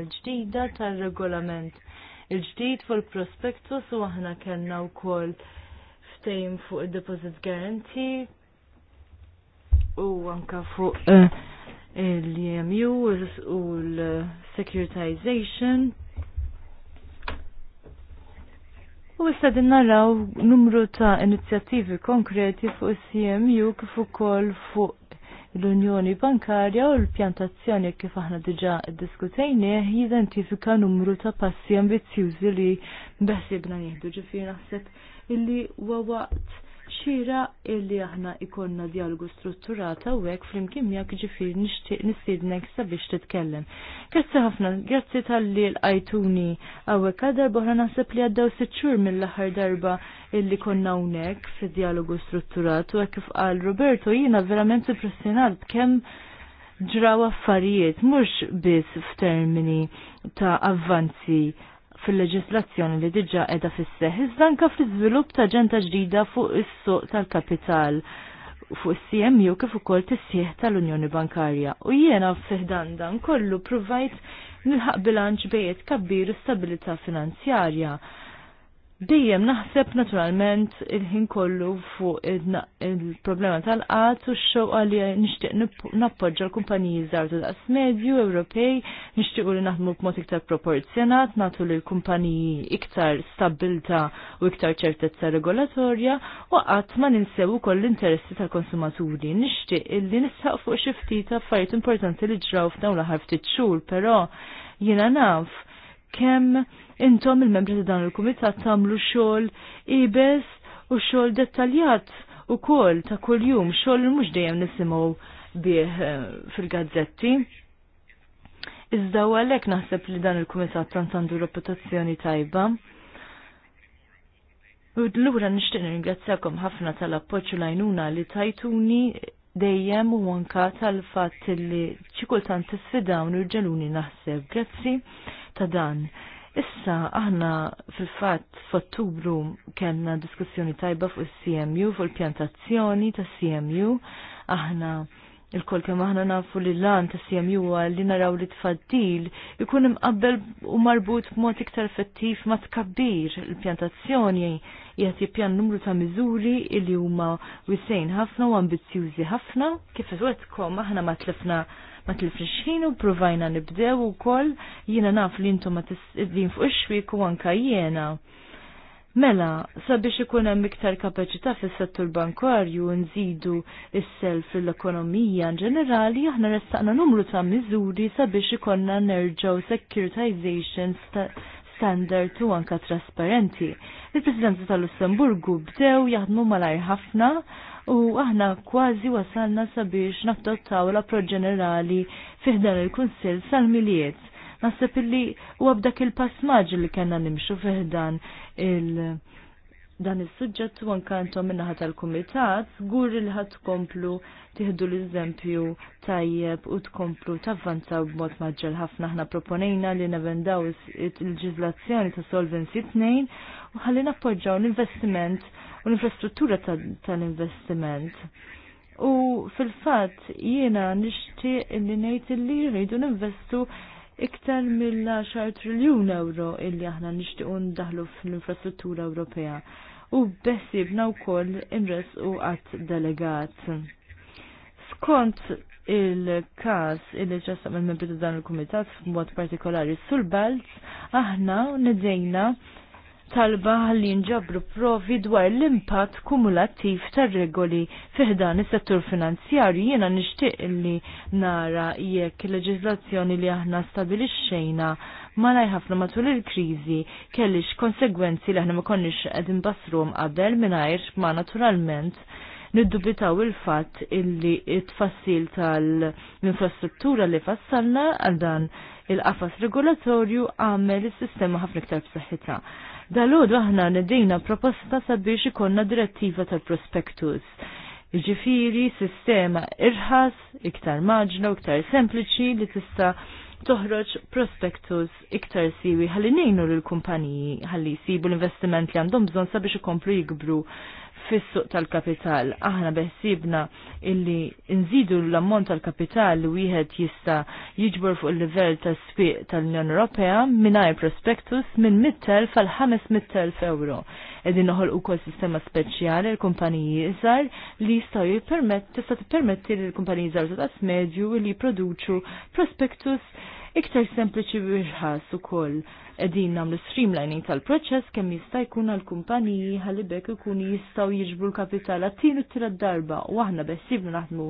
l-ġdida tal-regolament. Il-ġdid fuq il-prospektus u aħna kellna wkoll ftejn fuq il-deposit guarantee u anka fuq eh, l-EMU u l-securitization. U issa din naraw numru ta' inizjattivi konkreti fuq CMU kif ukoll fuq l-Unjoni Bankarja u l-pjantazzjoni kif aħna diġa diskutejni jidentifika numru ta' passi ambizjużi li beħsibna nieħdu ġifiri naħseb illi wa waqt xira illi aħna ikonna dialogu strutturata u għek flimkien miegħek ġifir nixtieq nistiednek sabiex titkellem. Grazzi ħafna, grazzi tal-li l-ajtuni għawek għadar boħra naħseb li għaddew sitxur mill-aħħar darba illi konna hawnhekk fi dialogu strutturata u għek kif qal Roberto jiena verament impressionant kemm ġraw affarijiet mhux biss f'termini ta' avvanzi fil-leġislazzjoni li diġa edha fisseħ, iżda anka fl-iżvilupp ta' ġenta ġdida fuq is-suq tal-kapital fuq is-CMU kif ukoll tisjieħ tal-Unjoni Bankarja. U jiena fiħdan dan kollu provajt nilħaq bilanċ bejiet kabbir u stabilità finanzjarja Dejjem naħseb naturalment il-ħin kollu fuq il-problema tal-qat u x-xewqa li nixtieq nappoġġa l-kumpaniji żgħar daqs medju Ewropej, nixtiequ li naħdmu b'mod iktar proporzjonat, nagħtu l kumpaniji iktar stabilta u iktar ċertezza regolatorja u qatt ma ninsew ukoll l-interessi tal-konsumaturi. Nixtieq illi nisħaq fuq xi ftit importanti li ġraw f'dawn l-aħħar ftit xhur, però jiena naf kemm intom il-membri ta' dan il-kumitat tagħmlu xogħol ibes u xogħol dettaljat ukoll ta' kuljum xogħol li mhux dejjem nisimgħu bih eh, fil-gazzetti. Iżda u għalhekk naħseb li dan il-kumitat tant għandu reputazzjoni tajba. U l-lura nishtiq ringrazzakom ħafna tal-appoċ lajnuna li tajtuni dejjem u anka tal-fatt li ċikultant tisfidawn u ġaluni naħseb. Grazzi ta' dan. Issa aħna fil-fatt f'Ottubru kellna diskussjoni tajba fuq is-CMU fuq il-pjantazzjoni ta' CMU. Aħna il-kol kemm aħna nafu li l-lan ta' CMU li naraw li tfaddil ikun imqabbel u marbut b'mod iktar effettiv ma' tkabbir il-pjantazzjoni jgħat jippjan numru ta' miżuri li huma wisejn ħafna u ambizzjużi ħafna kif qed aħna ma tlifna ma tilfrix ħin provajna nibdew ukoll jiena naf li intom ma tisqidin fuq ix anka jiena. Mela, sabiex ikun hemm iktar kapaċità fis-settur bankarju nżidu s self fil-ekonomija ġenerali, aħna restaqna numru ta' miżuri sabiex ikonna nerġgħu securitization standard u anka trasparenti. Il-Presidenza tal-Lussemburgu bdew jaħdmu malajr ħafna u aħna kważi wasalna sabiex nattottaw l-approċ ġenerali fiħdan il-Kunsill sal-miliet. Nasib illi u għabdak il pasmaġ li kena nimxu fiħdan il- dan is-suġġett u ankantom minnaħa tal-kumitat, żgur li ħadd tkomplu tiħdu l-eżempju tajjeb u tkomplu tavvanzaw b'mod maġġel ħafna aħna proponejna li nevendaw il-ġizlazzjoni ta' Solvency 2 u ħalli nappoġġaw l-investiment u l-infrastruttura tal-investiment. U fil-fatt jiena nixtieq li ngħid li jridu ninvestu iktar mill-10 triljun euro illi aħna nixtiequ ndaħlu fl-infrastruttura Ewropea u naw wkoll inres u għat delegat. Skont il-kas illi ġasta il-membri ta' dan il-komitat f'mod partikolari sul-Belt, aħna nedejna talba ħalli nġabru provi dwar l-impatt kumulattiv tar-regoli fiħdan is-settur finanzjarju jiena nixtieq li nara jekk il-leġiżlazzjoni li aħna stabilixxejna malaj ħafna matul il-kriżi kellix konsegwenzi li aħna ma konniex qed inbassruhom qabel mingħajr ma naturalment niddubitaw il-fatt illi it-tfassil tal-infrastruttura li fassalna għal dan il-qafas regolatorju għamel il-sistema ħafna iktar b'saħħitha. Dalud aħna nedina proposta sabiex ikonna direttiva tal-prospektus. Iġifiri, sistema irħas, iktar maġna, iktar sempliċi li tista' toħroġ prospektus iktar siwi ħalli nejnu l-kumpaniji ħalli sibu l-investiment li għandhom bżon sabiex ikomplu jikbru fis-suq tal-kapital. Aħna beħsibna illi nżidu l-ammont tal-kapital li wieħed jista' jiġbor fuq il-livell tas-swieq tal-Unjoni Ewropea mingħajr prospektus minn 100,000 għal 500,000 euro. Qegħdin noħol ukoll sistema speċjali l-kumpaniji iżgħar li jistgħu jippermett tista' tippermetti lill kumpaniji iżgħar ta' medju li jipproduċu prospektus iktar sempliċi u ukoll qegħdin nagħmlu streamlining tal-proċess kemm jista' jkun għall-kumpaniji ħalibek ikunu jistgħu jiġbru l-kapital għattin u tira darba u aħna bessibnu naħdmu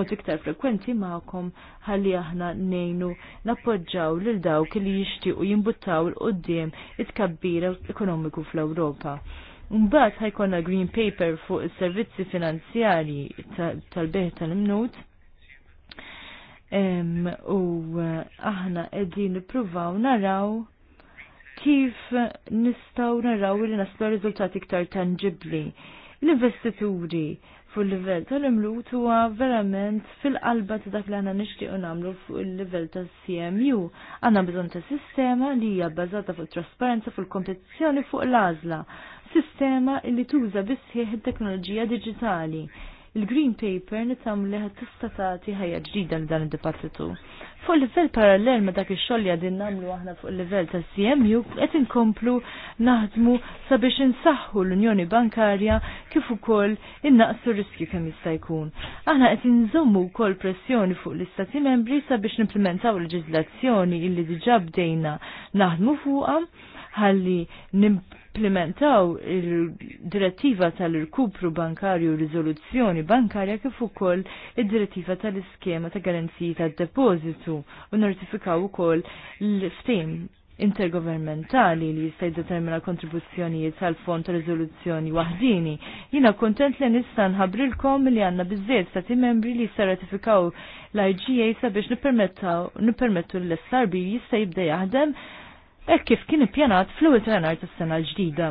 mod iktar frekwenti magħkom ħalli aħna nejnu nappoġġaw lil dawk li jixtiequ jimbuttaw l qoddim it-kabbira ekonomiku fl-Ewropa. Mbagħad ħajkonna green paper fuq is-servizzi finanzjarji tal-beħ tal-imnut. tal beħ tal imnut u eh, aħna qegħdin nippruvaw naraw kif nistaw naraw li naslu rizultati iktar tangibbli. L-investituri fuq il-livell tal imlu tuwa verament fil-qalba ta' dak li għandna nixtiequ nagħmlu fuq il-livell ta' cmu Għandna bżonn ta' sistema li hija bbażata fuq trasparenza fuq il-kompetizzjoni fuq l-għażla. Sistema li tuża biss il teknoloġija diġitali il-Green Paper nitam li tista' ta' ħajja ġdida li dan id-dibattitu. Fuq livell parallel ma dak ix-xogħol li għadin nagħmlu aħna fuq livell ta' CMU qed inkomplu naħdmu sabiex insaħħu l-Unjoni Bankarja kif ukoll innaqsu riskju kemm jista' jkun. Aħna qed inżommu wkoll pressjoni fuq l-Istati Membri sabiex nimplementaw leġiżlazzjoni illi diġà bdejna naħdmu fuqha ħalli implementaw il-direttiva tal-irkupru bankarju rizoluzzjoni bankarja kif ukoll id-direttiva tal-iskema ta' garanziji tad-depożitu u notifikaw ukoll l ftim intergovernmentali li jista' jiddetermina kontribuzzjonijiet tal-fond ta' riżoluzzjoni waħdini. Jina kontent li nista' nħabrilkom li għandna biżżejjed stati membri li jista' ratifikaw l-IGA sabiex nippermettu l-SRB jista' jibda jaħdem Ek kif kien ippjanat fl-ewwel trenar tas-sena l-ġdida.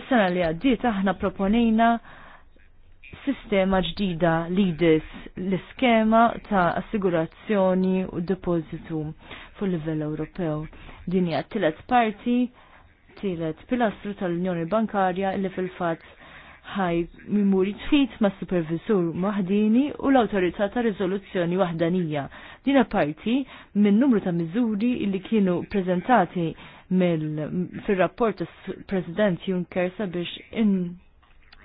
Is-sena li għaddiet aħna proponejna sistema ġdida lidis e l-iskema ta' assigurazzjoni u depozitu fuq livell Ewropew. Din hija t-tielet parti tielet pilastru tal-Unjoni Bankarja li fil-fatt ħaj mimuri tfit ma' supervisur Maħdini u l-autorità ta' rizoluzzjoni wahdanija. Dina parti minn numru ta' miżuri li kienu prezentati fil-rapport President Juncker sabiex in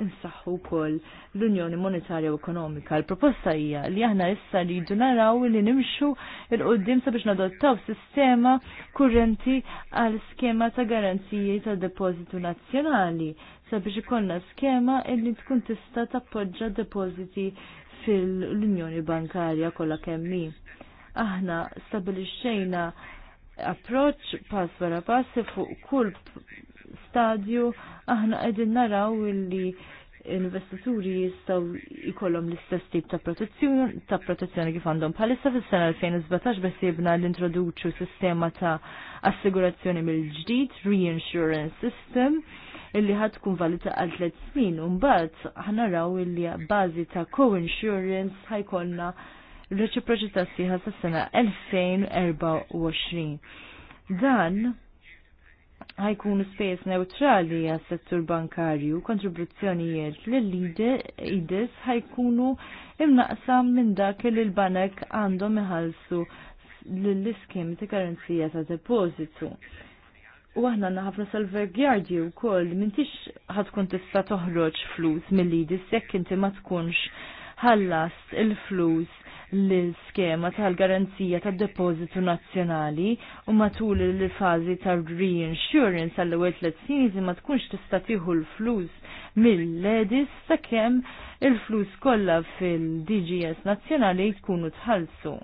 insaħħu kol l-Unjoni Monetarja u Ekonomika. L-proposta hija li aħna issa rridu naraw li nimxu il-qoddim sabiex nadottaw sistema kurrenti għal skema ta' garanziji tad depozitu nazzjonali sabiex ikollna skema illi tkun tista' tappoġġa depositi fil-Unjoni Bankarja kollha kemm hi. Aħna stabilixxejna approċ pass wara pass fuq kull stadju aħna qegħdin naraw illi investituri jistaw ikollhom l-istess tip ta' protezzjoni ta' protezzjoni kif għandhom bħalissa fis-sena 2017 jibna l-introduċu sistema ta' assigurazzjoni mill-ġdid, reinsurance system, illi ħad tkun valita għal tliet snin u mbagħad aħna raw illi bażi ta' co-insurance ħajkollna reċiproċità sieħa sas-sena 2024. Dan ħajkun spejs neutrali għas settur bankarju, kontribuzzjonijiet li l-IDIS ħajkunu imnaqsam minn dak li l-banek għandhom iħallsu l-iskim ta' garanzija ta' depozitu. U aħna naħafna salvegardji u koll, mintix ħatkun tista toħroġ flus mill-lidi sekk inti ma tkunx ħallas il-flus l-skema tal-garanzija tad depozitu nazzjonali u matul il-fazi tal-reinsurance għall ewwel tliet snin ma tkunx tista' tieħu l-flus mill-ledis sakemm il-flus kollha fil-DGS nazzjonali jkunu tħallsu.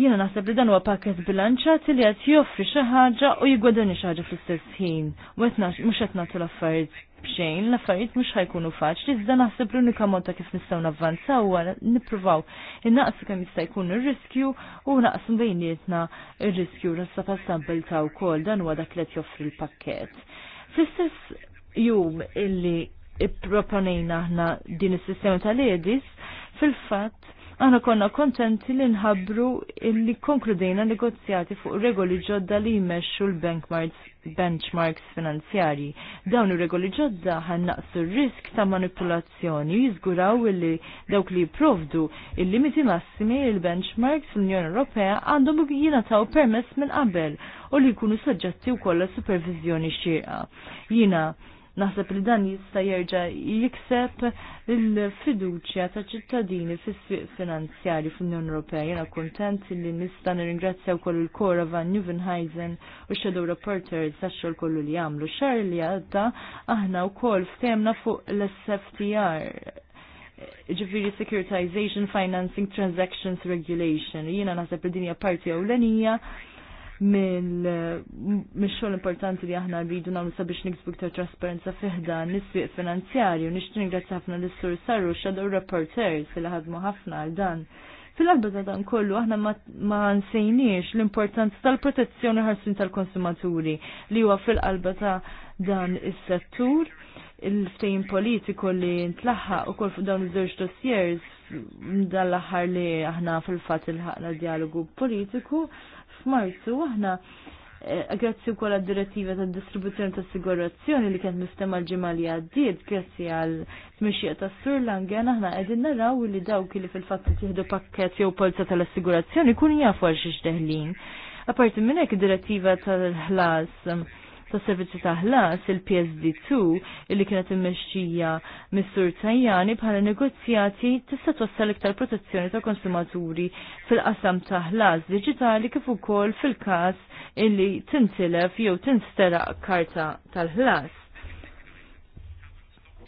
Jiena naħseb li dan huwa pakket bilanċat li qed joffri xi ħaġa u jigwadani xi ħaġa fl-istess ħin. U qed mhux qed nagħtu l-affarijiet bxejn, l-affarijiet mhux ħajkunu faċli, iżda naħseb l-unika mod ta' kif nistgħu navvanzaw huwa nippruvaw innaqsu kemm jista' jkun ir-riskju u naqsmu bejnietna ir-riskju tas-sapastabilta wkoll dan huwa dak li qed joffri l-pakkett. Fl-istess jum illi ipproponejna aħna din is-sistema tal-edis, fil-fatt Aħna konna kontenti li nħabru li konkludejna negozjati fuq regoli ġodda li jmexxu l-benchmarks benchmarks finanzjari. Dawn ir-regoli ġodda ħan naqsu r-risk ta' manipulazzjoni jiżguraw li dawk li jipprovdu il-limiti massimi il-benchmarks l-Unjoni Ewropea għandhom jingħataw permess minn qabel u li jkunu soġġetti wkoll supervizjoni xieqa. Jina Naħseb li dan jista' jerġa' jikseb il-fiduċja ta' ċittadini fis-swieq finanzjari fl-Unjoni Ewropea. Jiena kuntent li nista' nirringrazzja wkoll il-Kora van Nieuwenhuizen u Shadow Reporters għax-xogħol kollu li jagħmlu. Xar li għadda aħna wkoll ftehmna fuq l-SFTR ġifiri Securitization Financing Transactions Regulation. Jiena naħseb li dinja parti ewlenija mill-xogħol importanti li aħna rridu nagħmlu sabiex niksbu iktar trasparenza fiħdan nisfiq finanzjarju nixtieq ningrazzja ħafna lis sur Sarru Shadow Reporters li ħadmu ħafna għal dan. Fil-qalba ta' dan kollu aħna ma nsejniex l-importanza tal-protezzjoni ħarsin tal-konsumaturi li huwa fil-qalba ta' dan is-settur il-ftejn politiku li ntlaħħa u kol fuq dawn iż-żewġ dossiers dal-aħħar li aħna fil-fatt il-ħaqna dialogu politiku f'Marzu aħna eh, grazzi wkoll għad-direttiva tad distribuzzjoni ta' sigurazzjoni li kienet mistema l-ġimgħa li għaddiet grazzi għal tmixjija ta' Sur Langen aħna qegħdin naraw li dawk li fil-fatt jieħdu pakkett jew polza tal-assigurazzjoni kun jafu għal xiex deħlin. Aparti minn hekk id-direttiva tal-ħlas tas servizzi ta' ħlas il-PSD2 illi kienet immexxija mis-Sur Tajjani bħala negozjati tista' twassal iktar protezzjoni ta' konsumaturi fil-qasam ta' ħlas diġitali kif ukoll fil-każ illi tintilef jew tinsteraq karta tal-ħlas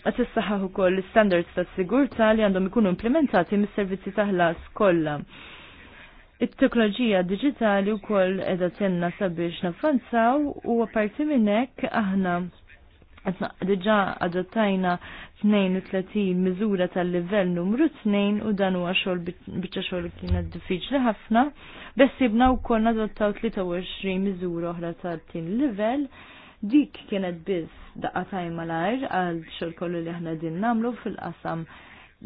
għat ukoll l standards tas-sigurtà li għandhom ikunu implementati mis servizzi ta' ħlas kollha it-teknoloġija digitali wkoll edha tenna sabiex naffanzaw u għaparti minn hekk aħna diġà adottajna 32 miżura tal-livell numru 2 u dan huwa xogħol biċċa xogħol kienet diffiċli ħafna. Bessibna wkoll nadottaw 23 miżura oħra tal-tin livell. Dik kienet biss daqqa tajma l għal xogħol kollu li aħna din namlu fil-qasam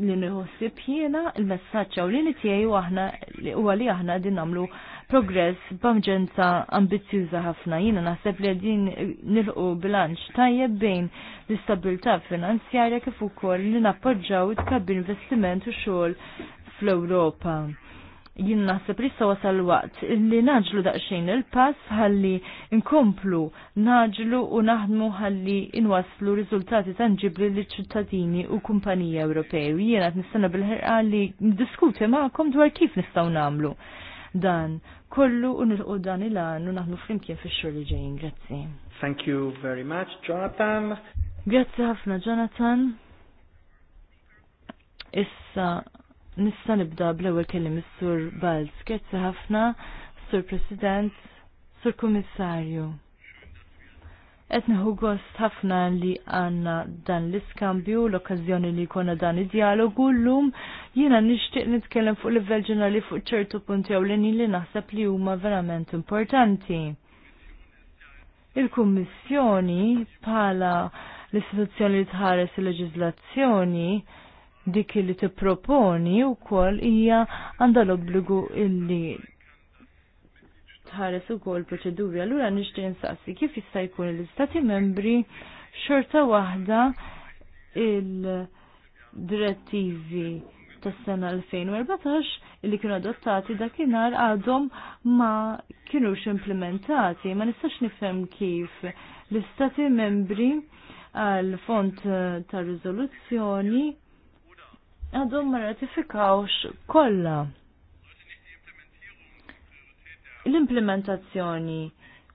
li nħossib jiena il-messaċ u li tiegħi aħna li huwa li aħna din nagħmlu progress b'amġenza ambizjuża ħafna. Jiena naħseb li din nilqu bilanċ tajjeb bejn l-istabilità finanzjarja kif ukoll li nappoġġaw it-kabb investiment u xogħol fl-Ewropa jien naħseb li sawa sal-waqt li naġlu daqsxejn il-pass ħalli nkomplu naġlu u naħdmu ħalli inwaslu riżultati tangibli li ċittadini u kumpaniji Ewropej. jiena nistenna bil-ħerqa li ndiskuti magħkom dwar kif nistgħu nagħmlu dan kollu u nilqu dan il-għan u naħdmu flimkien fix-xhur li ġejjin. Grazzi. Thank you very much, Jonathan. Grazzi ħafna, Jonathan. Issa nista nibda bl-ewwel kellim is-Sur Balz. Grazzi ħafna, Sur President, Sur Kummissarju. Qed neħu gost ħafna li għandna dan l-iskambju, l-okkażjoni li jkollna dan id-dialogu llum jiena nixtieq nitkellem fuq livell ġenerali fuq ċertu punti ewlenin li naħseb li huma verament importanti. Il-Kummissjoni bħala l-istituzzjoni li tħares il-leġiżlazzjoni il leġiżlazzjoni dik li tipproponi wkoll hija għandha l-obbligu illi tħares kol proċeduri. Allura nixtieq insaqsi kif jista' jkun l-Istati Membri xorta waħda il-direttivi tas-sena 2014 illi kienu adottati dakinhar għadhom ma kienux implementati. Ma nistax nifhem kif l-Istati Membri għal font ta' rizoluzzjoni għadhom ma ratifikawx kollha. L-implementazzjoni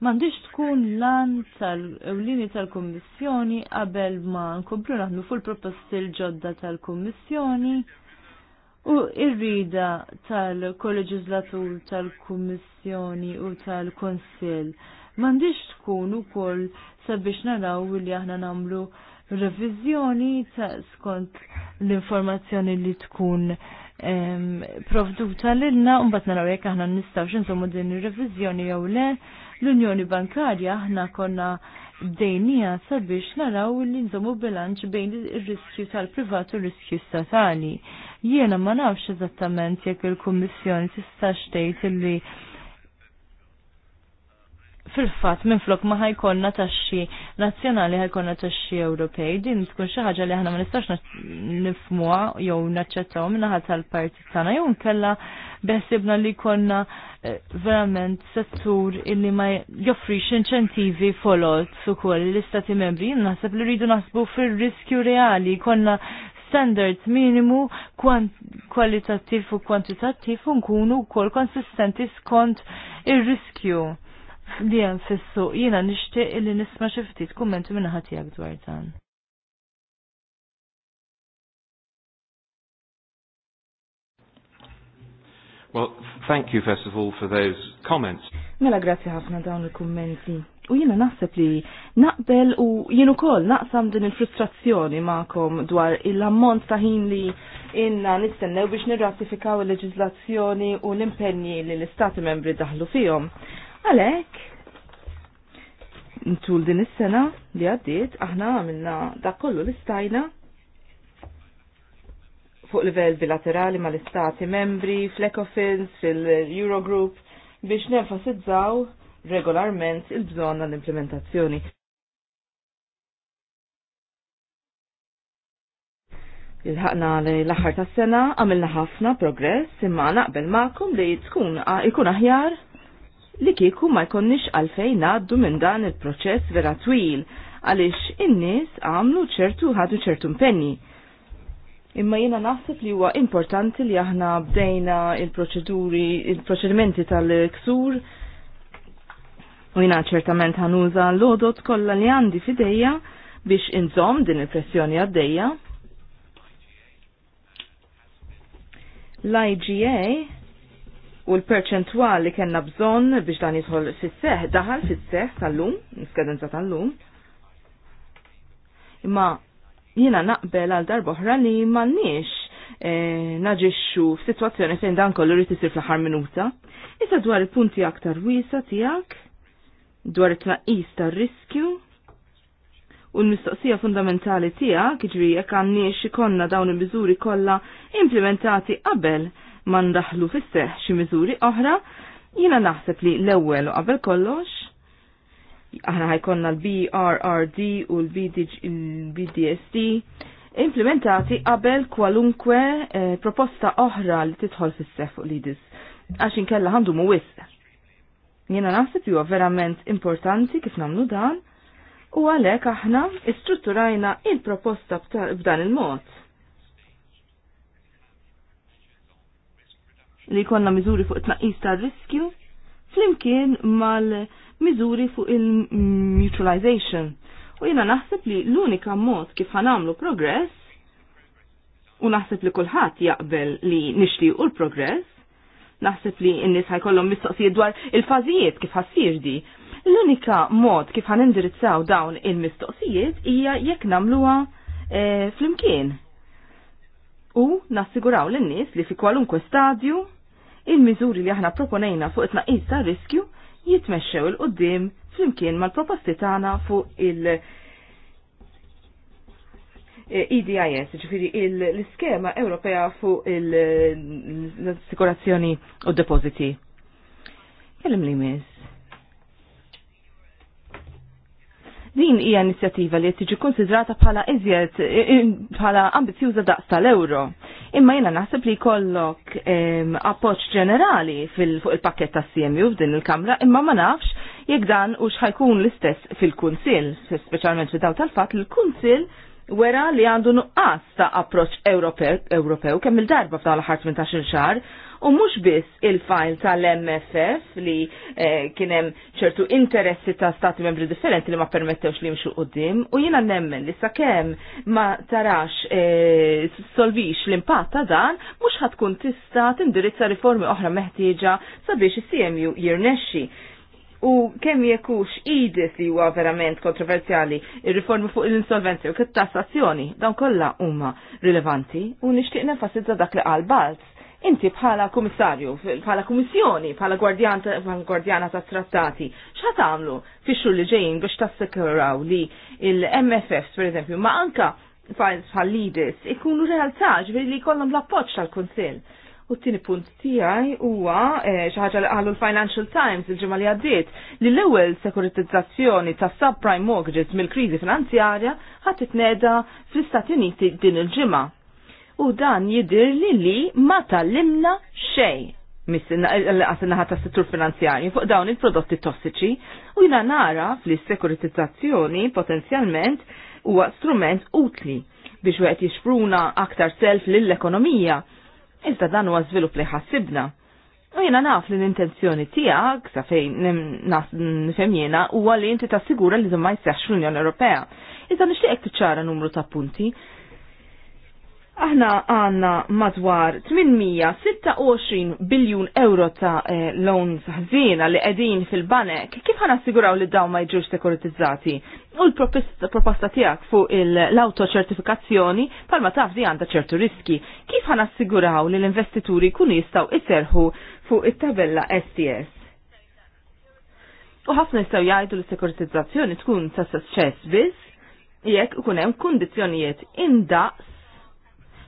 m'għandix tkun lan tal-lini tal-Kummissjoni qabel ma nkomplu naħdmu fuq il-proposti l-ġodda tal-Kummissjoni u ir-rida tal-Kolleġislatur tal-Kummissjoni u tal-Konsil. M'għandix tkun ukoll sabiex naraw li aħna nagħmlu revizjoni ta' skont l-informazzjoni li tkun provduta l un bat naraw jek aħna nistaw xinsomu din revizjoni jew le, l-Unjoni Bankarja aħna konna dejnija sabiex naraw li nżomu bilanċ bejn il-riskju tal-privat u riskju statali. Jiena ma nafx eżattament jekk il-Kummissjoni tista' xtejt li fil-fat minn flok ma ħajkonna taxxi nazzjonali ħajkonna taxxi Ewropej, din tkun xi ħaġa li aħna ma nistax nifmuha jew naċċettaw minn naħat tal-parti tagħna jew nkella beħsibna li konna eh, verament settur illi ma joffrix inċentivi folot ukoll l-istati membri, naħseb li rridu naħsbu fir-riskju reali, konna standards minimu kwalitattiv u kwantitattiv u nkunu kol konsistenti skont ir-riskju li għan fis jina jiena nixtieq li nisma' xi ftit kummenti minn ħadd tiegħek dwar dan. Well, thank you first of all for those comments. Mela grazzi ħafna dawn il-kummenti. U jiena naħseb li naqbel u jien ukoll naqsam din il-frustrazzjoni magħkom dwar il-ammont ta' ħin li inna nistennew biex nirratifikaw il-leġiżlazzjoni u l-impenni li l-Istati membri daħlu fihom. Għalek, ntul din is-sena li għaddiet aħna għamilna dak kollu l-istajna fuq livell bilaterali mal-istati membri, fl-ECOFINS, fil-Eurogroup, biex nenfasizzaw regolarment il-bżon għall-implementazzjoni. Il-ħakna l-axar tas sena għamilna ħafna progress imma naqbel ma'kom li tkun ikun aħjar li kieku ma jkonniex għalfejn għaddu minn dan il-proċess vera twil għaliex in-nies għamlu ċertu ħadu ċertu impenni. Imma jiena naħseb li huwa importanti li aħna bdejna il-proċeduri, il-proċedimenti tal-ksur u jiena ċertament ħanuża l-odot kollha li għandi fidejja biex inżomm din il-pressjoni għaddejja. L-IGA u l perċentual li kena bżon biex dan jidħol fis seħħ daħal fis seħħ tal-lum, skadenza tal-lum. Imma jina naqbel għal darba oħra li m'għandniex e, naġixxu f'sitwazzjoni fejn dan kollu rid isir fl-aħħar minuta. Issa dwar il-punti aktar wiesa tiegħek, dwar it-tnaqqis tar-riskju, u l-mistoqsija fundamentali tiegħek jiġri jekk għandniex ikollna dawn il-miżuri kollha implementati qabel ma ndaħlu fis-seħ xi miżuri oħra, jiena naħseb li l-ewwel u qabel kollox aħna ħajkonna l-BRRD u l-BDSD implementati qabel kwalunkwe eh, proposta oħra li tidħol fis-seħ fuq l-IDIS għax inkella għandu mu wisq. Jiena naħseb huwa verament importanti kif nagħmlu dan u għalhekk aħna istrutturajna il-proposta b'dan il-mod li konna miżuri fuq it-tnaqqis ta' riskju flimkien mal-miżuri fuq il-mutualization. U jena naħseb li l-unika mod kif ħanamlu progress, u naħseb li kulħadd jaqbel li nixtiequ l-progress, naħseb li n-nis ħajkollhom mistoqsijiet dwar il-fażijiet kif ħassir di. L-unika mod kif ħanindirizzaw dawn il-mistoqsijiet hija jekk nagħmluha e, flimkien. U nassiguraw l-nies li fi kwalunkwe stadju il-miżuri li aħna proponejna fuq it-naqis ta' riskju jitmexxew il-qoddim flimkien mal-proposti tagħna fuq il- EDIS, e ġifiri l-iskema Ewropea fuq l-assikurazzjoni u depoziti. Kellim li miz. Din hija inizjattiva li tiġi konsidrata bħala iżjed bħala ambizjuża daqs tal-euro. Imma jiena naħseb li jkollok appoġġ ġenerali fuq il-pakket ta' CMU f'din il-Kamra, imma ma nafx jekk dan u x'ħajkun l-istess fil-Kunsill, speċjalment fid-daw tal-fatt li l-Kunsill wera li għandu nuqqas ta' approċ Ewropew kemm il-darba f'dan l-ħar 18 xar u mhux biss il-fajl tal-MFF li eh, kien hemm ċertu interessi ta' stati membri differenti li ma permettewx li jimxu qudiem u jiena nemmen li sakemm ma tarax eh, solvix l-impatt ta' dan mhux tkun tista' tindirizza riformi oħra meħtieġa sabiex is-CMU jirnexxi u kemm jekux idis li huwa verament kontroversjali ir-riformi fuq l-insolvenzi u kit-tassazzjoni dawn kollha huma rilevanti u nixtieq nenfasizza dak li qal Balz. Inti bħala kummissarju, bħala kummissjoni, bħala gwardjana ta' trattati, xa tagħmlu fix-xhur li ġejjin biex tassikuraw li l mffs per eżempju, ma anka bħal-lidis ikunu realtà ġveri li kollom l-appoġġ tal-Kunsill U t-tini punt tijaj huwa eh, xaħġa li għallu l-Financial Times il ġemma li għaddiet li l-ewel sekuritizzazzjoni ta' subprime mortgages mill-krizi finanzjarja ħat titneda fl-Istati Uniti din il ġemma U dan jidir li li ma tal-limna xej eh, għasinna ta' settur finanzjarju fuq dawn il-prodotti tossiċi u jina nara fl-sekuritizzazzjoni potenzjalment huwa strument utli biex wieħed jisfruna aktar self lill-ekonomija Iżda dan huwa żvilupp li ħassibna. U jena naf li l-intenzjoni tijak, sa fejn nifem jena, u għalli inti ta' sigura li zomma jissax l-Unjoni Ewropea. Iżda nishtiqek t-ċara numru ta' punti. Aħna għanna madwar 826 biljun euro ta' eh, loans ħżina li qegħdin fil-banek. Kif għana siguraw li dawn ma jiġux sekuritizzati? U l-proposta tiegħek fuq l-autoċertifikazzjoni palma taf di għandha ċertu riski. Kif għana siguraw li l-investituri kun jistgħu iserħu fuq it-tabella STS? U ħafna jistgħu jgħidu li sekuritizzazzjoni tkun ta' suċċess biss jekk ikun hemm kundizzjonijiet indaqs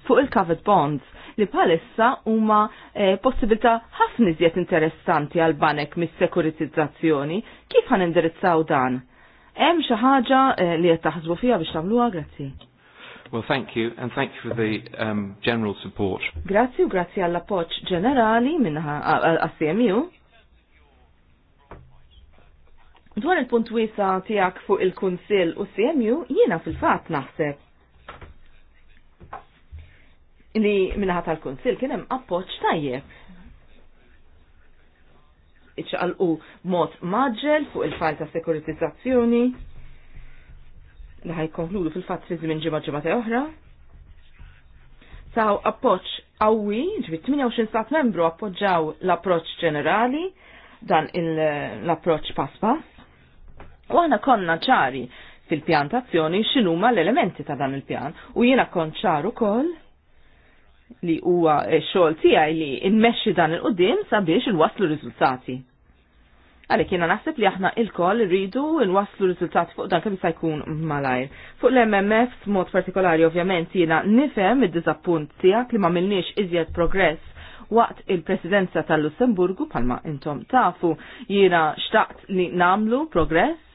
fuq il-covered bonds li palissa huma e, possibilità ħafna iżjed interessanti għal banek mis-sekuritizzazzjoni. Kif ħan indirizzaw dan? Hemm xi ħaġa e, li qed taħsbu fiha biex tagħmluha, grazzi. Well, thank you, and thank you for the um, general support. Grazzi u grazzi għall appoġġ ġenerali minnaħa għas-CMU. Dwar il-punt wisa tiegħek fuq il-Kunsill u CMU, jiena fil-fatt naħseb li minnaħat tal-Kunsil kien hemm appoġġ tajjeb u mod maġġel fuq il-fajl ta' sekuritizzazzjoni li ħajkonkludu fil-fatt fi żmien ġimgħa ta' oħra. Saw appoġġ qawwi, ġbi 28 sat membru appoġġaw l-approċċ ġenerali dan l-approċċ pass U aħna konna ċari fil-pjantazzjoni x'inhuma l-elementi ta' dan il-pjan u jiena kont ċaru ukoll li huwa eh, xogħol tiegħi li nmexxi dan il-qudiem sabiex inwasslu riżultati. Għalek jena naħseb li aħna il-koll rridu nwaslu riżultati fuq dan kemm se jkun malajr. Fuq l-MMF mod partikolari ovvjament jiena nifhem id-diżappunt tiegħek li ma milniex iżjed progress waqt il-presidenza tal-Lussemburgu palma intom tafu jiena xtaqt li namlu progress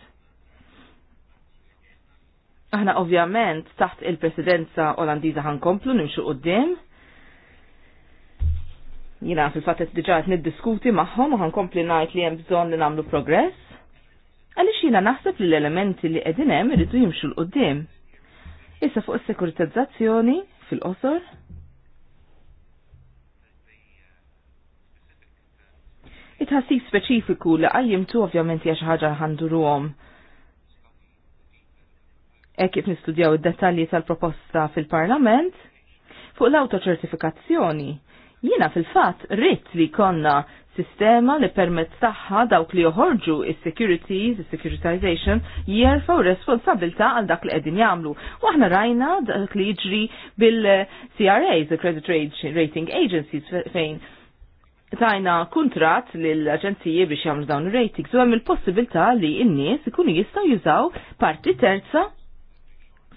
Aħna ovvjament taħt il-presidenza Olandiża ħankomplu nimxu qudiem Jina fil-fat qed diġà qed niddiskuti magħhom u ħankompli ngħid li hemm bżonn li nagħmlu progress. Għaliex jiena naħseb li l-elementi li qegħdin hemm jimxu l qoddim Issa fuq is-sekuritizzazzjoni fil-qosor. it specifiku speċifiku li għajjimtu ovvjament hija xi ħaġa ħanduruhom e kif nistudjaw id-dettalji tal-proposta fil-Parlament fuq l-autoċertifikazzjoni. Jina fil-fat rrit li konna sistema li permet tagħha dawk li joħorġu is-securities, is-securitization jerfgħu responsabilità għal dak li qegħdin jagħmlu. U aħna rajna dak li jiġri bil-CRAs, the Credit Rating Agencies fejn tajna kontrat lill-aġenziji biex jagħmlu dawn ratings u għem il-possibilità li n-nies ikunu jistgħu jużaw parti terza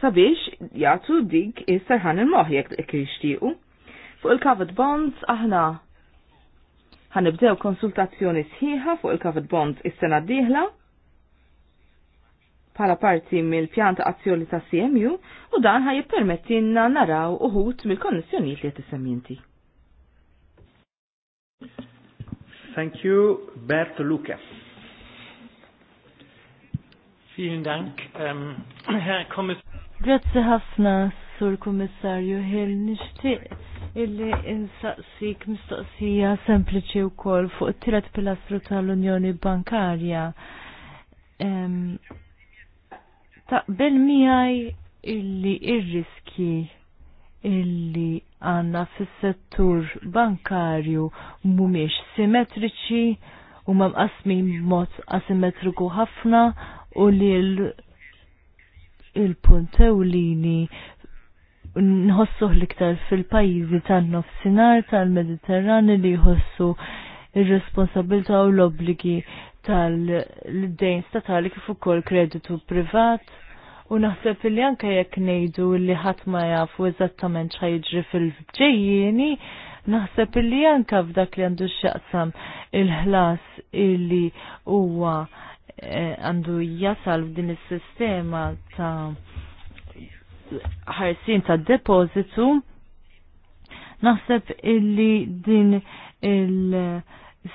sabiex jagħtu dik is-serħan il-moħħ jekk jixtiequ. Fuq il-covered bonds aħna ħanibdew konsultazzjoni sħiħa fuq il-covered bonds is-sena d-dieħla bħala parti mill-pjan ta' azzjoni ta' CMU u dan ħaj jippermettilna naraw uħut mill-konnessjonijiet li qed semjinti Thank you, Bert Luca. Vielen Dank, um, Herr Kommissar. Grazie ħafna, Sur Kommissarju Hill, nixtieq illi insaqsik mistoqsija sempliċi wkoll fuq it-tielet pilastru tal-Unjoni Bankarja. bel miegħi illi ir-riski illi għanna fis-settur bankarju mhumiex simmetriċi u mam mqasmin mod asimetriku ħafna u li l-puntewlini nħossuh liktar fil-pajizi tan-nofsinar tal-Mediterrani li jħossu il responsabilta u l-obligi tal-dejn statali kif ukoll kreditu privat. U naħseb li anke jekk ngħidu li ħadd ma jafu eżattament x'ħajġri fil-ġejjieni, naħseb li anke f'dak li għandu x'jaqsam il-ħlas illi huwa eh, għandu jasal f'din is-sistema ta' ħarsin ta' depozitu naħseb illi din il-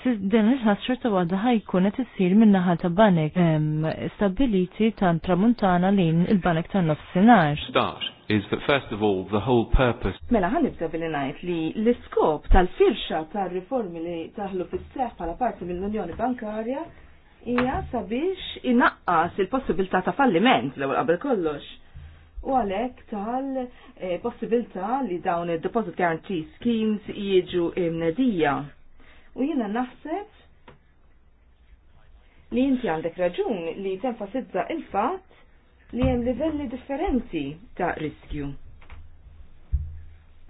Din il-ħasru ta' għadha ħajkun qed issir min-naħa ta' banek stabiliti ta' tramuntana lejn il-banek ta' nofsinhar. Start is that first of all the whole purpose Mela ħanibda billi ngħid li l-iskop tal-firxa tar-riformi li taħlu fis seħ bħala parti mill-Unjoni Bankarja hija sabiex inaqqas il-possibilità ta' falliment l-ewwel qabel kollox u għalek tal e, eh, possibilta li dawn il-deposit guarantee schemes jieġu imnedija. U jina naħseb li inti għandek raġun li tenfasizza il-fat li hemm livelli differenti ta' riskju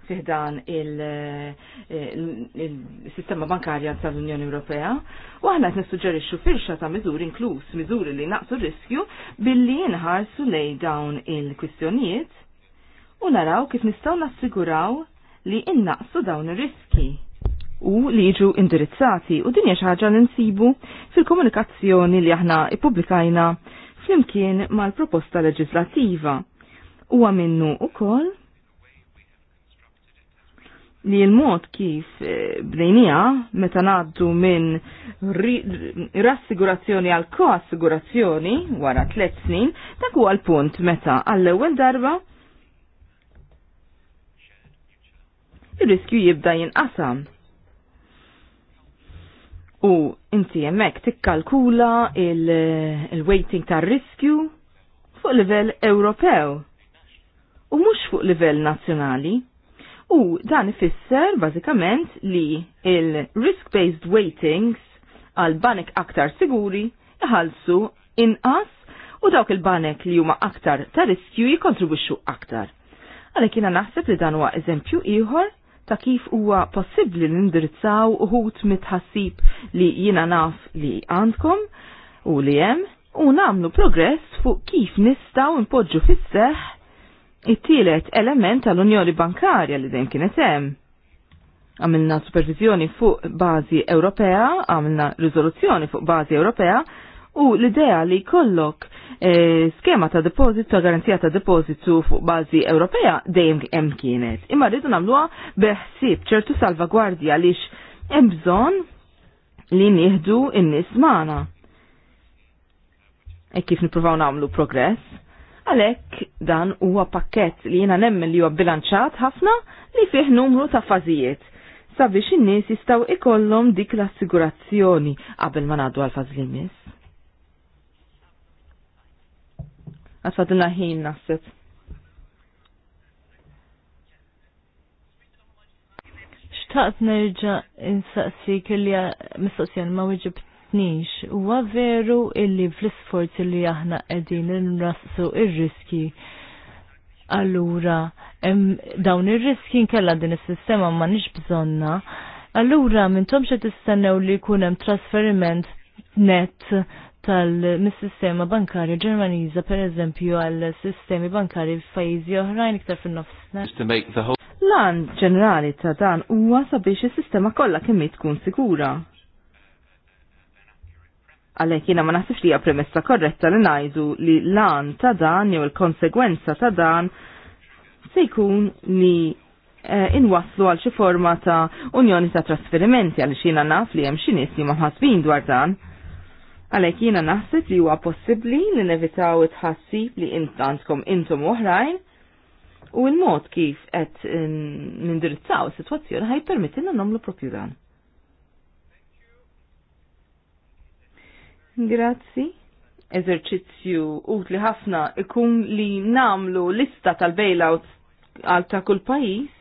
fiħdan il-sistema bankarja tal-Unjoni Ewropea u aħna qed nissuġġerixxu firxa ta' miżuri inkluż miżuri li naqsu riskju billi jinħarsu lej dawn il-kwistjonijiet u naraw kif nistgħu nassiguraw li innaqsu dawn ir-riski u li jiġu indirizzati u dinja xi ħaġa li nsibu fil-komunikazzjoni li aħna ippubblikajna flimkien mal-proposta leġislattiva. Huwa minnu ukoll li l-mod kif eh, bdejnija meta ngħaddu minn rassigurazzjoni għal koassigurazzjoni wara tliet snin, dak huwa l-punt meta għall-ewwel darba ir-riskju jibda jinqasam. U inti hemmhekk tikkalkula il-waiting il weighting il tar riskju fuq livell Ewropew u mhux fuq livell nazzjonali. U dan ifisser bażikament li il-risk-based weightings għal banek aktar siguri jħalsu inqas u dawk il-banek li huma aktar ta' riskju jikontribwixxu aktar. Għalhekk jiena naħseb li dan huwa eżempju ieħor ta' kif huwa possibbli nindirizzaw uħut mitħassib li jiena naf li għandkom u li hemm u nagħmlu progress fuq kif nistgħu npoġġu fis-seħħ it-tielet element tal-Unjoni Bankarja li dejjem kienet hemm. Għamilna supervizjoni fuq bażi Ewropea, għamilna riżoluzzjoni fuq bażi Ewropea u l-idea li kollok e, skema ta' depozitu, ta' garanzija ta' depozitu fuq bażi Ewropea dejjem hemm kienet. Imma rridu nagħmluha beħsieb ċertu salvagwardja għaliex hemm bżonn li nieħdu in-nies magħna. E kif nippruvaw nagħmlu progress? Għalek dan huwa pakket li jena nemm li huwa bilanċat ħafna li fih numru ta' fażijiet sabiex in-nies jistgħu ikollhom dik l-assigurazzjoni qabel ma ngħaddu għal fażli miss. Għatfadilna ħin naħseb. Xtaqt nerġa' insaqsi kellja mistoqsijan ma wieġib nix Huwa veru illi fl-isforzi li aħna qegħdin nrassu il riski Allura dawn ir-riski nkella din is-sistema ma nix bżonna. Allura mintom xe tistennew li jkun hemm trasferiment net tal-sistema bankarja ġermaniza per eżempju għal sistemi f f'pajjiżi oħrajn iktar fin-nofs. Lan ġenerali ta' dan huwa sabiex is-sistema kollha kemm tkun sigura. Għalhekk jiena ma naħsibx li hija premessa korretta li ngħidu li lan ta' dan jew il-konsegwenza ta' dan se jkun li eh, inwaslu għal xi forma ta' unjoni ta' trasferimenti għal xina naf li hemm xi nies li ma dwar dan. Għalhekk jiena naħseb li huwa possibbli li nevitaw it-ħassib li intantkom intom oħrajn u l-mod kif qed mm, nindirizzaw is-sitwazzjoni ħajpermettilna nagħmlu propju dan. Grazzi. Eżerċizzju utli ħafna ikun li namlu lista tal-bailout għal ta' kull pajis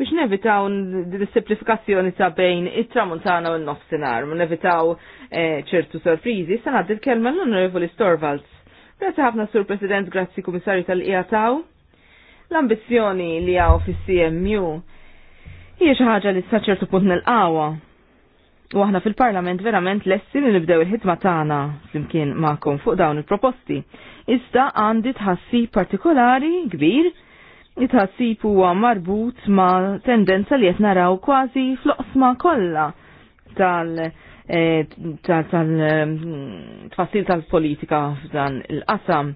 biex nevitaw simplifikazzjoni ta' bejn it-tramuntana u n-nofsinar, nevitaw eh, ċertu sorprizi, sa' għaddil kelma l-Onorevoli Storvalds. Grazzi ħafna, Sur President, grazzi Komissarju tal-IATAW. L-ambizjoni li għaw fis cmu hija xi ħaġa li sa' ċertu punt nil-qawa U aħna fil-Parlament verament lessi li nibdew il-ħidma tagħna flimkien magħkom fuq dawn il-proposti. Iżda għandi tħassib partikolari kbir li tħassib huwa marbut ma' tendenza li qed naraw kważi fl-oqsma kollha tal- eh, tal-tfassil mm, tal-politika f'dan il-qasam.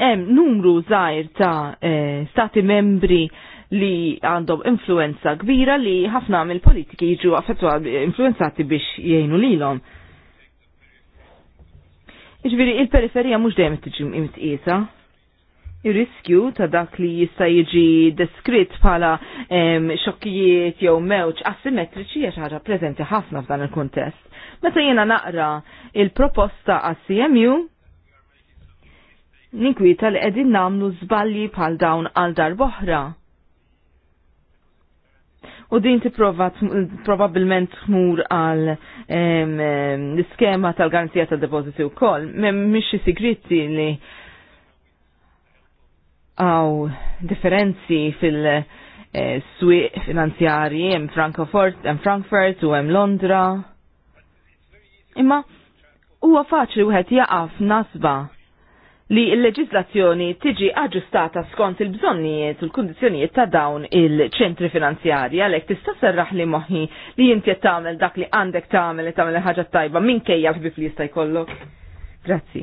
Hemm numru żgħir ta' eh, stati membri li għandhom influenza kbira li ħafna mill-politiki jiġu affettwa influenzati biex jgħinu lilhom. Iġviri, il-periferija mhux dejjem tiġi imtqiesa. Ir-riskju ta' dak li jista' jiġi deskritt bħala xokkijiet jew mewġ asimetriċi hija xi ħaġa preżenti ħafna f'dan il-kuntest. Meta jiena naqra il-proposta għas-CMU, ninkwita li qegħdin nagħmlu żbalji bħal dawn għal dar boħra u din tipprova probabbilment mur għal l-iskema tal-garanzija tal-depożiti wkoll. Mhemmix xi sigritti li għaw differenzi fil- eh, swieq finanzjarji hemm Frankfurt, hemm Frankfurt u hemm Londra. Imma huwa faċli wieħed jaqaf nasba li l-leġislazzjoni tiġi aġustata skont il-bżonnijiet u l-kondizjonijiet ta' dawn il-ċentri finanzjarji għalhekk tista' serraħ li moħħi li inti qed tagħmel dak li għandek tagħmel li tagħmel ħaġa tajba minkejja l-ħbib li jista' jkollok. Grazzi.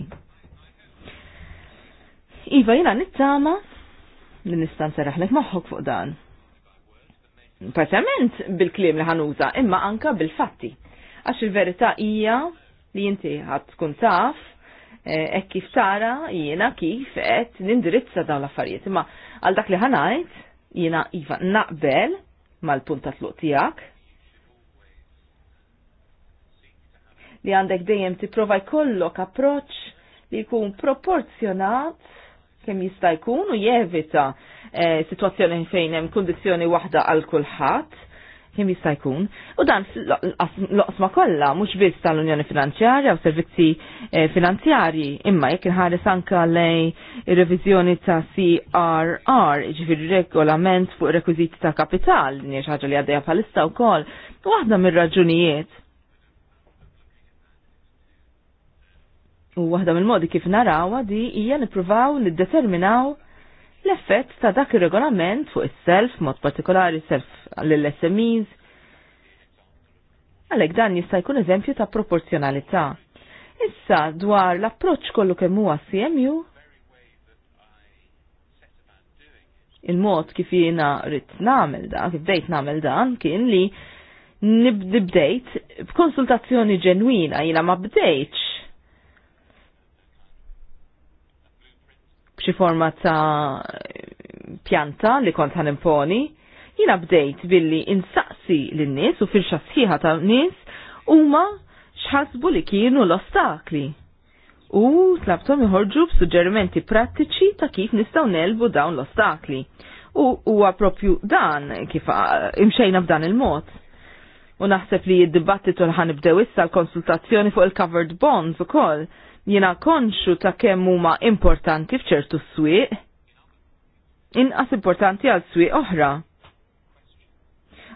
Iva jiena nittama li nista' nserraħlek moħħok fuq dan. Partament bil-kliem li ħanuża imma anka bil-fatti. Għax il-verità hija li inti ħadd tkun taf Eh, e kif tara jiena kif qed nindirizza dawn l-affarijiet. Imma għal dak li ħanajt jiena iva naqbel mal-punt ta' tluq tiegħek. Li għandek dejjem tipprova jkollok approċċ li jkun proporzjonat kemm jista' jkun u jevita eh, situazzjoni fejn hemm kundizzjoni waħda għal kulħadd kemm jista' jkun. U dan l-oqsma kollha mhux biss tal-Unjoni Finanzjarja u servizzi eh, finanzjarji, imma jekk inħares anke lej ir-reviżjoni ta' CRR, jiġifieri regolament fuq rekwiżiti ta' kapital, din hija ħaġa li għaddejja bħalissa wkoll. Waħda mir-raġunijiet U waħda mill-modi kif narawa di hija nippruvaw niddeterminaw l-effett ta' dak ir-regolament fuq is-self, mod partikolari self lill-SMEs. Għalhekk dan jista' jkun eżempju ta' proporzjonalità. Issa dwar l-approċċ kollu kemm huwa CMU, il-mod kif jiena rrit nagħmel da, kif bdejt nagħmel dan, kien li nibdejt b'konsultazzjoni ġenwina jiena ma bdejtx xi forma ta' pjanta li kont ħanimponi, jina bdejt billi insaqsi l-nies u fil sħiħa ta' nies huma xħasbu li kienu l-ostakli. U tlabtom iħorġu b'suġġerimenti prattiċi ta' kif nistgħu nelbu dawn l-ostakli. U huwa propju dan kif ah, imxejna b'dan il-mod u naħseb li id-dibattitu l-ħanibdew issa l-konsultazzjoni fuq il-covered bonds u koll jina konxu ta' kemm huma importanti f'ċertu swieq, inqas importanti għal swieq oħra.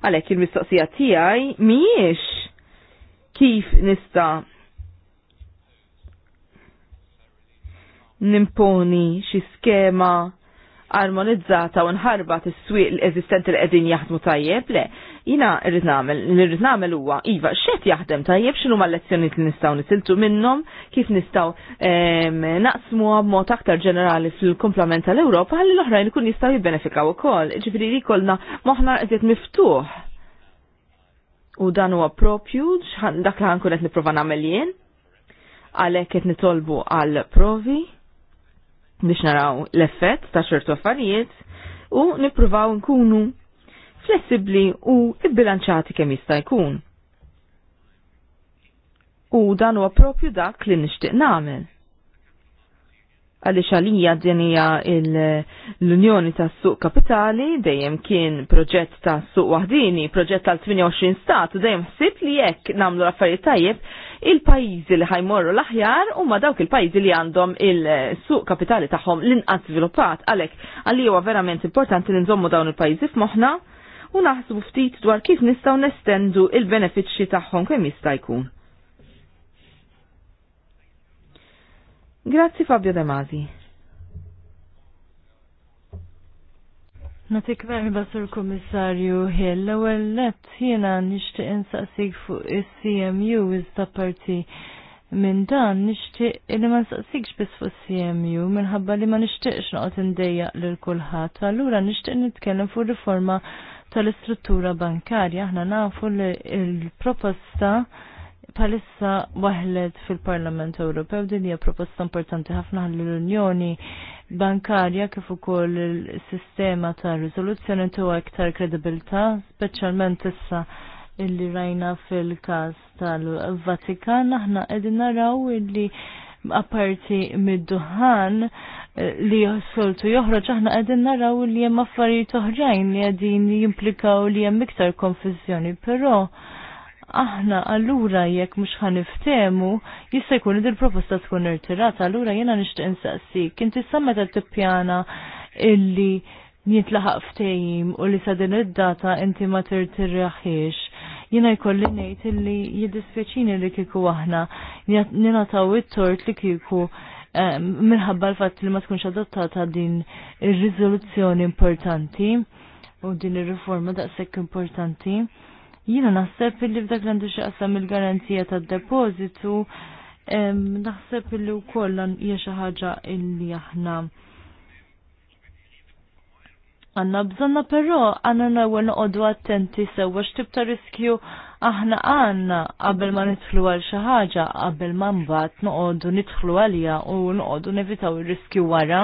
Għalhekk il-mistoqsija tiegħi mhijiex kif nista' nimponi xi skema armonizzata u nħarbat is-swieq l-eżistenti li qegħdin jaħdmu tajjeb, le, jina rrid nagħmel, li rrid nagħmel huwa iva x'qed jaħdem tajjeb x'inhu ma lezzjonijiet li nistgħu nisiltu minnhom, kif nistgħu ehm, naqsmuha b'mod aktar ġenerali fil-kumplament tal-Ewropa ħalli l-oħrajn ikun jistgħu jibbenefikaw ukoll, ġifieri li jkollna moħħna qed miftuħ. U dan huwa propju dak li ħankun qed nipprova nagħmel jien għalhekk qed nitolbu għal provi biex naraw l-effett ta' ċertu affarijiet u nippruvaw nkunu flessibli u ibbilanċati kemm jista' jkun. U dan huwa propju dak li nixtieq nagħmel għaliex għalija dinija hija l-Unjoni tas Suq Kapitali dejjem kien proġett ta' suq Wahdini, proġett tal-28 stat u dejjem sib li jekk nagħmlu affarijiet tajjeb il-pajjiżi li ħajmorru l-aħjar huma dawk il-pajjiżi li għandhom il-suq kapitali tagħhom l-inqas sviluppat, għalhekk għalli huwa verament importanti li nżommu dawn il-pajjiżi f'moħħna u naħsbu ftit dwar kif nistgħu nestendu il-benefiċċji tagħhom kemm jista' jkun. Grazzi Fabio De Masi. Natik verba sur komissarju Hill, l ewwel net jena nishti insaqsik fuq il-CMU iżda parti minn dan nishtiq li ma nsaqsikx bis fuq CMU minħabba li ma nishtiqx noqgħod indejjaq lil kulħadd. Allura nixtieq nitkellem fuq riforma tal-istruttura bankarja. Aħna nafu li l-proposta palissa waħlet fil-Parlament Ewropew din hija proposta importanti ħafna l-Unjoni bankarja kif ukoll il-sistema ta' riżoluzzjoni tuwa iktar kredibilità, speċjalment issa illi rajna fil-każ tal-Vatikan aħna qegħdin naraw illi apparti mid-duħan eh, li soltu joħroġ aħna qegħdin naraw li hemm affarijiet oħrajn li qegħdin jimplikaw li hemm iktar konfużjoni, però aħna allura jekk mhux ħaniftemu jista' jkun id proposta tkun irtirata, allura jiena nixtieq insaqsik, inti sa meta tippjana illi nitlaħaq ftehim u li sa din id-data inti ma tirtirraħiex. Jiena jkolli ngħid illi jiddispjaċini li kieku aħna ninataw it-tort li kieku minħabba l-fatt li ma tkunx adottata din ir-riżoluzzjoni importanti u din ir-riforma daqshekk importanti. Jina naħseb illi f'dak l-għandu xaqsam il-garanzija tad depozitu naħseb li u kollan hija xi ħaġa illi aħna għanna bżonna però għanna nawel noqogħdu attenti sewwa x'tib ta' riskju aħna għanna qabel ma nidħlu għal xi ħaġa qabel ma mbagħad noqogħdu nidħlu għalija u noqogħdu nevitaw ir-riskju wara.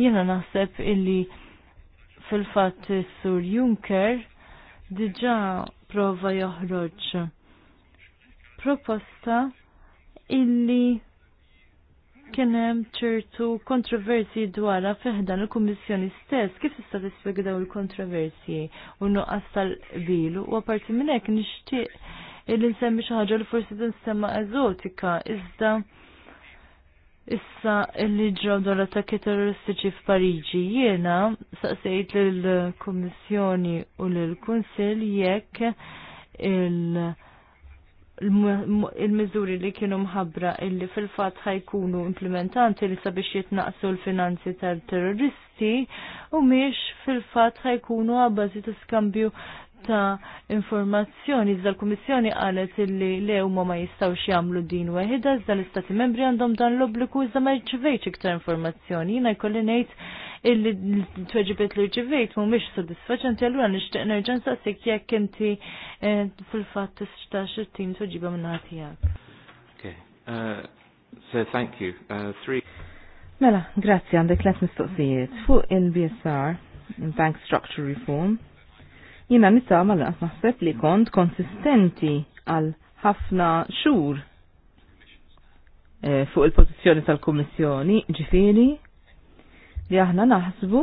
Jiena naħseb illi fil-fatt sur Juncker diġà Prova joħroġ proposta illi kienem ċertu kontroversi dwarha fiħdan il-Kummissjoni stess kif tista' tispjega daw il-kontroversi u nuqqas tal bilu u apparti minn hekk nixtieq illi nsemmi xi ħaġa li forsi tinsemma eżotika iżda Issa li ġraw dwar attakki terroristiċi f'Pariġi jiena saqsejt lill-Kummissjoni u lill-Kunsill jekk il- miżuri li kienu mħabbra illi fil fatt ħajkunu implementanti li sabiex jitnaqsu l-finanzi tal-terroristi u miex fil fatt ħajkunu għabbażi ta' skambju ta' informazzjoni iżda l-Kummissjoni qalet illi le huma ma jistgħux jagħmlu din weħida iżda l-Istati Membri għandhom dan l-obbligu iżda ma jċivejx iktar informazzjoni. Jiena jkolli ngħid illi tweġibiet li rċivejt mhumiex sodisfaċenti allura nixtieq nerġa' nsaqsik jekk inti eh, fil-fatt tista' xittin tweġiba minn tiegħek. Uh, so thank you. Uh, three. Mela, grazzi għandek let mistoqsijiet. Fuq il-BSR, Bank Structure Reform, Jina nitama li naħseb li kont konsistenti għal ħafna xur eh, fuq il-pozizjoni tal-Kommissjoni ġifiri li aħna naħsbu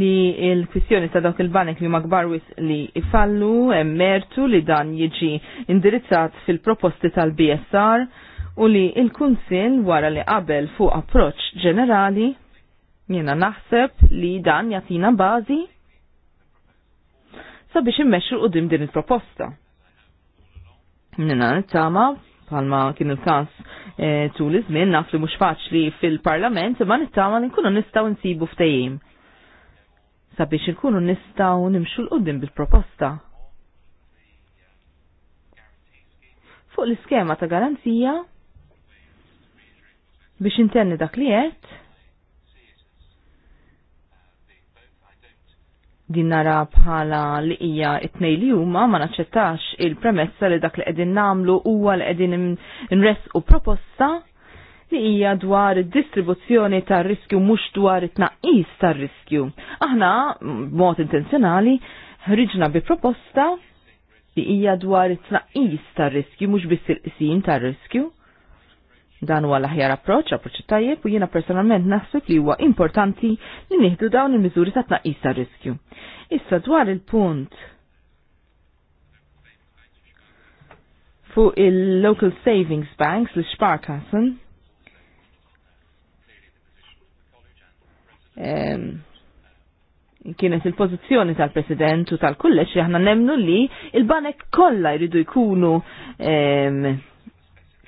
li il-kwistjoni ta' dawk il-banek li magbarwis li ifallu emmertu li dan jiġi indirizzat fil-proposti tal-BSR u li il-Kunsil wara li qabel fuq approċ ġenerali jena naħseb li dan jatina bazi sabiex immexxu qudiem din il-proposta. Nina nittama palma kien il-kas e, tul iż-żmien naf li mhux faċli fil-Parlament imma nittama li nkunu nistgħu nsibu ftehim. Sabiex inkunu nistgħu nimxu l qudiem bil-proposta. Fuq l-iskema ta' garanzija biex intenni dak li qed din nara bħala li hija it-tnej li huma ma naċċettax il-premessa li dak li qegħdin nagħmlu huwa li qegħdin nresqu proposta li hija dwar id-distribuzzjoni tar-riskju mhux dwar it-tnaqqis tar-riskju. Aħna b'mod intenzjonali ħriġna bi proposta li hija dwar it-tnaqqis tar-riskju mhux biss il-qsim tar-riskju. Dan huwa l-aħjar approċċ, approċċ tajjeb u jiena personalment naħseb li huwa importanti li nieħdu dawn il-miżuri ta' tnaqqis riskju. Issa dwar il-punt fuq il-Local Savings Banks, l-Sparkassen, kienet il-pozizjoni tal-President u tal kullex li aħna nemnu li il-banek kollha jridu jkunu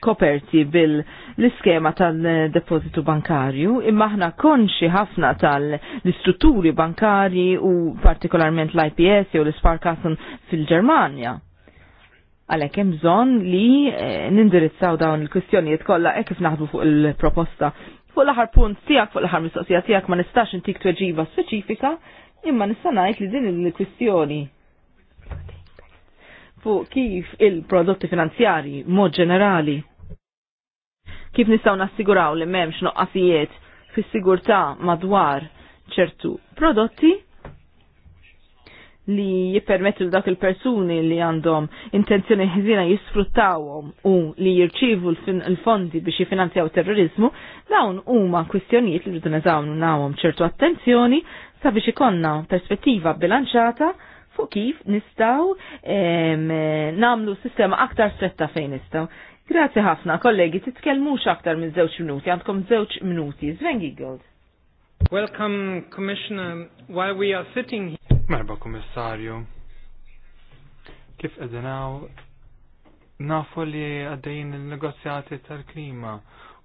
koperti bil-iskema tal-depozitu bankarju, imma aħna konxi ħafna tal-istrutturi bankarji u partikolarment l-IPS u l-Sparkassen fil-Germania. Għalek hemm bżonn li eh, nindirizzaw dawn il-kwistjonijiet kollha hekk kif naħdu fuq il-proposta. Fuq l-aħħar punt tiegħek fuq l-aħħar mistoqsija tiegħek ma nistax intik tweġiba speċifika, imma nista' ngħid li din il-kwistjoni fuq kif il-prodotti finanzjari mod ġenerali kif nistaw nassiguraw li memx noqqasijiet fis sigurtà madwar ċertu prodotti li jippermettu l dak il-persuni li għandhom intenzjoni ħizina jisfruttawhom u li jirċivu l-fondi biex jifinanzjaw terrorizmu, dawn huma kwistjonijiet li rridu neżawnu nawhom ċertu attenzjoni sabiex ikonna perspettiva bilanċata fuq kif nistaw namlu sistema aktar stretta fejn nistaw. Grazie ħafna, kollegi, titkellmux aktar minn żewġ minuti, għandkom żewġ minuti. Sven Giggold. Welcome, Commissioner, while we are sitting here. Merba, Kommissarju. Kif edinaw, nafu li għaddejn il-negozjati tal-klima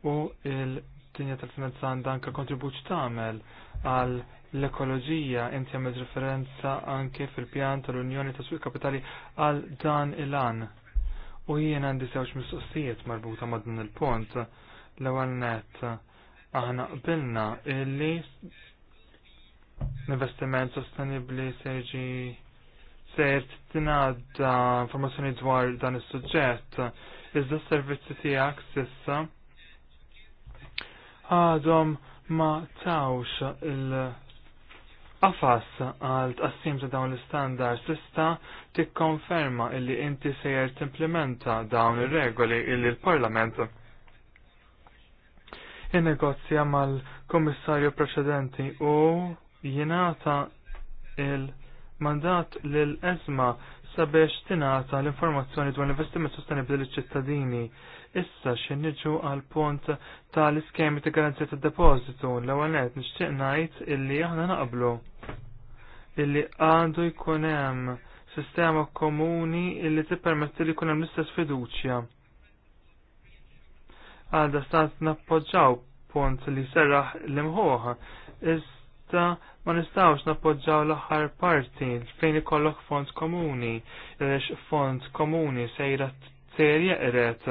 u il-dinja tal-finanzan danka kontribuċ tamel għal l-ekoloġija inti għamilt referenza anke fil-pjan tal-Unjoni ta' Suq Kapitali għal dan il-an. U jien għandi sewx mistoqsijiet marbuta ma' dan il-pont l-ewwel net aħna qbilna illi l-investiment sostenibbli seġi ser tingħadda informazzjoni dwar dan is-suġġett. Iżda s-servizzi tiegħek sissa għadhom ma tawx il- Għafas għal tqassim ta' dawn l-standards tista' tikkonferma illi inti sejjer timplementa dawn ir-regoli illi l-Parlament innegozja mal-Kummissarju preċedenti u jingħata il-mandat lil ezma sabiex tingħata l-informazzjoni dwar l-investiment sostenibbli liċ-ċittadini. Issa xinniġu għal punt tal-iskemi ta' garanzija ta' depozitu l-ewwel nixtieq ngħid illi aħna naqblu illi għandu jkun hemm sistema komuni illi tippermetti li jkun hemm l-istess fiduċja. Għadda stat nappoġġaw punt li serraħ l-imħuħ, iżda ma nistawx nappoġġaw l-aħħar parti fejn ikollok font komuni, għaliex font komuni sejra serja irret.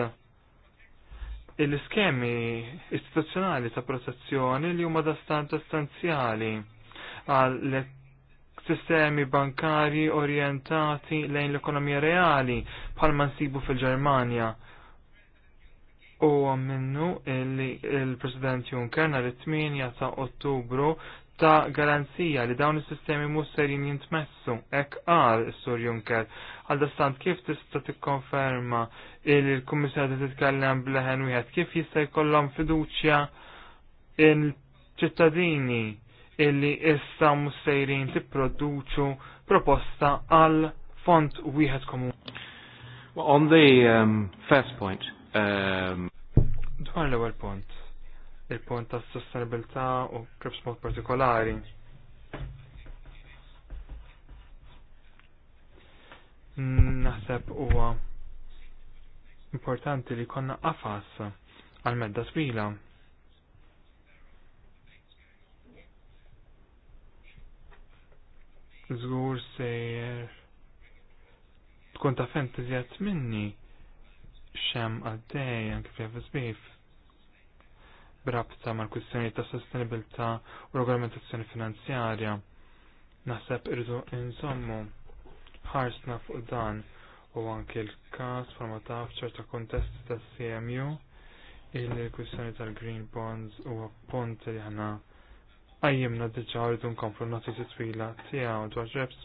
il iskemi istituzzjonali ta' protezzjoni li huma dastant essenzjali għal sistemi bankari orientati lejn l-ekonomija reali bħalma nsibu fil-Ġermanja. U minnu il-President Juncker nhar it-8 ta' Ottubru ta' garanzija li dawn is-sistemi mhux serin jintmessu, Ek qal is-Sur Juncker. Għaldastant kif tista' tikkonferma li l-Kummissarju titkellem bleħen wieħed kif jista' jkollhom fiduċja il-ċittadini illi issa mussejrin tipproduċu proposta għal font wieħed komun. Well, on the um, first point, um... dwar l-ewwel punt, il-punt tas sostenibilità u kif mod partikolari. Naħseb huwa importanti li konna qafas għal medda twila. Zgur sejjer tkun ta' fent iżjed minni xem għaddej anke fl-FSBF brabta mal kwistjoni ta' sostenibilità u regolamentazzjoni finanzjarja. Naħseb irdu insommu ħarsna fuq dan u anke l-kas forma ta' f'ċerta kontest ta' CMU il-kwistjoni tal-Green Bonds u appunt li ħana għajjimna diġa rridu nkomplu notizi twila tiegħu dwar ġebs.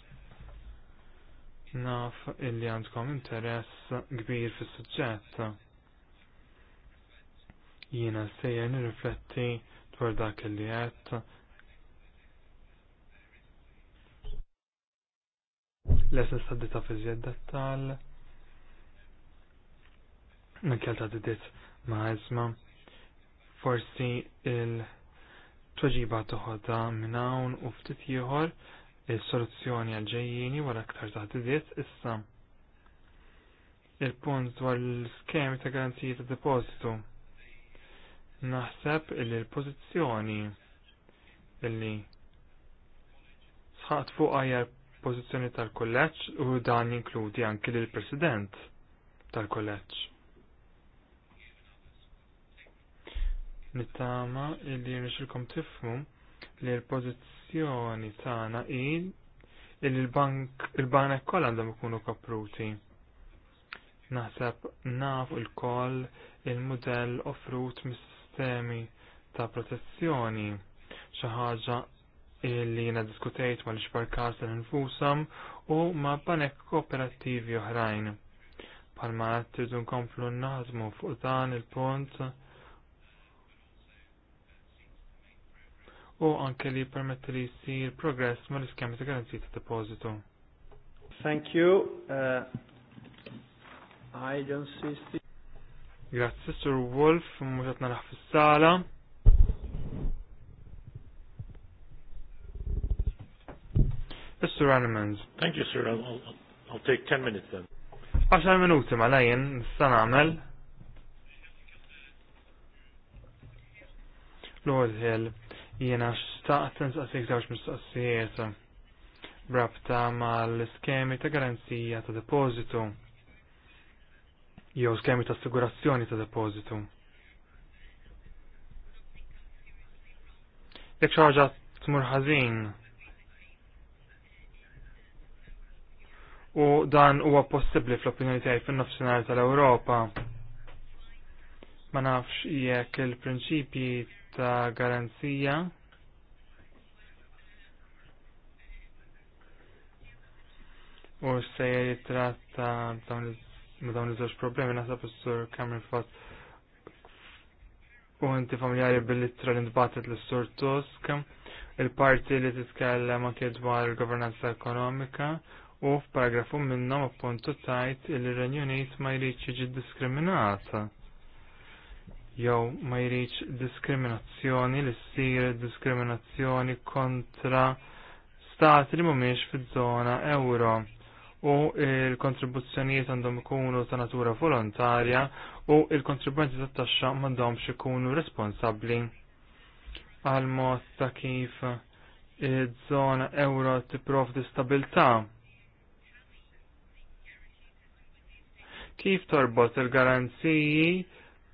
Naf illi għandkom interess kbir fis-suġġett. Jiena sejjen nirrifletti dwar dak illi qed l-essens ta' dita fizjed dettal. Nakkel ta' didit ma' ezma. Forsi il- tweġiba toħodha minn hawn u ftit ieħor is-soluzzjoni għal ġejjini wara aktar taħt issa. Il-punt dwar l-skemi ta' garanzija ta' depositu. Naħseb li l-pożizzjoni illi sħaqt fuq għajar pożizzjoni tal-kolleġġ u dan jinkludi anki l-president tal-kolleġġ. nittama illi nixilkom tifmu li l-pozizjoni tagħna hi illi l-bank il-banek kollha għandhom ikunu kapruti. Naħseb nafu l kol il-modell offrut mis-sistemi ta' protezzjoni xaħġa ħaġa illi jiena diskutejt ma' xbarkas tal-infusam u ma' banek kooperattivi oħrajn. Palma għattidu nkomplu naħdmu fuq dan il-punt u anke li permetti li jsir progress ma l-iskemi ta' garanzija ta' depositu. Thank you. Uh, I don't see Steve. Grazie, Sir Wolf, mux naraħ fis-sala. Mr. Animans. Thank you, sir. I'll, I'll, I'll take 10 minutes then. 10 minuti ma lajn, nistan għamel. L-għol Jena xtaqt nsaqsik żewġ mistoqsijiet brabta mal-iskemi ta' garanzija ta' depożitu jew skemi ta' assigurazzjoni ta' depożitu. Jekk xarġa tmur ħażin u dan huwa possibbli fl-opinjoni tiegħi fin-nofsinhar tal-Ewropa. Ma nafx jekk il-prinċipji ta' garanzija u se jitratta ma' dawn iż-żewġ problemi naħseb is-sur Cameron Fott u inti familjari bil-ittra li nbatet l-sur Tusk il-parti li titkellem anke dwar il-governanza ekonomika u f'paragrafu minnhom appuntu tajt il-Renju Unit ma jridx jiġi diskriminata jew ma jirix diskriminazzjoni li ssir diskriminazzjoni kontra stati li mhumiex fiż-żona euro u il-kontribuzzjonijiet għandhom ikunu ta' natura volontarja u il kontribuenti tat taxxa m'għandhomx ikunu responsabbli għal mod ta' kif il żona euro tipprovdi stabilta. Kif torbot il-garanziji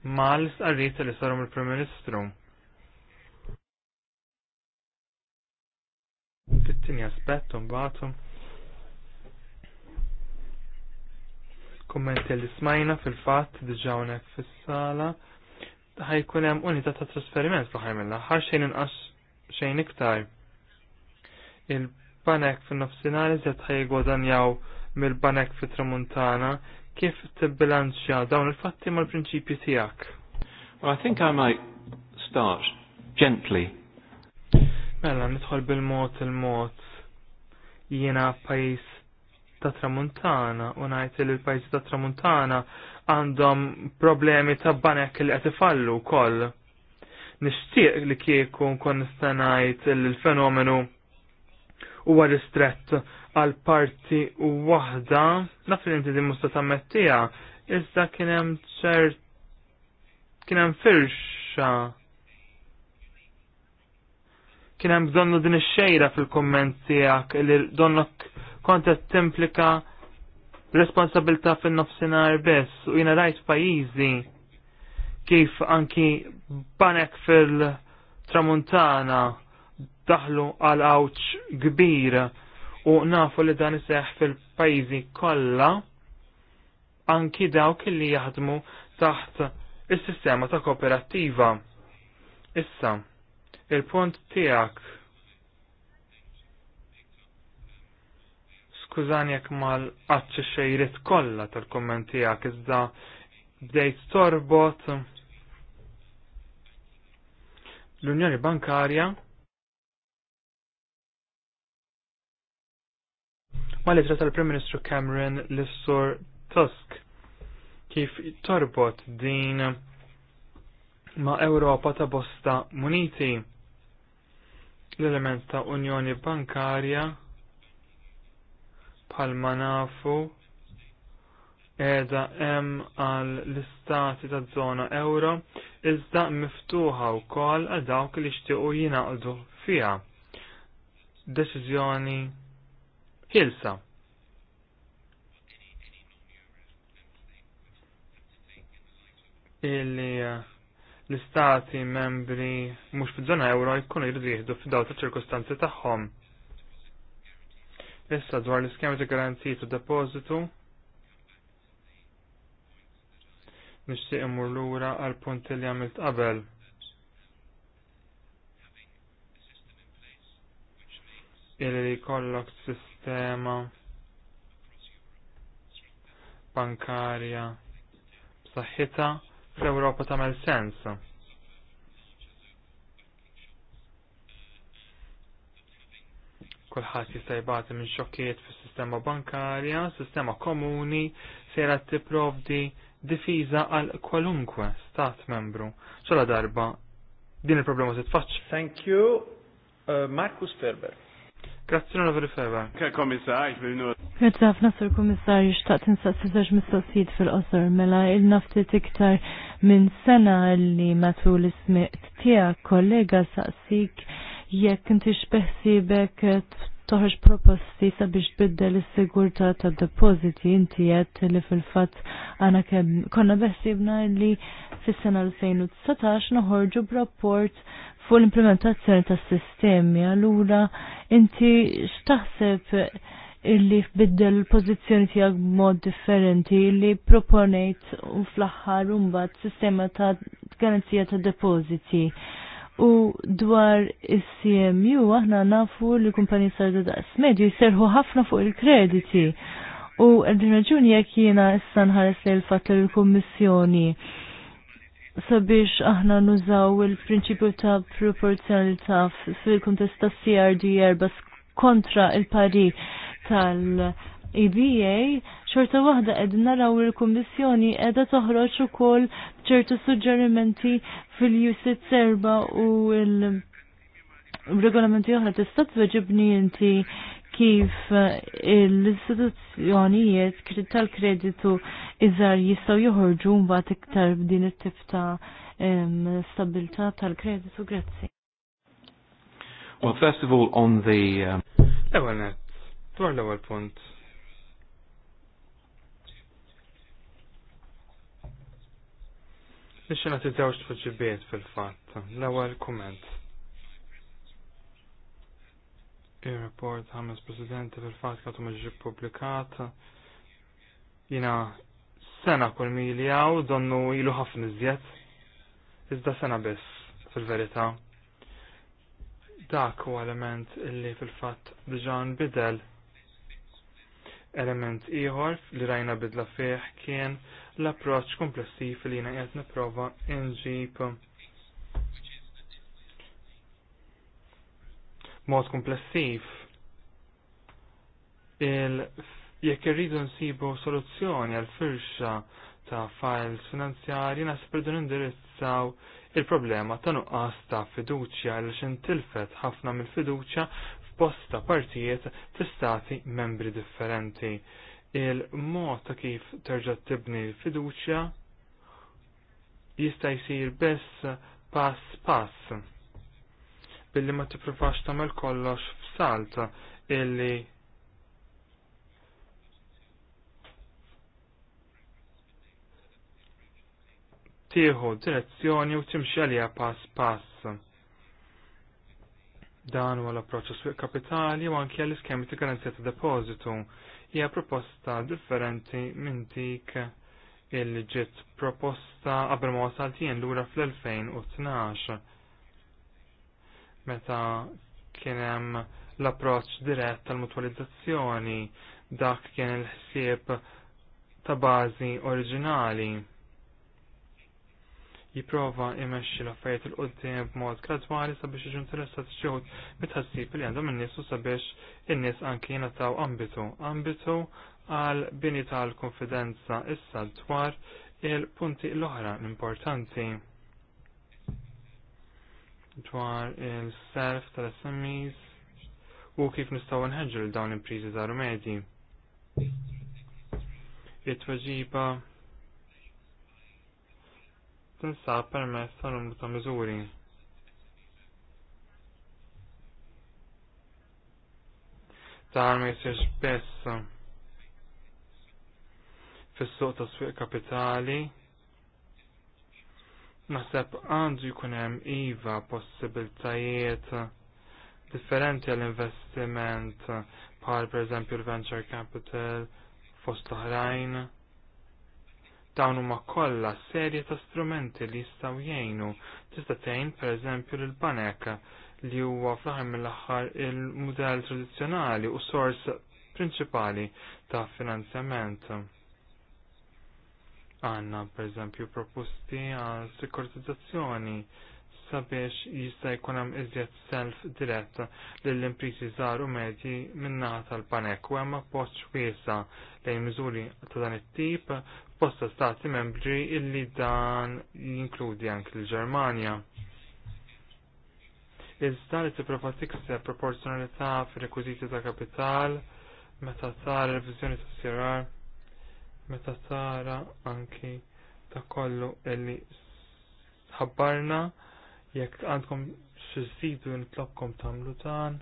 mal-istqarriet li sarum il-Prim Ministru. Fit-tieni aspett mbagħad kummenti li smajna fil-fatt diġà hawnhekk fis-sala ħajkun hemm unità ta' trasferiment fl-ħajr Har aħħar xejn inqas xejn iktar. Il-banek fin-nofsinhar iżjed ħajgwadanjaw mill-banek fit-Tramuntana kif tibbilanċja dawn il-fatti mal-prinċipji tiegħek. Well, I think I might start gently. Mela, nidħol bil-mod il-mod jiena pajis ta' tramuntana u ngħid li l-pajjiżi ta' tramuntana għandhom problemi ta' banek li qed ifallu wkoll. Nixtieq li kieku nkun nista' ngħid li l-fenomenu huwa ristrett għal parti waħda, naf li inti dimusta tammettija, iżda kienem ċert kienem firxa. Kienem bżonnu din ix-xejra fil-komment tiegħek li donnok kont qed timplika responsabilità fin-nofsinhar biss u jiena rajt pajjiżi kif anki banek fil-tramuntana daħlu għal awċ kbir u nafu li dan seħ fil-pajzi kollha anki dawk li jaħdmu taħt is-sistema ta' kooperattiva. Issa, il-punt tiegħek skużani jekk mal qaċċi xejrit kollha tal-kumment tiegħek iżda bdejt torbot l-Unjoni Bankarja ma' litra tal-Prim Ministru Cameron l-Sur Tusk kif torbot din ma' Ewropa ta' bosta muniti. L-element ta' Unjoni Bankarja palma nafu edha hemm għal l-istati ta' zona euro iżda miftuħa wkoll għal dawk li xtiequ jingħaqdu fiha. Deċiżjoni ħilsa. Illi eh, l-istati membri mhux fil żona euro jkunu jridu f'daw ta' ċirkostanzi tagħhom. Issa dwar l-iskema ta' garanzija ta' depositu nixtieq imur lura għal punt li għamilt qabel. illi kollok sistema bankarja b'saħħitha fl-Ewropa tagħmel sens. Kulħadd jista' jibgħati minn xokkiet fis-sistema bankarja, sistema komuni se sejra tipprovdi difiża għal kwalunkwe stat membru. Xala darba din il-problema se Thank you, uh, Markus Ferber. Grazzi l Ferber. Komissar, Grazzi ħafna sur komissar, xtaqt nsaqsi zaġ mistoqsijiet fil-qosor, mela il-nafti tiktar minn sena li matul ismi tia kollega saqsik jekk inti bek toħroġ proposti sabiex bidda is-sigurtà ta' depositi inti jett li fil-fatt għana kemm konna beħsibna li fis-sena 2019 noħorġu b'rapport fuq l-implementazzjoni tas-sistemi. Allura inti x'taħseb illi fbiddel l-pozizjoni tijak mod differenti illi proponejt u fl-axħar umbat sistema ta' garanzija ta' depoziti. U dwar il-CMU aħna nafu li kumpani sarda daqs medju jserħu ħafna fuq il-krediti. U għedin raġuni jek jena issa nħares li l-fat l-Kommissjoni sabiex aħna nużaw il-prinċipju ta' proporzjonalità fil-kuntest ta' CRD erba kontra il-pari tal-EBA, xorta waħda qed naraw il-Kummissjoni qiegħda toħroġ ukoll ċertu suġġerimenti fil-USIT serba u il regolamenti oħra tista' tweġibni inti kif eh, l-istituzzjonijiet tal-kreditu iżar jistaw joħorġu mbagħad iktar b'din it-tip ta' stabilità tal-kreditu grazzi. Well, first of all, on the... Um, l-ewel net, dwar l-ewel punt. Nixxina t-dawx tfuġibiet fil-fat. L-ewel komment il-report ħames presidenti fil-fat katu maġi publikat jina sena kol miljaw donnu ilu ħafna iżjed iżda sena biss fil-verita dak u element illi fil-fat diġan bidel element ieħor li rajna bidla fih kien l-approċ komplessiv li jina qed nipprova inġib mod komplessiv il jekk irridu nsibu soluzzjoni għal firxa ta' files finanzjarji nasib irridu nindirizzaw il-problema ta' nuqqas ta' fiduċja li tilfet ħafna mill-fiduċja f'posta partijiet fl-istati membri differenti. Il-mod ta' kif terġa' tibni l-fiduċja jista' jsir biss pass pass billi ma tipprovax tagħmel kollox f'Salta illi tieħu direzzjoni u timxi għalija pass pass. Dan huwa l-approċċ swieq kapitali u anke għal iskemi ta' garanzija ta' depożitu hija proposta differenti minn dik illi ġiet proposta qabel ma wasalt jien lura fl-2012 meta kien hemm l-approċċ dirett tal-mutwalizzazzjoni dak kien il-ħsieb ta' bażi oriġinali. Jiprova jmexxi l-affarijiet il qudiem b'mod gradwali sabiex jiġu interessat mit ħassib li għandhom in-nies u sabiex in-nies anke jingħataw ambitu, ambitu għal bini tal-konfidenza issa dwar il-punti l-oħra importanti dwar il-self tal-SMEs u kif nistaw nħedġu l-dawn imprizi zaru medji. It-tweġiba tinsab permess tal-numru ta' miżuri. Dan ma jisirx biss fis-suq ta' kapitali Naħseb għandu jkun hemm iva possibiltajiet differenti għall-investiment bħal pereżempju l-venture capital fost l-oħrajn. Dawn huma kollha serje ta' strumenti li jistgħu jgħinu tista' tgħin pereżempju lil banek li huwa fl-aħħar mill-aħħar il-mudell tradizzjonali u sors prinċipali ta' finanzjament. Għanna per eżempju proposti għal sekuritizzazzjoni sabiex jista' jkun hemm iżjed self dirett l imprisi żgħar u medji minna tal-panek u hemm post wiesa lejn miżuri ta' dan it-tip posta stati membri illi dan jinkludi anke l-Ġermanja. Iżda li tipprova tikseb proporzjonalità fir-rekwiżiti ta' kapital meta ta' revizjoni ta' CRR meta sara anki ta' kollu illi ħabbarna jekk għandkom xizzidu nitlobkom tagħmlu tan.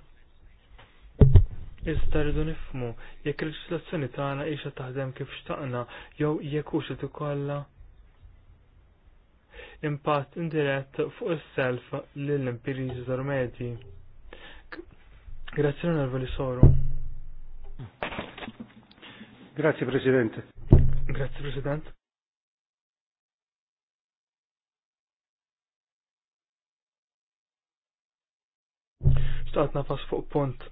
Iżda rridu nifmu jekk il-leġislazzjoni tagħna qiexha taħdem kif xtaqna jew jekk hux qed impatt indirett fuq is-self lill-impiriżi tal-medji. Grazie li soru. Grazie Presidente. Grazie President. Stat nafas fuq punt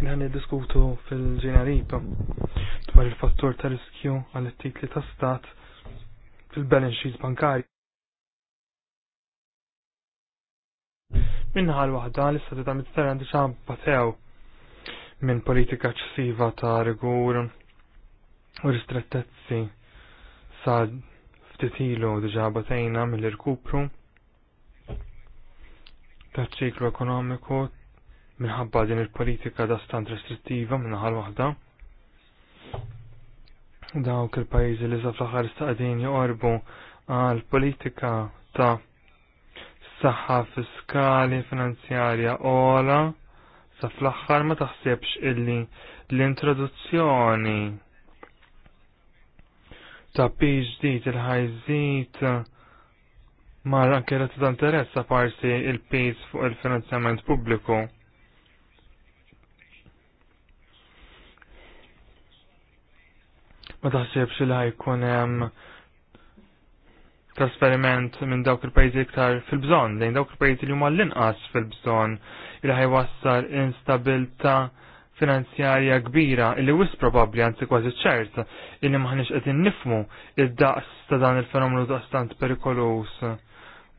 għan diskutu fil-ġenarib dwar il-fattur ta' riskju għal titli ta' stat fil-balance sheet bankari. Minna għal wahda li s-sadda mit mitzar għandi ċampa minn politika ċsiva ta' rigur u ristrettezzi sa ftit ilu diġà mill-irkupru taċ-ċiklu ekonomiku minħabba din il-politika da stand restrittiva minnaħal waħda. Dawk il-pajjiżi li za fl-aħħar istaqdin għal politika ta' saħħa fiskali finanzjarja ola sa fl-aħħar ma taħsibx illi l-introduzzjoni ta' PhD il-ħajżit mar anke li ta' interess parsi il-PIS fuq il-finanzjament pubbliku. Ma taħsibx li ħajkun hemm trasferiment minn dawk il-pajjiżi iktar fil-bżonn, lejn dawk il-pajjiżi li huma l-inqas fil-bżonn il ħajwassar instabilta' finanzjarja kbira illi wis probabbli anzi kważi ċert illi maħniex qegħdin nifmu id-daqs ta' dan il-fenomenu daqstant perikolus.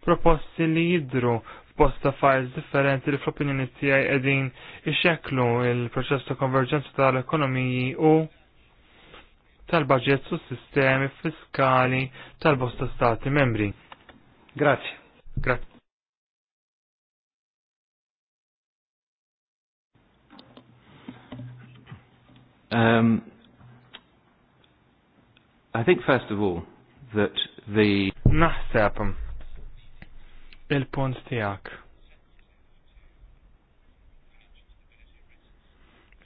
Proposti li jidru f'bosta fajls differenti li fl-opinjoni tiegħi qegħdin ixekklu il-proċess ta' konverġenza tal-ekonomiji u tal-baġġett u sistemi fiskali tal-bosta stati membri. Grazie. Grazie. Um, I think first of all that the Nahsapam il-punt Ponstiak Is tiegħek.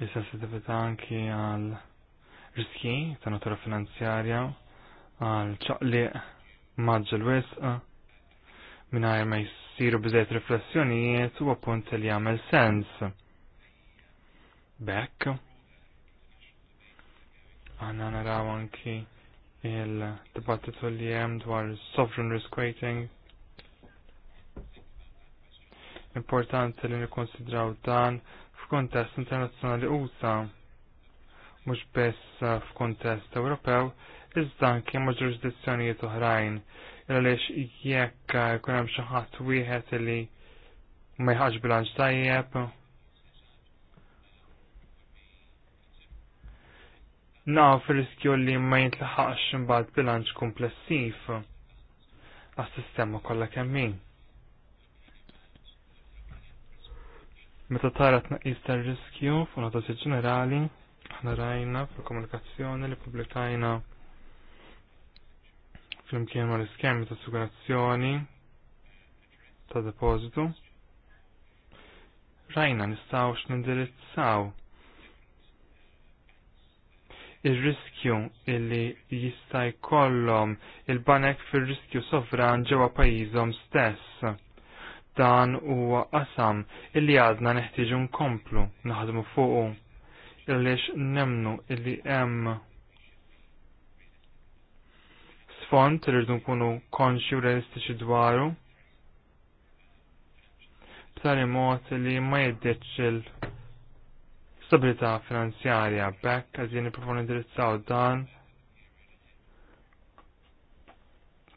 Is-sensitività anki għal riski ta' natura finanzjarja għal ċaqliq maġġel wisq mingħajr ma jsiru biżejt riflessjonijiet huwa punt li jagħmel sens. Bekk. Għanna naraw anki il-dibattitu li jem dwar sovereign risk rating. Importanti li nikonsidraw dan f'kontest internazzjonali usa, mhux biss f'kontest Ewropew, iżda anke ma' ġurisdizzjonijiet oħrajn. Għaliex jekk jkun hemm xi ħadd wieħed li ma jħaġ bilanċ tajjeb, naf riskju li ma jintlaħax imbagħad bilanċ komplessiv għas-sistema kollha kemm Meta tara tnaqqis tar-riskju fuq notazzi ġenerali, aħna rajna fil-komunikazzjoni li pubblikajna fl-imkien ma l-iskemi ta' assigurazzjoni ta' depożitu. Rajna nistaw x'nindirizzaw ir-riskju illi jista' jkollhom il-banek fir-riskju sovran ġewwa pajjiżhom stess. Dan huwa qasam illi għadna neħtieġu nkomplu naħdmu fuqu għaliex nemnu illi hemm sfond rridu nkunu konxi u realistiċi dwaru b'tali mod li ma jiddeċċil stabilità finanzjarja bekk għazin niprofon indirizzaw dan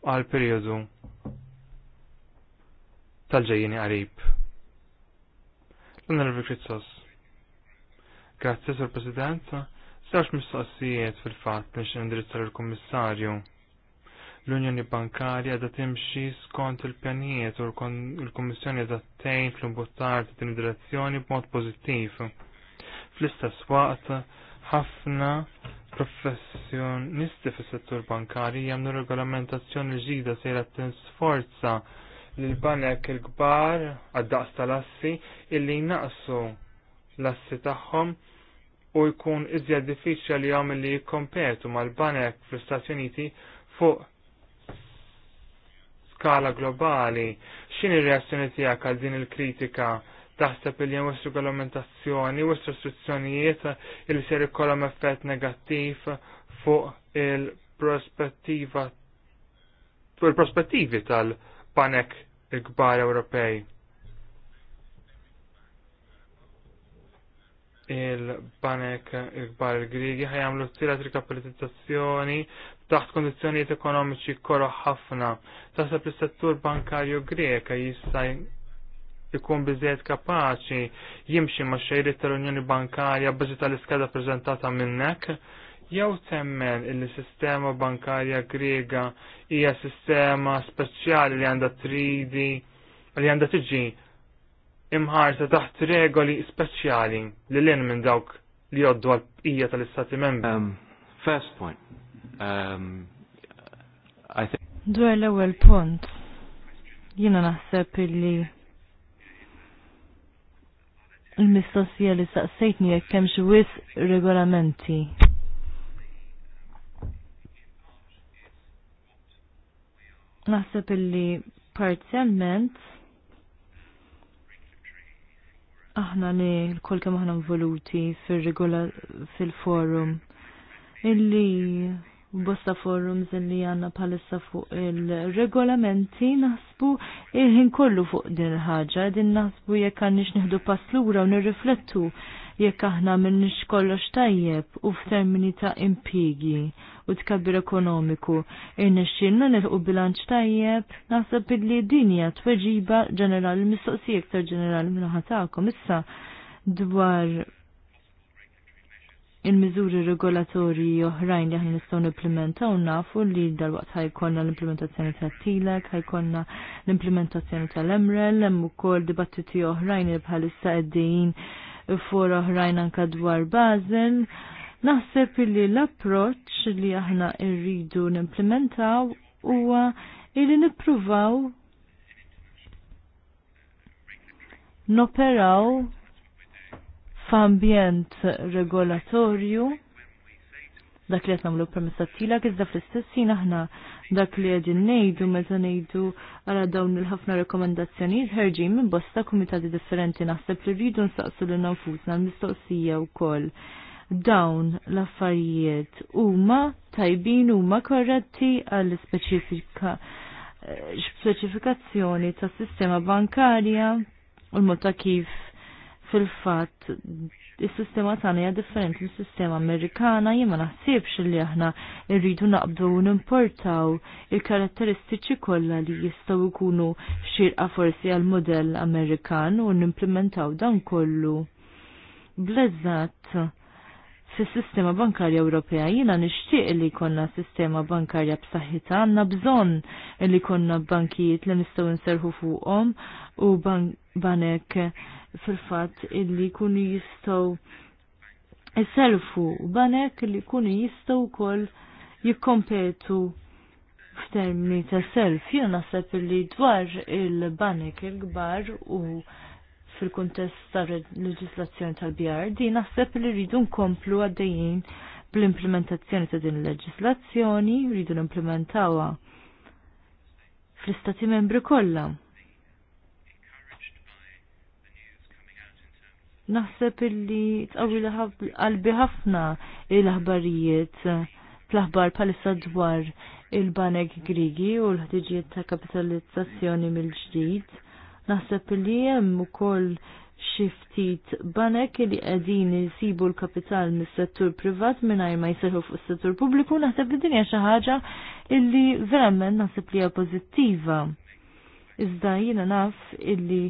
għal periodu tal-ġejjini qarib. L-onorevoli Krizzos. Grazie, Sir President. Sarx mistoqsijiet fil-fatt nix indirizzaw il-Kommissarju. L-Unjoni Bankarja da timxi skont il-pjanijiet u l-Kommissjoni da tejn fl-imbuttar ta' din direzzjoni b'mod pozittiv fl-istess waqt ħafna professjonisti fis-settur bankari jagħmlu regolamentazzjoni ġdida sejra tinsforza lil banek il-kbar għad-daqs tal-assi illi jnaqsu l-assi tagħhom u jkun iżjed diffiċli għom li jikkompetu mal-banek fl-Istati Uniti fuq skala globali. X'inhi reazzjoni tiegħek għal din il-kritika? taħseb il hemm regolamentazzjoni u restrizzjonijiet li ser ikollhom effett negattiv fuq il-prospettiva fuq il-prospettivi tal-panek il-kbar Ewropej. il-banek il-kbar il-Grigi ħajamlu t-tila trikapitalizzazzjoni taħt kondizjoniet ekonomiċi koro ħafna. Taħseb li settur bankarju Greka jista' ikun biżiet kapaċi jimxi ma' xejrit tal-Unjoni Bankarja biex tal-iskeda prezentata minnek, jew temmen il-sistema bankarja grega hija sistema speċjali li għandha tridi li għandha tiġi imħarsa taħt regoli speċjali li l minn dawk li joddu għal-bqija tal-istati membri. Um, first point. Um, I think... Dwar l-ewwel punt. Jiena naħseb illi il-mistoqsija li saqsejtni jekk hemm xi wis regolamenti. Naħseb illi parzjalment aħna li l-kol kemm aħna involuti fil-forum fil illi bosta forums li għanna palissa fuq il-regolamenti naħsbu il-ħin kollu fuq din il-ħagġa, din naħsbu jekk għannix nihdu pass lura u nirriflettu jekk aħna minnix kollox tajjeb u f'termini ta' impigi u tkabbir ekonomiku. Irnexxinna nilqu bilanċ tajjeb naħseb li dinja tweġiba ġenerali mistoqsija iktar ġenerali minn ħatakom issa dwar il-miżuri regolatorji oħrajn li ħin nistgħu nimplementaw nafu li dalwaqt ħajkonna l-implementazzjoni ta' tilek, ħajkonna l-implementazzjoni tal-emrel, hemm ukoll dibattiti oħrajn li bħalissa qegħdin for oħrajn anka dwar Basel. Naħseb li l-approċċ li aħna rridu nimplementaw huwa li nippruvaw noperaw f'ambjent regolatorju dak li jatnamlu permessa tila kizda fl-istessin aħna dak li għedin nejdu meta nejdu għala dawn il-ħafna rekomendazzjonijiet ħerġin minn bosta komitati differenti naħseb li rridu nsaqsu l nfusna l-mistoqsija u koll. Dawn l-affarijiet huma tajbin huma korretti għall speċifika eh, speċifikazzjoni ta' sistema bankarja u l-mod kif fil-fatt is-sistema tagħna hija differenti mis-sistema Amerikana jien ma naħsibx li aħna rridu naqbdu u nimportaw il-karatteristiċi kollha li jistgħu jkunu xirqa forsi għal modell Amerikan u nimplementaw dan kollu. Blezzat fis-sistema bankarja Ewropea jiena nixtieq li konna sistema bankarja b'saħħitha għandna bżonn li konna bankijiet li nistgħu nserħu fuqhom u banek fil-fat illi kunu jistaw u banek li kunu jistaw kol jikkompetu f'termini ta' self. Jien naħseb li dwar il-banek il-gbar u fil-kuntest ta' leġislazzjoni tal-BRD naħseb li rridu nkomplu għaddejjin bl-implementazzjoni ta' din il-leġislazzjoni, rridu n-implementawa fl-istati membri kollha Naħseb illi tqawi qalbi ħafna il-aħbarijiet fl-aħbar palissa dwar il-banek Grigi u l-ħtiġijiet ta' kapitalizzazzjoni mill-ġdid. Naħseb illi hemm ukoll xi ftit banek li qegħdin isibu l-kapital mis-settur privat mingħajr ma jseħħu fuq is-settur pubbliku naħseb li din hija xi ħaġa illi verament naħseb li hija pożittiva. Iżda jiena naf illi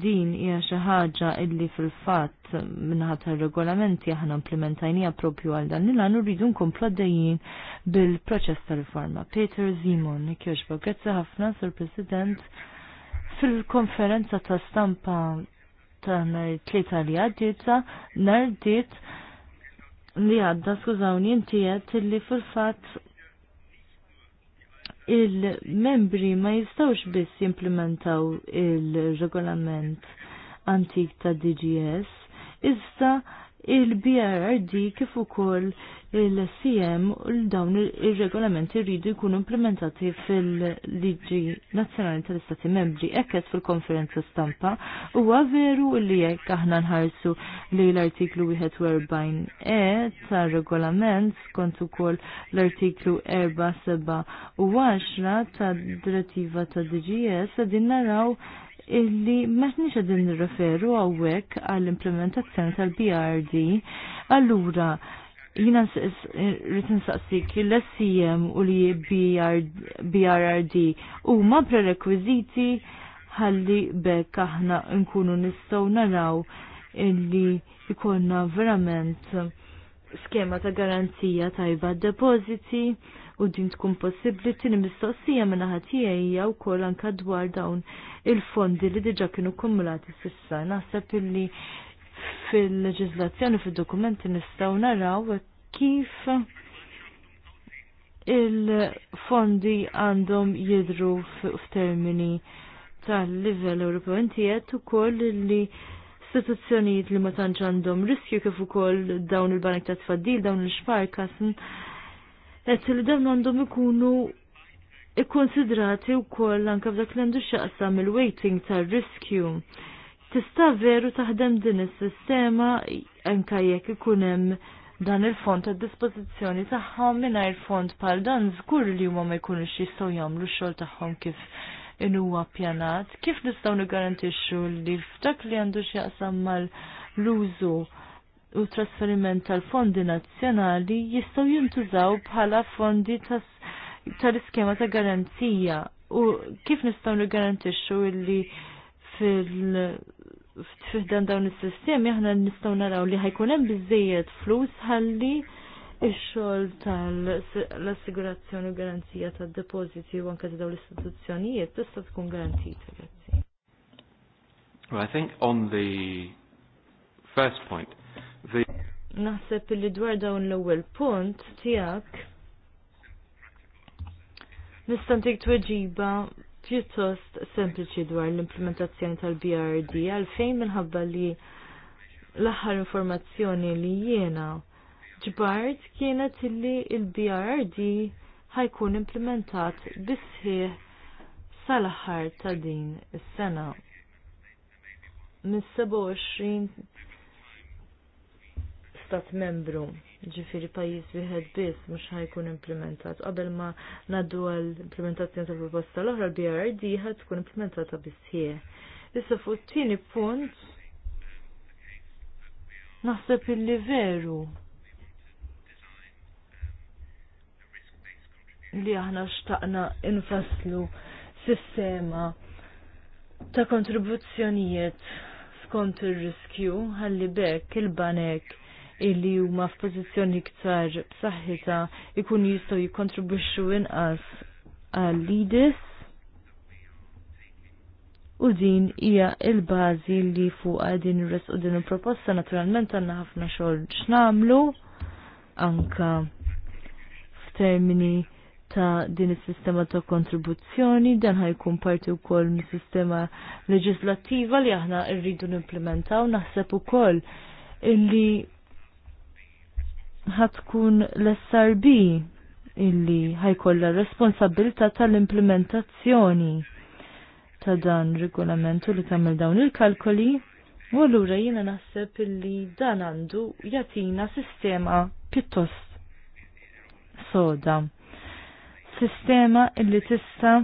din hija xi ħaġa illi fil-fatt minħat regolamenti aħna implementajnija propju għal dan il għandu rridu nkomplu għaddejjin bil-proċess ta' riforma. Peter Zimon, kjoġba, grazzi ħafna, Sur President, fil-konferenza ta' stampa ta' tlieta li għaddieta, nar li għadda, skużawni, inti illi fil-fatt il-membri ma jistawx biss jimplementaw il-regolament antik ta' DGS, issa il-BRRD kif ukoll il-CM u dawn il regolamenti rridu jkunu implementati fil-liġi nazzjonali tal-Istati membri ekket fil-konferenza stampa u veru li jekk aħna nħarsu li l-artiklu 41 e tar regolament skont ukoll l-artiklu 47 u 10 tad direttiva ta' DGS din naraw illi maħniċ għadin nirreferu għawek għall-implementazzjoni tal-BRD, allura jina rritin nsaqsik l-SCM u li BRRD u ma prerekwiziti ħalli bekk aħna nkunu nistaw naraw illi jikonna verament skema ta' garanzija tajba depoziti u din tkun possibbli tini mistoqsija minna ħatija hija wkoll anke dwar dawn il-fondi li diġà kienu kumulati fissa. Naħseb illi fil-leġiżlazzjoni fid-dokumenti nistgħu naraw kif il-fondi għandhom jidru f'termini tal-livell Ewropew inti qed ukoll li istituzzjonijiet li ma tantx għandhom riskju kif ukoll dawn il-banek ta' tfaddil dawn il-xparkas qed li dawn għandhom ikunu ikkonsidrati wkoll anke f'dak li għandu x'aqsam il-waiting tar-riskju. Tista' veru taħdem din is-sistema anke jekk ikun hemm dan il-fond għad dispożizzjoni tagħhom mingħajr fond bħal dan żgur li huma ma jkunux jistgħu jagħmlu x-xogħol tagħhom kif in huwa pjanat, kif nistgħu nigarantixxu li f'dak li għandu x'jaqsam mal-lużu u trasferiment tal-fondi nazzjonali jistgħu jintużaw bħala fondi tal-iskema ta' garanzija u kif nistgħu nigarantixxu illi fil fidan dawn is-sistemi aħna nistgħu naraw li ħajkun hemm biżejjed flus ħalli Ix-xogħol tal-assigurazzjoni u garanzija tad-depożiti u anke dawn l-istituzzjonijiet tista' tkun garantita. Well, I think on the first point, Naħseb li dwar dawn l-ewwel punt tiegħek nista' ntik tweġiba pjuttost sempliċi dwar l-implementazzjoni tal-BRD għalfejn minħabba li l-aħħar informazzjoni li jiena ġbart kienet li l brd ħajkun implementat bisħieħ sal-aħħar ta' din is-sena. Mis-27 stat membru, ġifiri pajis wieħed biss mhux ħajkun implementat. Qabel ma naddu għal implementazzjoni tal-proposta l-oħra l-BRD ħad tkun implementata biss Issa fuq tieni punt naħseb illi veru li aħna xtaqna infaslu sistema ta' kontribuzzjonijiet skont ir riskju ħalli bekk il-banek illi huma f'pożizzjoni iktar b'saħħitha ikunu jistgħu jikkontribwixxu inqas għal lidis u din hija il-bażi li fuq din u din il-proposta naturalment għandna ħafna xogħol x'namlu anka f'termini ta' din is-sistema ta' kontribuzzjoni, dan ħajkun parti wkoll mis-sistema leġislattiva li aħna rridu nimplementaw naħseb ukoll illi ħatkun l-SRB illi ħajkolla responsabilta tal-implementazzjoni ta' dan regolamentu li tagħmel dawn il-kalkoli u allura jiena naħseb illi dan għandu jatina sistema pjuttost soda. Sistema illi tista'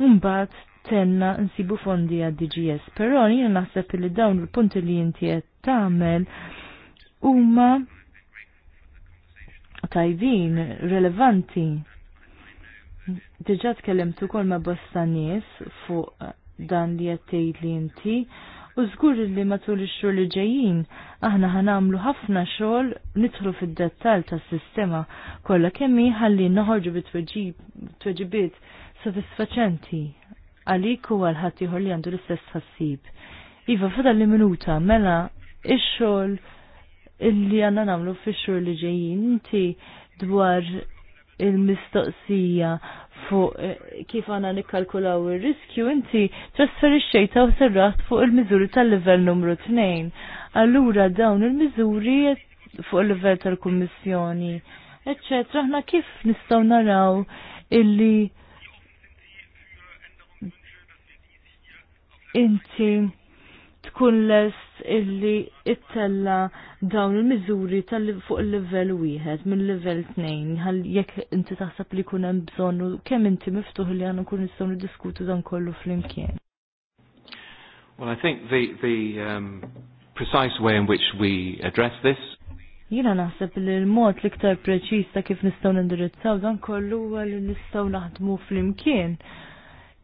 mbagħad tenna nsibu fondi għad DGS, però jiena naħseb illi dawn il-punti li inti qed tagħmel huma tajbin, relevanti. kellem tu kol ma' bosta nies fuq dan li qed li inti u zgur li matul ix-xhur li ġejjin aħna ħanamlu ħafna xogħol nidħlu fid-dettall tas-sistema kollha kemmi ħalli noħorġu bit tweġibit sodisfaċenti għalik u għal ħadd ieħor li għandu l-istess ħassib. Iva, fadal li minuta, mela, ix-xogħol illi għanna namlu fi xur li ġejjin inti dwar il-mistoqsija fuq eh, kif għana nikkalkulaw il-riskju, inti trasferixxejta u serrat fuq il-miżuri tal-level numru 2. Allura dawn il-miżuri fuq il-level tal-Kummissjoni, eccetera, aħna kif nistgħu naraw illi inti tkun lest illi ittella dawn il-miżuri tal fuq il-livell wieħed minn livell tnejn ħal jekk inti taħseb li jkun hemm bżonn u kemm inti miftuħ li għandna nkunu nistgħu niddiskutu dan kollu flimkien. Well, I think the the um, precise way in which we address this Jina naħseb li l-mod l-iktar preċis ta' kif nistgħu nindirizzaw dan kollu huwa li nistgħu naħdmu flimkien. imkien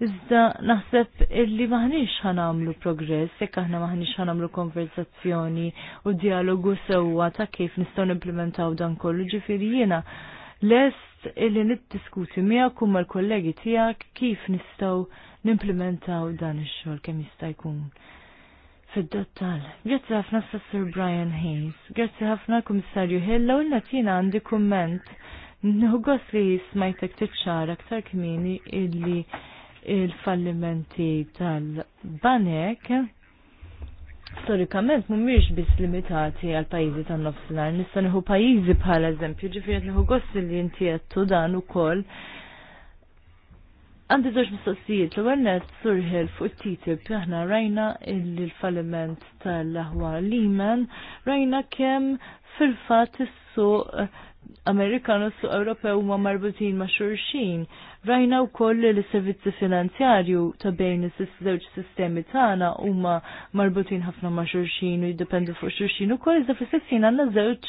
Iżda naħseb illi maħniex ħanamlu progress, jekk aħna maħniex ħanamlu konversazzjoni u dialogu sewwa ta' kif nistgħu implementaw dan kollu ġifieri jiena lest illi niddiskuti miegħek u mal-kollegi tiegħek kif nistgħu nimplementaw dan ix-xogħol kemm jista' jkun. fid dottal grazzi ħafna Sassur Brian Hayes, grazzi ħafna Kummissarju Hill, u l-natina għandi kumment. Nħu li smajtek tiċċara aktar kmini illi il-fallimenti tal-banek storikament mhumiex biss limitati għal pajjiżi tan-nofsinhar, nista' nieħu pajjiżi bħala eżempju, ġifieri nieħu gost li jinti jattu dan ukoll. Għandi zoċ mistoqsijiet, l-ewwel surħil fuq it-TTIP aħna rajna il-falliment tal-aħwa Lehman, rajna kemm fil-fatt is-suq Amerikanu su Ewropew huma marbutin ma' xurxin Rajna wkoll li servizzi finanzjarju ta' bejn iż-żewġ sistemi tagħna huma marbutin ħafna ma' xulxin u jiddependu fuq xulxin ukoll iżda fis-sessin għandna żewġ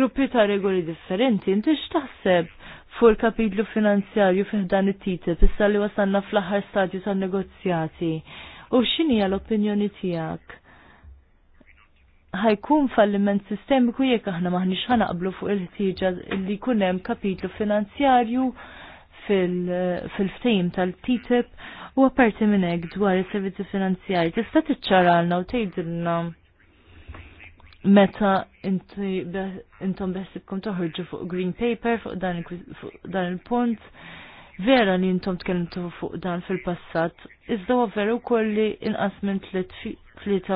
gruppi ta' regoli differenti. Inti x'taħseb fuq kapitlu finanzjarju fih dan it-titep issa li wasanna fl-aħħar stadju tan-negozjati. U x'inhi l-opinjoni tiegħek? ħajkun falliment sistemiku jekk aħna maħniex ħanaqblu fuq il-ħtieġa li jkun hemm kapitlu finanzjarju fil-ftim tal-TTIP u għaparti minnek dwar il-servizzi finanzjari. Tista t-ċaralna u tejdilna meta intom beħsibkom toħorġu fuq Green Paper, fuq dan il-punt. Vera li intom tkellimtu fuq dan fil-passat, iżda huwa veru kolli inqas minn 3%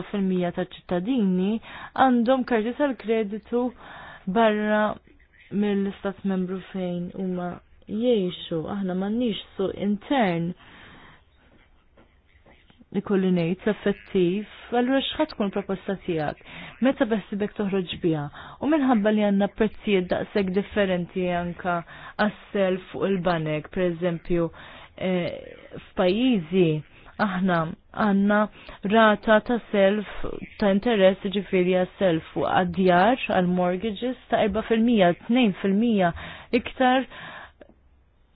ta' ċittadini għandhom karti tal-kreditu barra mill-istat membru fejn huma jiexu, aħna mannix su intern li ikolli ngħid effettiv, allura x'ħad tkun proposta tiegħek? Meta beħsibek toħroġ biha? U minħabba li għandna prezzijiet daqshekk differenti anka għas-sel fuq il-banek, pereżempju eh, f'pajjiżi aħna għanna rata ta' self ta' interess ġifiri għas-self u għadjar għal-mortgages ta' 4%, 2% iktar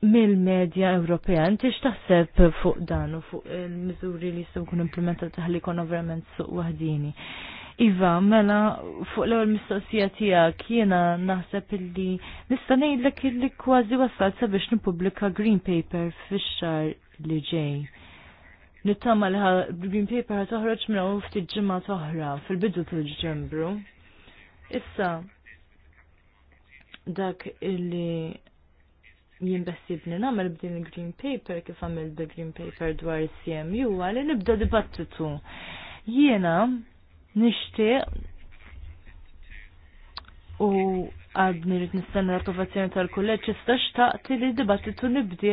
mill-medja Ewropea. Inti x'taħseb fuq dan u fuq il-miżuri li jistgħu jkunu implementati ħalli jkunu verament suq waħdini. Iva, mela fuq l-ewwel mistoqsija tiegħek jiena naħseb illi nista' ngħidlek illi kważi wasalt sabiex nippubblika green paper fix-xahar li ġej. Nittama li green paper ħa toħroġ minn hawn ftit ġimgħa toħra fil-bidu tal-ġembru. Issa dak illi jien bessibni namel b'din il-Green Paper kif għamil bil-Green Paper dwar il-CMU għalli nibda dibattitu. Jiena nishti u għadni rrit nistenna l-approvazzjoni tal-kolleġ istax xtaqti li dibattitu nibdi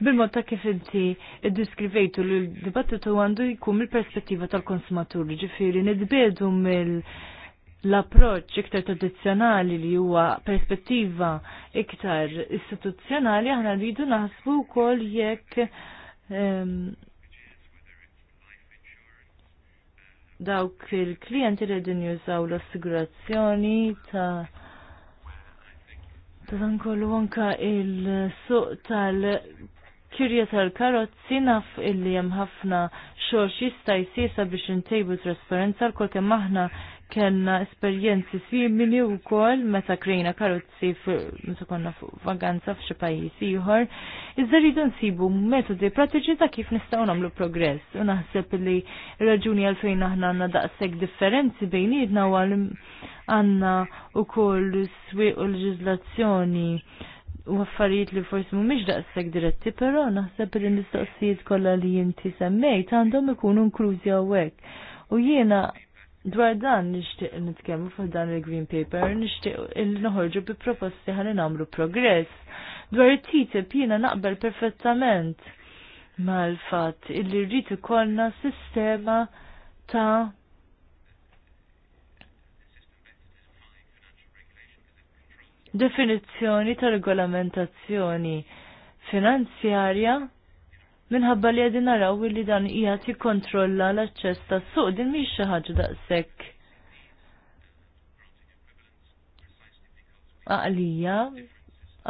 bil-mod ta' kif inti iddiskrivejtu li l-dibattitu għandu jkun mill-perspettiva tal-konsumatur, ġifiri nidbedu mill- l-approċ iktar tradizjonali li huwa perspettiva iktar istituzzjonali aħna rridu naħsbu wkoll jekk ehm, dawk il-klijenti li din jużaw l-assigurazzjoni ta' ta' dan kollu anka il-suq tal- kirja tal-karozzi naf illi hemm ħafna xogħol jista' jsir sabiex intejbu trasparenza l kemm aħna kellna esperjenzi simili wkoll meta krejna karozzi meta konna vaganza f'xi pajjiż ieħor. Iżda rridu nsibu metodi pratiċi ta' kif nistgħu nagħmlu progress u naħseb li raġuni għalfejn aħna għandna daqshekk differenzi bejnietna u għandna wkoll swi u leġiżlazzjoni u affarijiet li forsi mhumiex daqshekk diretti, però naħseb li l-mistoqsijiet kollha li jinti semmejt għandhom ikunu inklużi hawnhekk. U jiena Dwar dan nixtieq nitkellmu fuq dan il-Green Paper, nixtieq il-noħorġu bi proposti ħalli nagħmlu progress. Dwar it-TTIP jiena naqbel perfettament mal-fatt illi rritu ikollna sistema ta' definizzjoni ta' regolamentazzjoni finanzjarja minħabba li għedin naraw li dan hija jikontrolla l-aċċess tas-suq din mhix xi ħaġa daqshekk. Aqlija,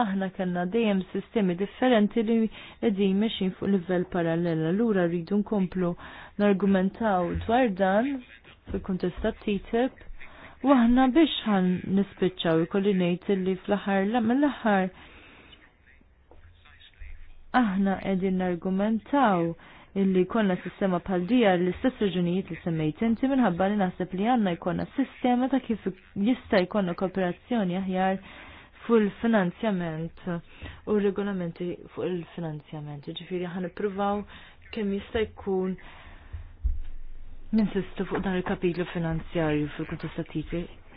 aħna kellna dejjem sistemi differenti li qegħdin meċin fuq livell parallela. Allura rridu nkomplu nargumentaw dwar dan fil t ta' TTIP. Waħna biex ħan nispiċċaw ikolli ngħid li fl-aħħar mill-aħħar aħna qegħdin nargumentaw illi konna sistema bħal dijar l-istess raġunijiet li semmejt inti minħabba li naħseb li għandna jkollna sistema ta' kif jista' jkollna kooperazzjoni aħjar fuq il-finanzjament u regolamenti fuq il-finanzjament. Ġifiri ħan ippruvaw kemm jista' jkun ninsistu fuq dan il-kapitlu finanzjarju fil-kuntu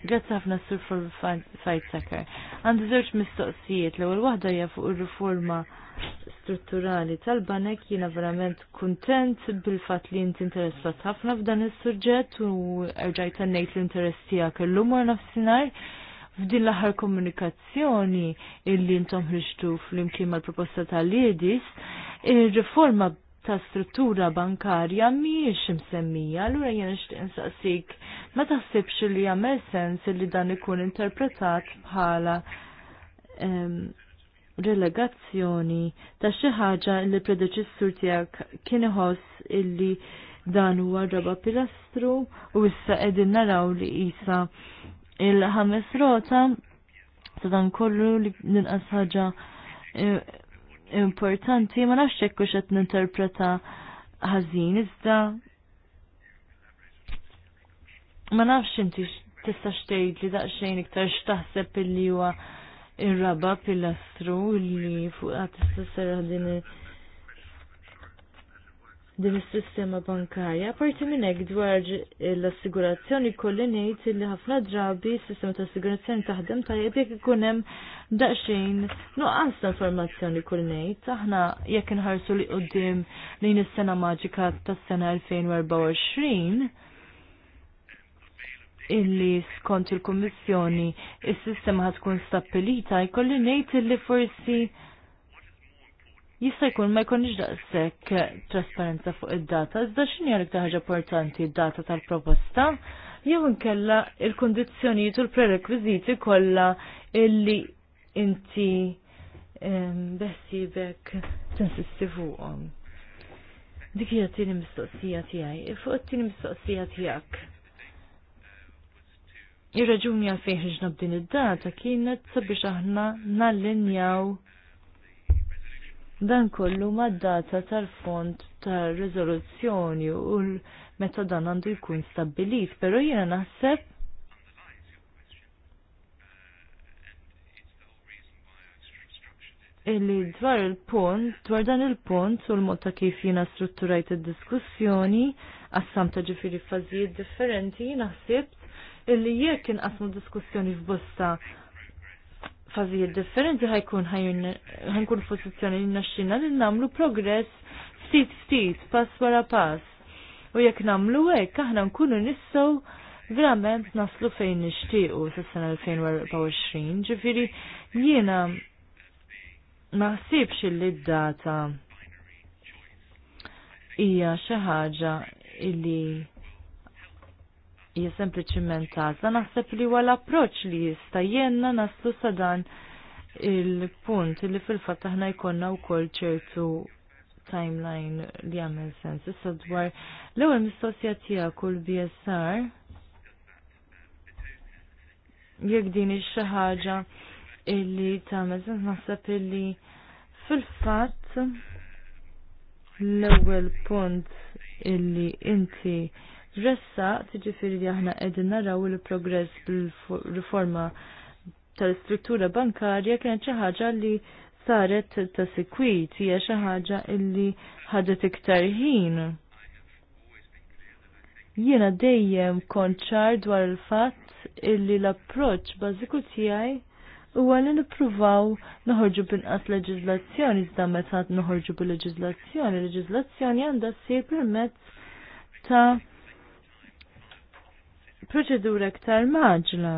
Grazzi ħafna sur sakar. Għandi żewġ mistoqsijiet, l għol waħda hija fuq ir-riforma strutturali tal-banek jiena verament kuntent bil-fatt li inti interessat ħafna f'dan is-suġġett u rġajt ngħid l-interess tiegħek l wara nafsinar f'din l-aħħar komunikazzjoni illi intom ħriġtu fl-imkien mal-proposta tal-Liedis, ir-riforma ta' struttura bankarja miex msemmija, allura jien nixtieq insaqsik ma taħsibx li jagħmel sens li dan ikun interpretat bħala relegazzjoni ta' xi ħaġa li predeċessur tiegħek kien iħoss illi dan huwa raba pilastru u issa qegħdin naraw li isa il-ħames rota ta' dan kollu li ninqas ħaġa eh, importanti ma nafx hekk hux qed ninterpreta ħażin iżda ma nafx inti tista' xtejt li daqsxejn iktar x'taħseb illi huwa irraba pilastru li fuq tista' serraħ din din is-sistema bankarja. Parti minn hekk dwar l-assigurazzjoni kolli ngħid li ħafna drabi s-sistema ta' assigurazzjoni taħdem tajjeb jekk ikun hemm daqsxejn nuqqas ta' informazzjoni kolli ngħid. Aħna jekk inħarsu li qudiem lejn is-sena maġika tas-sena 2024 illi skont il kummissjoni is-sistema ħatkun stabilita jkolli ngħid illi forsi jista' jkun ma jkunx daqshekk trasparenza fuq id-data, iżda x'inhi għalhekk ħaġa importanti id-data tal-proposta jew inkella il kundizzjonijiet u l-prerekwiżiti kollha illi inti bessibek tinsisti fuqhom. Dik hija t-tieni mistoqsija tiegħi, fuq it-tieni mistoqsija tiegħek. Ir-raġuni għal fejn ħriġna b'din id-data kienet sabiex aħna nallinjaw dan kollu mad-data tal-font tal-rezoluzzjoni u meta dan għandu jkun stabbilit, pero jiena naħseb illi dwar il-punt, dwar dan il-punt u l-mod ta' kif jiena strutturajt id-diskussjoni, għassam ta' ġifiri fazijiet differenti, naħseb illi jekk inqasmu diskussjoni f'bosta Fazijiet differenti ħajkun ħankun pozizjoni li naxxina li nagħmlu progress ftit ftit, pass wara pass. U jekk nagħmlu hekk aħna nkunu nistgħu verament naslu fejn nixtiequ sas-sena 2024. Ġifieri jiena ma ħsibx li d-data hija xi ħaġa illi hija sempliċiment għażla naħseb li huwa l-approċċ li jista' jenna naslu sa dan il-punt li fil-fatt aħna jkollna wkoll ċertu timeline li għamil sens. Issa dwar l-ewwel mistoqsija tiegħek kull BSR jekk din xi ħaġa illi tagħmel sens naħseb illi fil-fatt l-ewwel punt illi inti ressa tiġifieri li aħna qegħdin naraw il-progress bil-riforma tal struttura bankarja kienet xi ħaġa li saret ta' sekwit, hija xi ħaġa illi ħadet iktar ħin. Jiena dejjem kont ċar dwar il-fatt illi l-approċċ bażiku tiegħi huwa li nippruvaw noħorġu b'inqas leġiżlazzjoni iżda meta noħorġu bil-leġiżlazzjoni, leġiżlazzjoni għandha ssir permezz ta' proċedura iktar maġla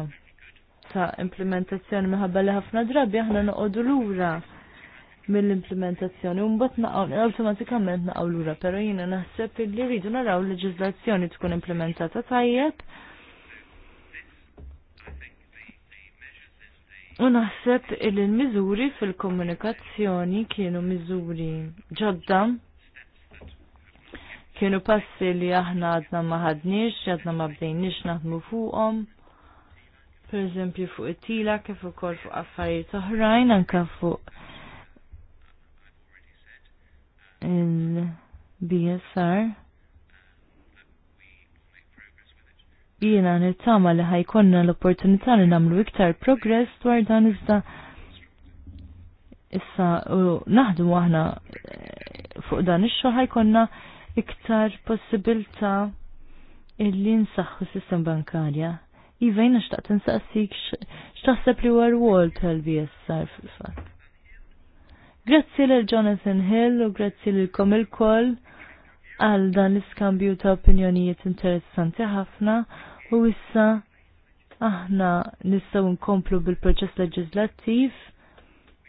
ta' implementazzjoni minħabba li ħafna drabi aħna noqogħdu lura mill-implementazzjoni u mbagħad naqgħu awtomatikament naqgħu lura, però jiena naħseb li rridu naraw l leġiżlazzjoni tkun implementata tajjeb. U naħseb il-miżuri fil-komunikazzjoni kienu miżuri ġodda kienu passi li aħna għadna ma ħadniex, għadna ma bdejniex naħdmu fuqhom. Per eżempju fuq it-tila kif ukoll fuq affarijiet oħrajn anke fuq il-BSR. Jiena nittama li ħajkonna l-opportunità li nagħmlu iktar progress dwar dan iżda issa u naħdmu aħna fuq dan ix-xogħol ħajkonna iktar possibilta illi nsaħħu s-sistem bankarja. Ivejna xtaqt nsaqsik xtaħseb li war wall tal-BSR fil-fat. Grazzi l-Jonathan Hill u grazzi l-kom il kol għal dan l-iskambju ta' opinjonijiet interessanti ħafna u issa aħna nistaw nkomplu bil-proċess leġislattiv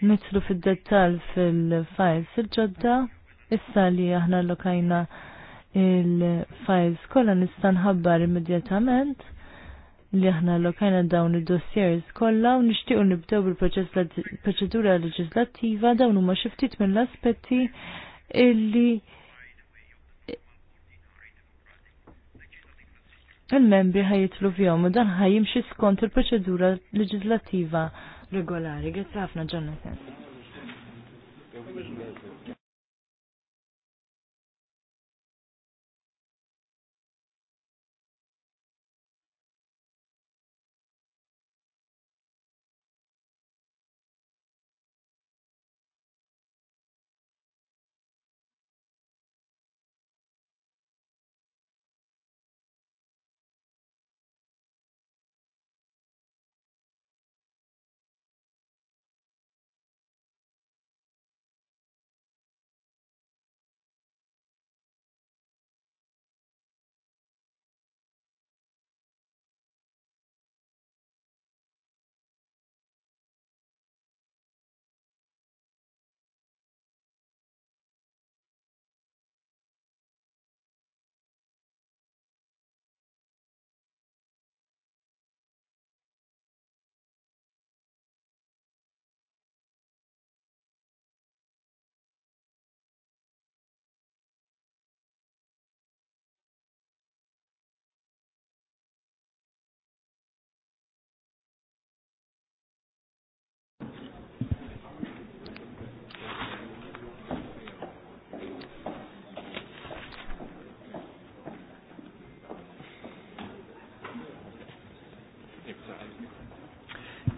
mitlu fil-dettal fil-files il-ġodda. fid-dettal fil-files il-ġodda issa li aħna lokajna il-files kollha nista' nħabbar immedjatament li aħna lokajna dawn id-dossiers kolla u nixtiequ nibdew bil-proċedura leġislattiva dawn huma xi ftit mill-aspetti illi il-membri ħajitlu fjom u dan ħajimxi skont il-proċedura leġislattiva regolari. Grazie ħafna, Jonathan.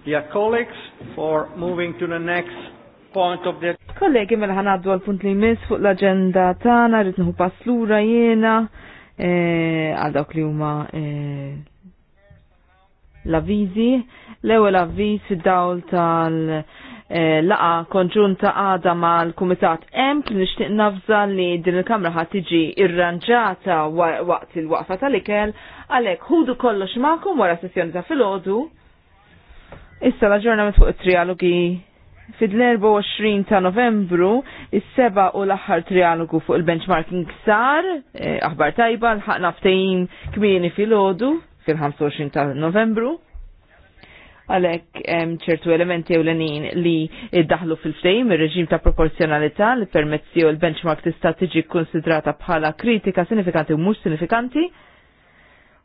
Dear colleagues, for moving to the next point of the... Kollegi mela ħanaddu għal-punt li jmiss fuq l-agenda tagħna rrid nħu paslura jiena eh, għal dawk li huma eh, l-avviżi. L-ewwel avviż fid-dawl tal- eh, laqa konġunta għada mal-Kumitat M li nixtieq nafza li din il-kamra ħad tiġi irranġata waqt il-waqfa tal-ikel għalhekk ħudu kollox magħkom wara sessjoni ta' filgħodu Issa l-aġġornament fuq it-trialogi fid-24 ta' novembru, is-seba u l-aħħar trialogu fuq il-benchmarking sar, eh, aħbar tajba, l-ħakna ftejim kmini fil-ħodu fil-25 ta' novembru. Għalek ċertu elementi u l-enin li id-daħlu fil-ftejim il-reġim ta' proporzjonalità li permezzi u l-benchmark tista' tiġi konsidrata bħala kritika sinifikanti u mux sinifikanti.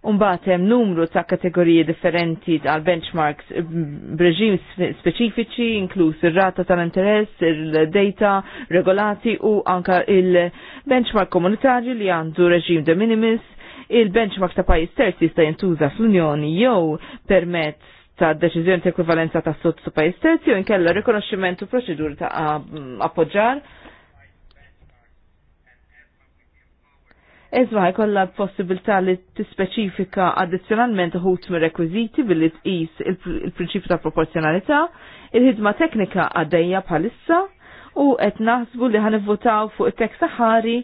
Umbat hemm numru ta' kategoriji differenti għal benchmarks b'reġim eh, speċifiċi, inkluż ir-rata tal-interess, il-data regolati u anka il-benchmark komunitarju li għandu reġim de minimis, il-benchmark ta' pajjiż terzi jista' jintuża fl-Unjoni jew permezz ta' deċiżjoni ta' ekvivalenza ta' sotsu pajjiż terzi u inkella rikonoxximent u proċeduri ta' appoġġar. Ezma jkollha possibilità li tispeċifika addizzjonalment uħut mir rekwiżiti billi tqis il-prinċipju ta' proporzjonalità, il-ħidma teknika għaddejja bħalissa u qed naħsbu li ħanivvotaw fuq it-tekst saħari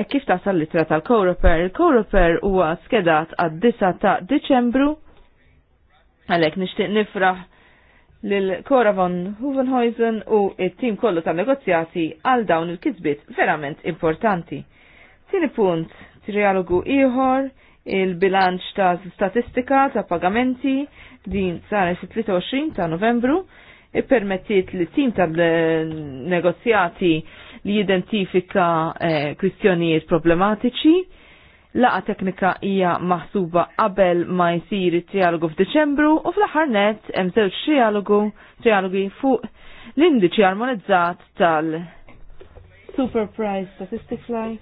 E kif sal litra tal-Koroper, il-Koroper huwa skedat għad disa ta' Deċembru, għalek nishtiq nifraħ Lil Kora von Huvenhuizen u it-tim kollu ta' negozjati għal dawn il-kizbit verament importanti. Tini punt, trialogu iħor, il-bilanċ ta' statistika ta' pagamenti din sar 23 ta' novembru, permettiet li tim ta' negozjati li jidentifika eh, kwistjonijiet problematiċi, laqa teknika hija maħsuba qabel ma jsir it-trialogu f'Diċembru u fl-aħħar nett hemm żewġ trialogu trialogi fuq l-indiċi armonizzat tal Super Price Statistics Line.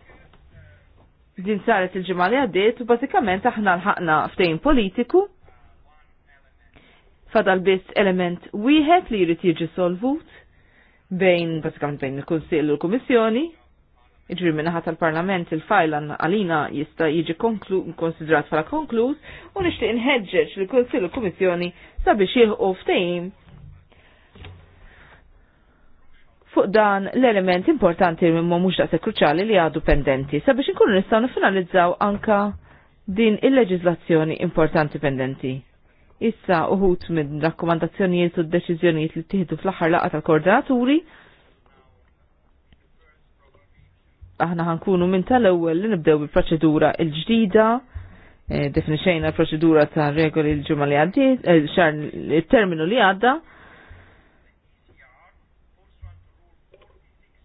Din saret il-ġimgħa li għaddiet u bażikament aħna lħaqna ftejn politiku fadal biss element wieħed li jrid jiġi solvut bejn bażikament bejn il-Kunsill u l-Kummissjoni Iġri minnaħat tal-parlament il-fajl għalina jista jiġi konsidrat bħala konkluż u nixtieq inħeġġeġ li kunsill u kummissjoni sabiex jilħu ftehim fuq dan l-element importanti minn mhux daqshekk kruċali li għadu pendenti sabiex inkunu nistgħu nifinalizzaw anka din il-leġiżlazzjoni importanti pendenti. Issa uħut minn rakkomandazzjonijiet u d-deċiżjonijiet li ttieħdu fl-aħħar laqgħa tal-koordinaturi aħna ħankunu minn tal-ewwel li nibdew bil-proċedura l-ġdida, eh, definixejna l-proċedura ta' regoli l ġumma li għaddiet, eh, xar il-terminu li għadda.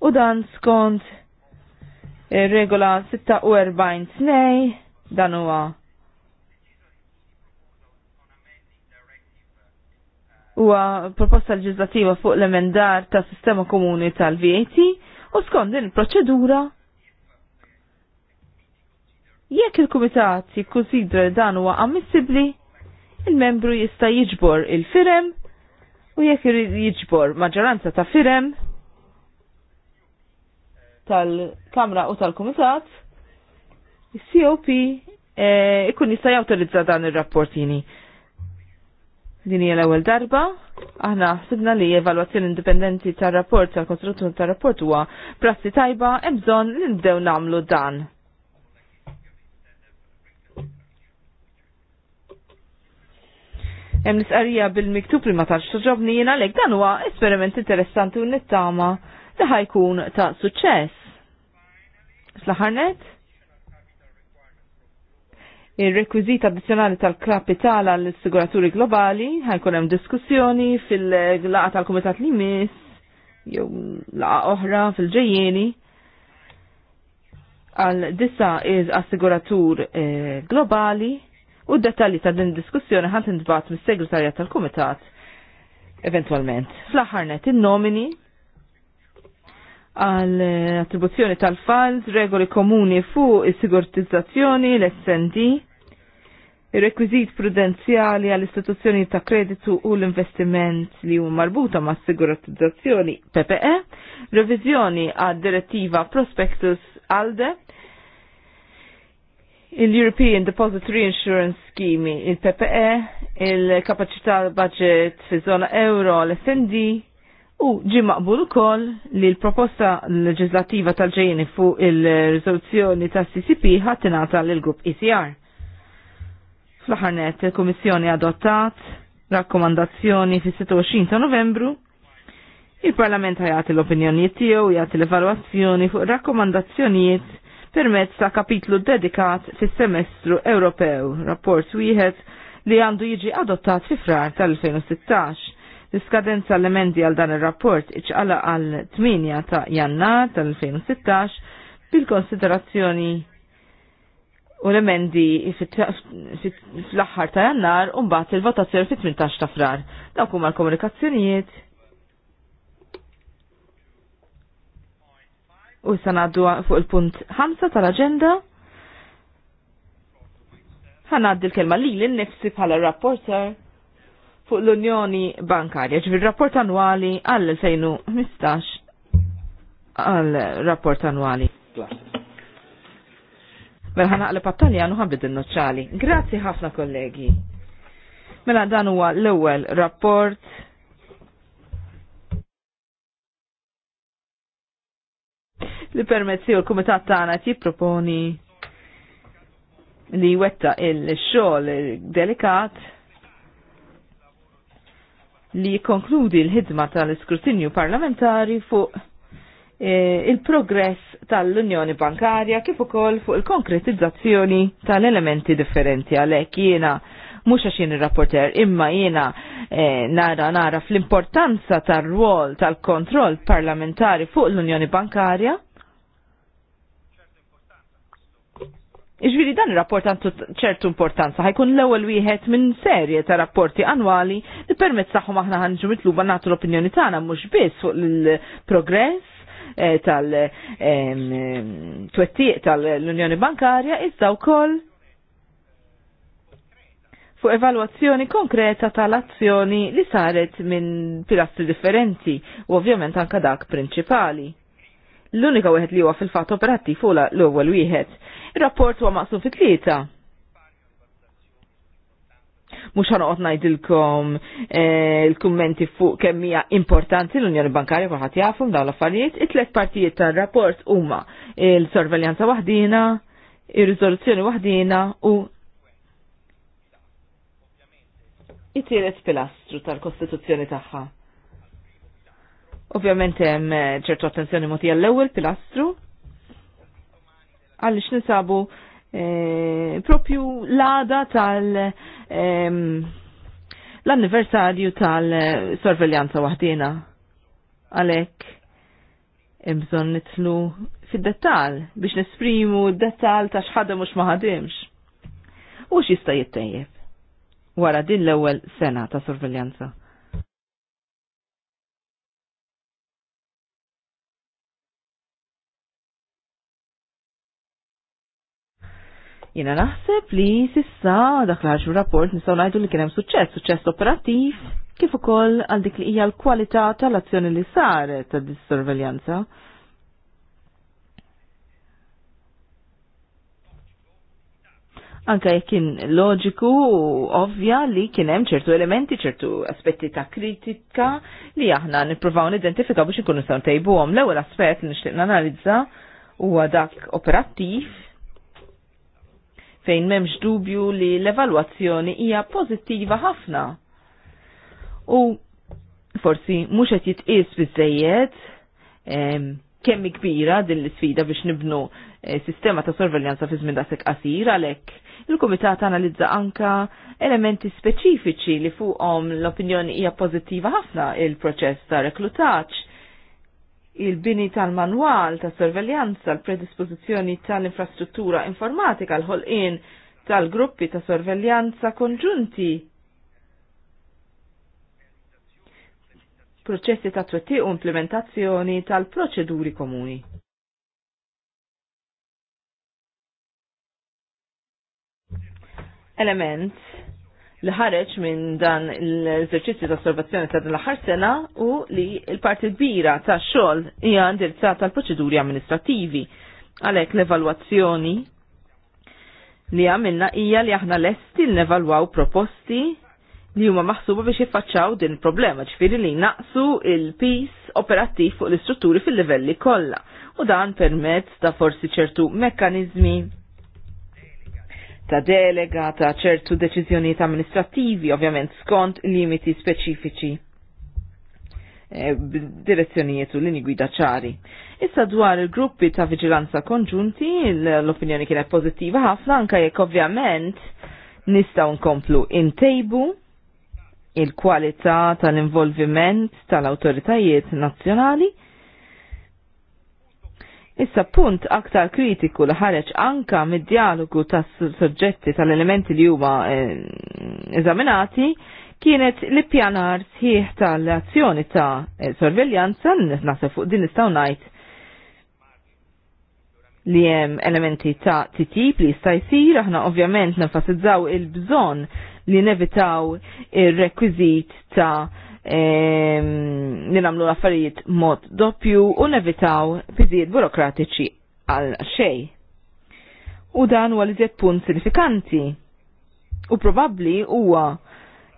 U dan skont eh, regola 46 snej, dan huwa huwa proposta legislativa fuq l-emendar ta' sistema komuni tal-VAT u skont din il-proċedura Jekk il-Kumitat jikkunsidra li dan huwa ammissibbli, il-membru jista' jiġbor il-firem u jekk irid jiġbor maġġoranza ta' firem tal-Kamra u tal-Kumitat, il-COP eh, ikun jista' jawtorizza dan ir-rapportini. Din hija l-ewwel darba, aħna ħsibna li evalwazzjoni indipendenti tar-rapport tal kostruttur tar-rapport huwa prassi tajba hemm bżonn li nibdew nagħmlu dan. hemm nisqarija bil-miktub li ma tarx toġobni jien għalhekk dan huwa esperiment interessanti u nittama li ħajkun ta' suċċess. Slaħarnet? Ir-rekwiżit addizzjonali tal-kapital għall siguraturi globali ħajkun hemm diskussjoni fil-laqa tal-Kumitat li miss jew laqa oħra fil-ġejjeni għal disa iż assiguratur eh, globali U d-detalji ta' din diskussjoni ħant intbat mis segretarja tal-Kumitat eventualment. Fl-aħħar net in-nomini għal eh, attribuzzjoni tal-funds, regoli komuni fuq is-sigurtizzazzjoni, l-SND, ir-rekwizit prudenzjali għall istituzzjoni ta' kreditu u l-investiment li huma marbuta ma' sigurtizzazzjoni PPE, revizjoni għad direttiva prospectus ALDE, il-European Depository Insurance Scheme, il-PPE, il-kapacità budget fi zona euro l-SND u ġi maqbul ukoll li l-proposta leġislativa tal-ġejni fuq il-rizoluzzjoni ta' CCP ħattinata l grupp ECR. Fl-ħarnet, il-Komissjoni adottat rakkomandazzjoni fi 26 ta' novembru Il-Parlament ħajat l-opinjonijiet tiegħu jagħti l-evalwazzjoni fuq rakkomandazzjonijiet permezz ta' kapitlu dedikat fis semestru Ewropew, rapport wieħed li għandu jiġi adottat fi frar tal-2016. L-iskadenza l-emendi għal dan il-rapport iċqala għal 8 ta' jannar tal-2016 bil-konsiderazzjoni u l-emendi fl-axħar ta' jannar un bat il-votazzjoni fit-18 ta' frar. Dawk huma l-komunikazzjonijiet U sanaddu fuq il-punt 5 tal-agenda. Ħanaddi l-kelma li l-nifsi bħala rapporter fuq l-Unjoni Bankarja, ġvir rapport annwali għall-2015 għall rapport annwali. Mela ħana għalli taljan u ħanbid il-noċċali. Grazzi ħafna kollegi. Mela dan huwa l-ewwel rapport li permezzi u l-Kumitat tagħna jipproponi li wetta il-xogħol delikat li jikkonkludi l-ħidma tal-iskrutinju parlamentari fuq eh, il-progress tal-Unjoni Bankarja kif ukoll fuq il-konkretizzazzjoni tal-elementi differenti għalhekk jiena mhux għax jiena ir-rapporter imma jiena eh, nara nara fl-importanza tar-rwol tal-kontroll parlamentari fuq l-Unjoni Bankarja Iġviri dan il-rapport għandu ċertu importanza, ħajkun l-ewwel wieħed minn serje ta' rapporti annwali li permezz tagħhom aħna ħanġu mitluba nagħtu l-opinjoni tagħna mhux biss fuq il-progress eh, tal-twettiq tal-Unjoni Bankarja iżda wkoll fuq evalwazzjoni konkreta tal-azzjoni li saret minn pilastri differenti u ovvjament anka dak prinċipali l-unika wieħed li huwa fil-fatt operattiv huwa l-ewwel wieħed. Ir-rapport huwa maqsum fi tlieta. Mhux ħanoqgħod ngħidilkom eh, l-kummenti fuq kemm hija importanti l-Unjoni Bankarja kulħadd jafhom dawn l-affarijiet. It-tliet partijiet tar-rapport huma il-sorveljanza waħdina, ir-riżoluzzjoni waħdina u it-tielet pilastru tal-Kostituzzjoni tagħha Ovvjament hemm eh, ċertu attenzjoni moti għall-ewwel pilastru għaliex nisabu eh, propju l-għada tal ehm, l-anniversarju tal-sorveljanza waħdina. Għalek imżon nitlu fid-dettal biex nesprimu d-dettal ta' xħadem u xmaħadimx. U x'jista' jittejjeb wara din l-ewwel sena ta' sorveljanza. Jena naħseb li sissa dak l rapport nistgħu ngħidu li kien hemm suċċess, suċċess operattiv kif ukoll għal dik li hija l-kwalità tal-azzjoni li saret ta' dis-sorveljanza. Anka jekk kien loġiku ovvja li kien hemm ċertu elementi, ċertu aspetti ta' kritika li aħna nippruvaw nidentifikaw biex ikunu sew ntejbuhom. L-ewwel aspett li nixtieq nanalizza huwa dak operattiv fejn memx dubju li l-evalwazzjoni hija pozittiva ħafna. U forsi mhux qed jitqies biżejjed kemm kbira din l-isfida biex nibnu eh, sistema ta' sorveljanza fi żmien dasek qasir għalhekk il-Kumitat analizza anka elementi speċifiċi li fuqhom l-opinjoni hija pożittiva ħafna il-proċess ta' reklutaġġ il-bini tal-manwal ta' sorveljanza, l-predispożizzjoni tal-infrastruttura informatika, l-ħolqien tal-gruppi ta' sorveljanza konġunti. Proċessi ta' twetti u implementazzjoni tal-proċeduri komuni. Element li ħareġ minn dan l-eżerċizzju ta' osservazzjoni ta' din l-aħħar sena u li l-parti kbira ta' xogħol hija indirizzata għal proċeduri amministrativi. Għalhekk l-evalwazzjoni li għamilna hija li aħna lesti l-nevalwaw proposti li huma maħsuba biex jiffaċċaw din il-problema, ġifieri li naqsu il-pis operattiv fuq l-istrutturi fil-livelli kollha u dan permezz ta' forsi ċertu mekkaniżmi ta' delega ta' ċertu deċiżjonijiet amministrativi, ovvjament skont limiti speċifiċi eh, direzzjonijiet u lini gwida ċari. Issa dwar il-gruppi ta' vigilanza konġunti, l-opinjoni kienet pozittiva ħafna, anka jekk ovvjament nistaw nkomplu intejbu il-kwalità tal-involviment tal-autoritajiet nazzjonali Issa punt aktar kritiku li ħareġ anka mid-dialogu tas soġġetti tal-elementi li huma eh, eżaminati kienet li pjanar sħiħ tal-azzjoni ta' eh, sorveljanza nasa fuq din nistgħu ngħid li hemm elementi ta' titjib li jista' jsir, aħna ovvjament nenfasizzaw il-bżonn li nevitaw ir-rekwiżit ta' li ehm, namlu l-affarijiet mod doppju u nevitaw piżijiet burokratiċi għal xej. U dan huwa li punt sinifikanti u probabli huwa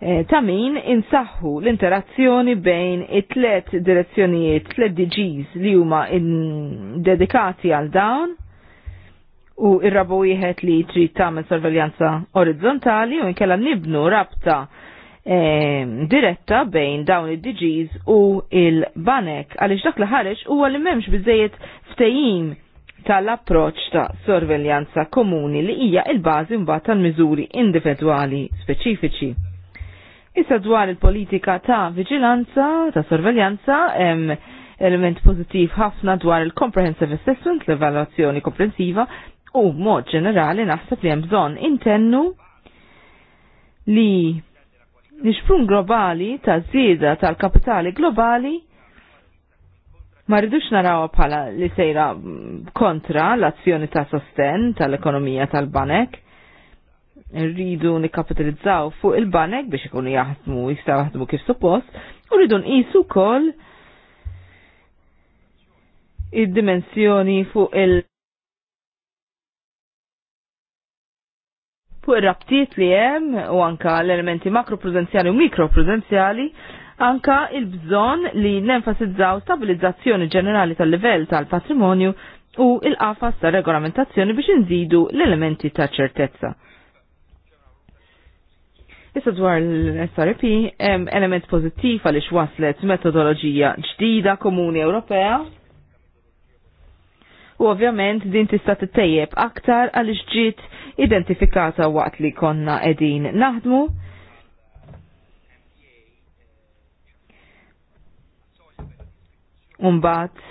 eh, tamin insaħħu l-interazzjoni bejn it-tlet direzzjonijiet, tlet DGs li huma dedikati għal dawn u ir-rabu wieħed li trid tagħmel sorveljanza orizzontali u nkella nibnu rabta eh, diretta bejn dawn id-DGs u il-banek għaliex dak li ħareġ huwa li m'hemmx biżejjed ftejim tal-approċ ta' sorveljanza komuni li hija il-bażi mbagħad tal-miżuri individwali speċifiċi. Issa dwar il-politika ta' viġilanza, ta' sorveljanza, hemm element pożittiv ħafna dwar il-comprehensive assessment, l-evaluazzjoni komprensiva, u mod ġenerali naħseb li hemm bżonn intennu li nixfun globali ta' zida tal-kapitali globali ma rridux naraw bħala li sejra kontra l-azzjoni ta' sosten tal-ekonomija tal-banek. Rridu nikapitalizzaw fuq il-banek biex ikunu jaħdmu, jistaw jaħdmu kif suppost, u rridu nqisu kol id-dimensjoni fuq il- fuq ir-rabtiet li hemm u anka l-elementi makroprudenzjali u mikroprudenzjali anka il-bżon li nenfasizzaw stabilizzazzjoni ġenerali tal-livell tal-patrimonju u il-qafas ta' regolamentazzjoni biex nżidu l-elementi ta' ċertezza. Issa dwar l-SRP, element pozittiv għaliex waslet metodologija ġdida komuni Ewropea. U ovvjament din tista' tittejjeb aktar għaliex ġiet identifikata waqt li konna edin naħdmu. Umbat,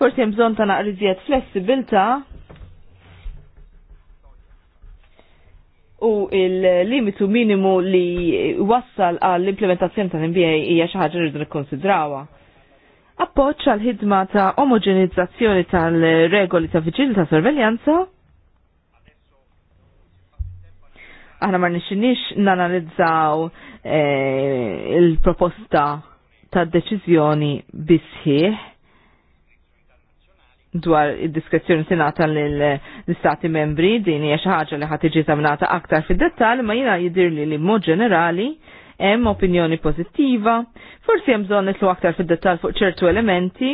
Forse jemżon ta' naqrizjet flessibilta u il-limitu minimu li wassal għall implementazzjoni tal-NBA hija xi ħaġa rridu nikkonsidrawha. Appoġġ għal ħidma ta' omogenizzazzjoni tal-regoli ta' viġil ta' sorveljanza. Aħna ma nixinix nanalizzaw eh, il-proposta ta' deċiżjoni bisħieħ dwar id-diskrezzjoni sinata lill-istati membri din hija xi ħaġa li ħadd tiġi żamnata aktar fid-dettall ma jiena jidir li mod ġenerali hemm opinjoni pożittiva, forsi hemm bżonn nitlu aktar fid-dettall fuq ċertu elementi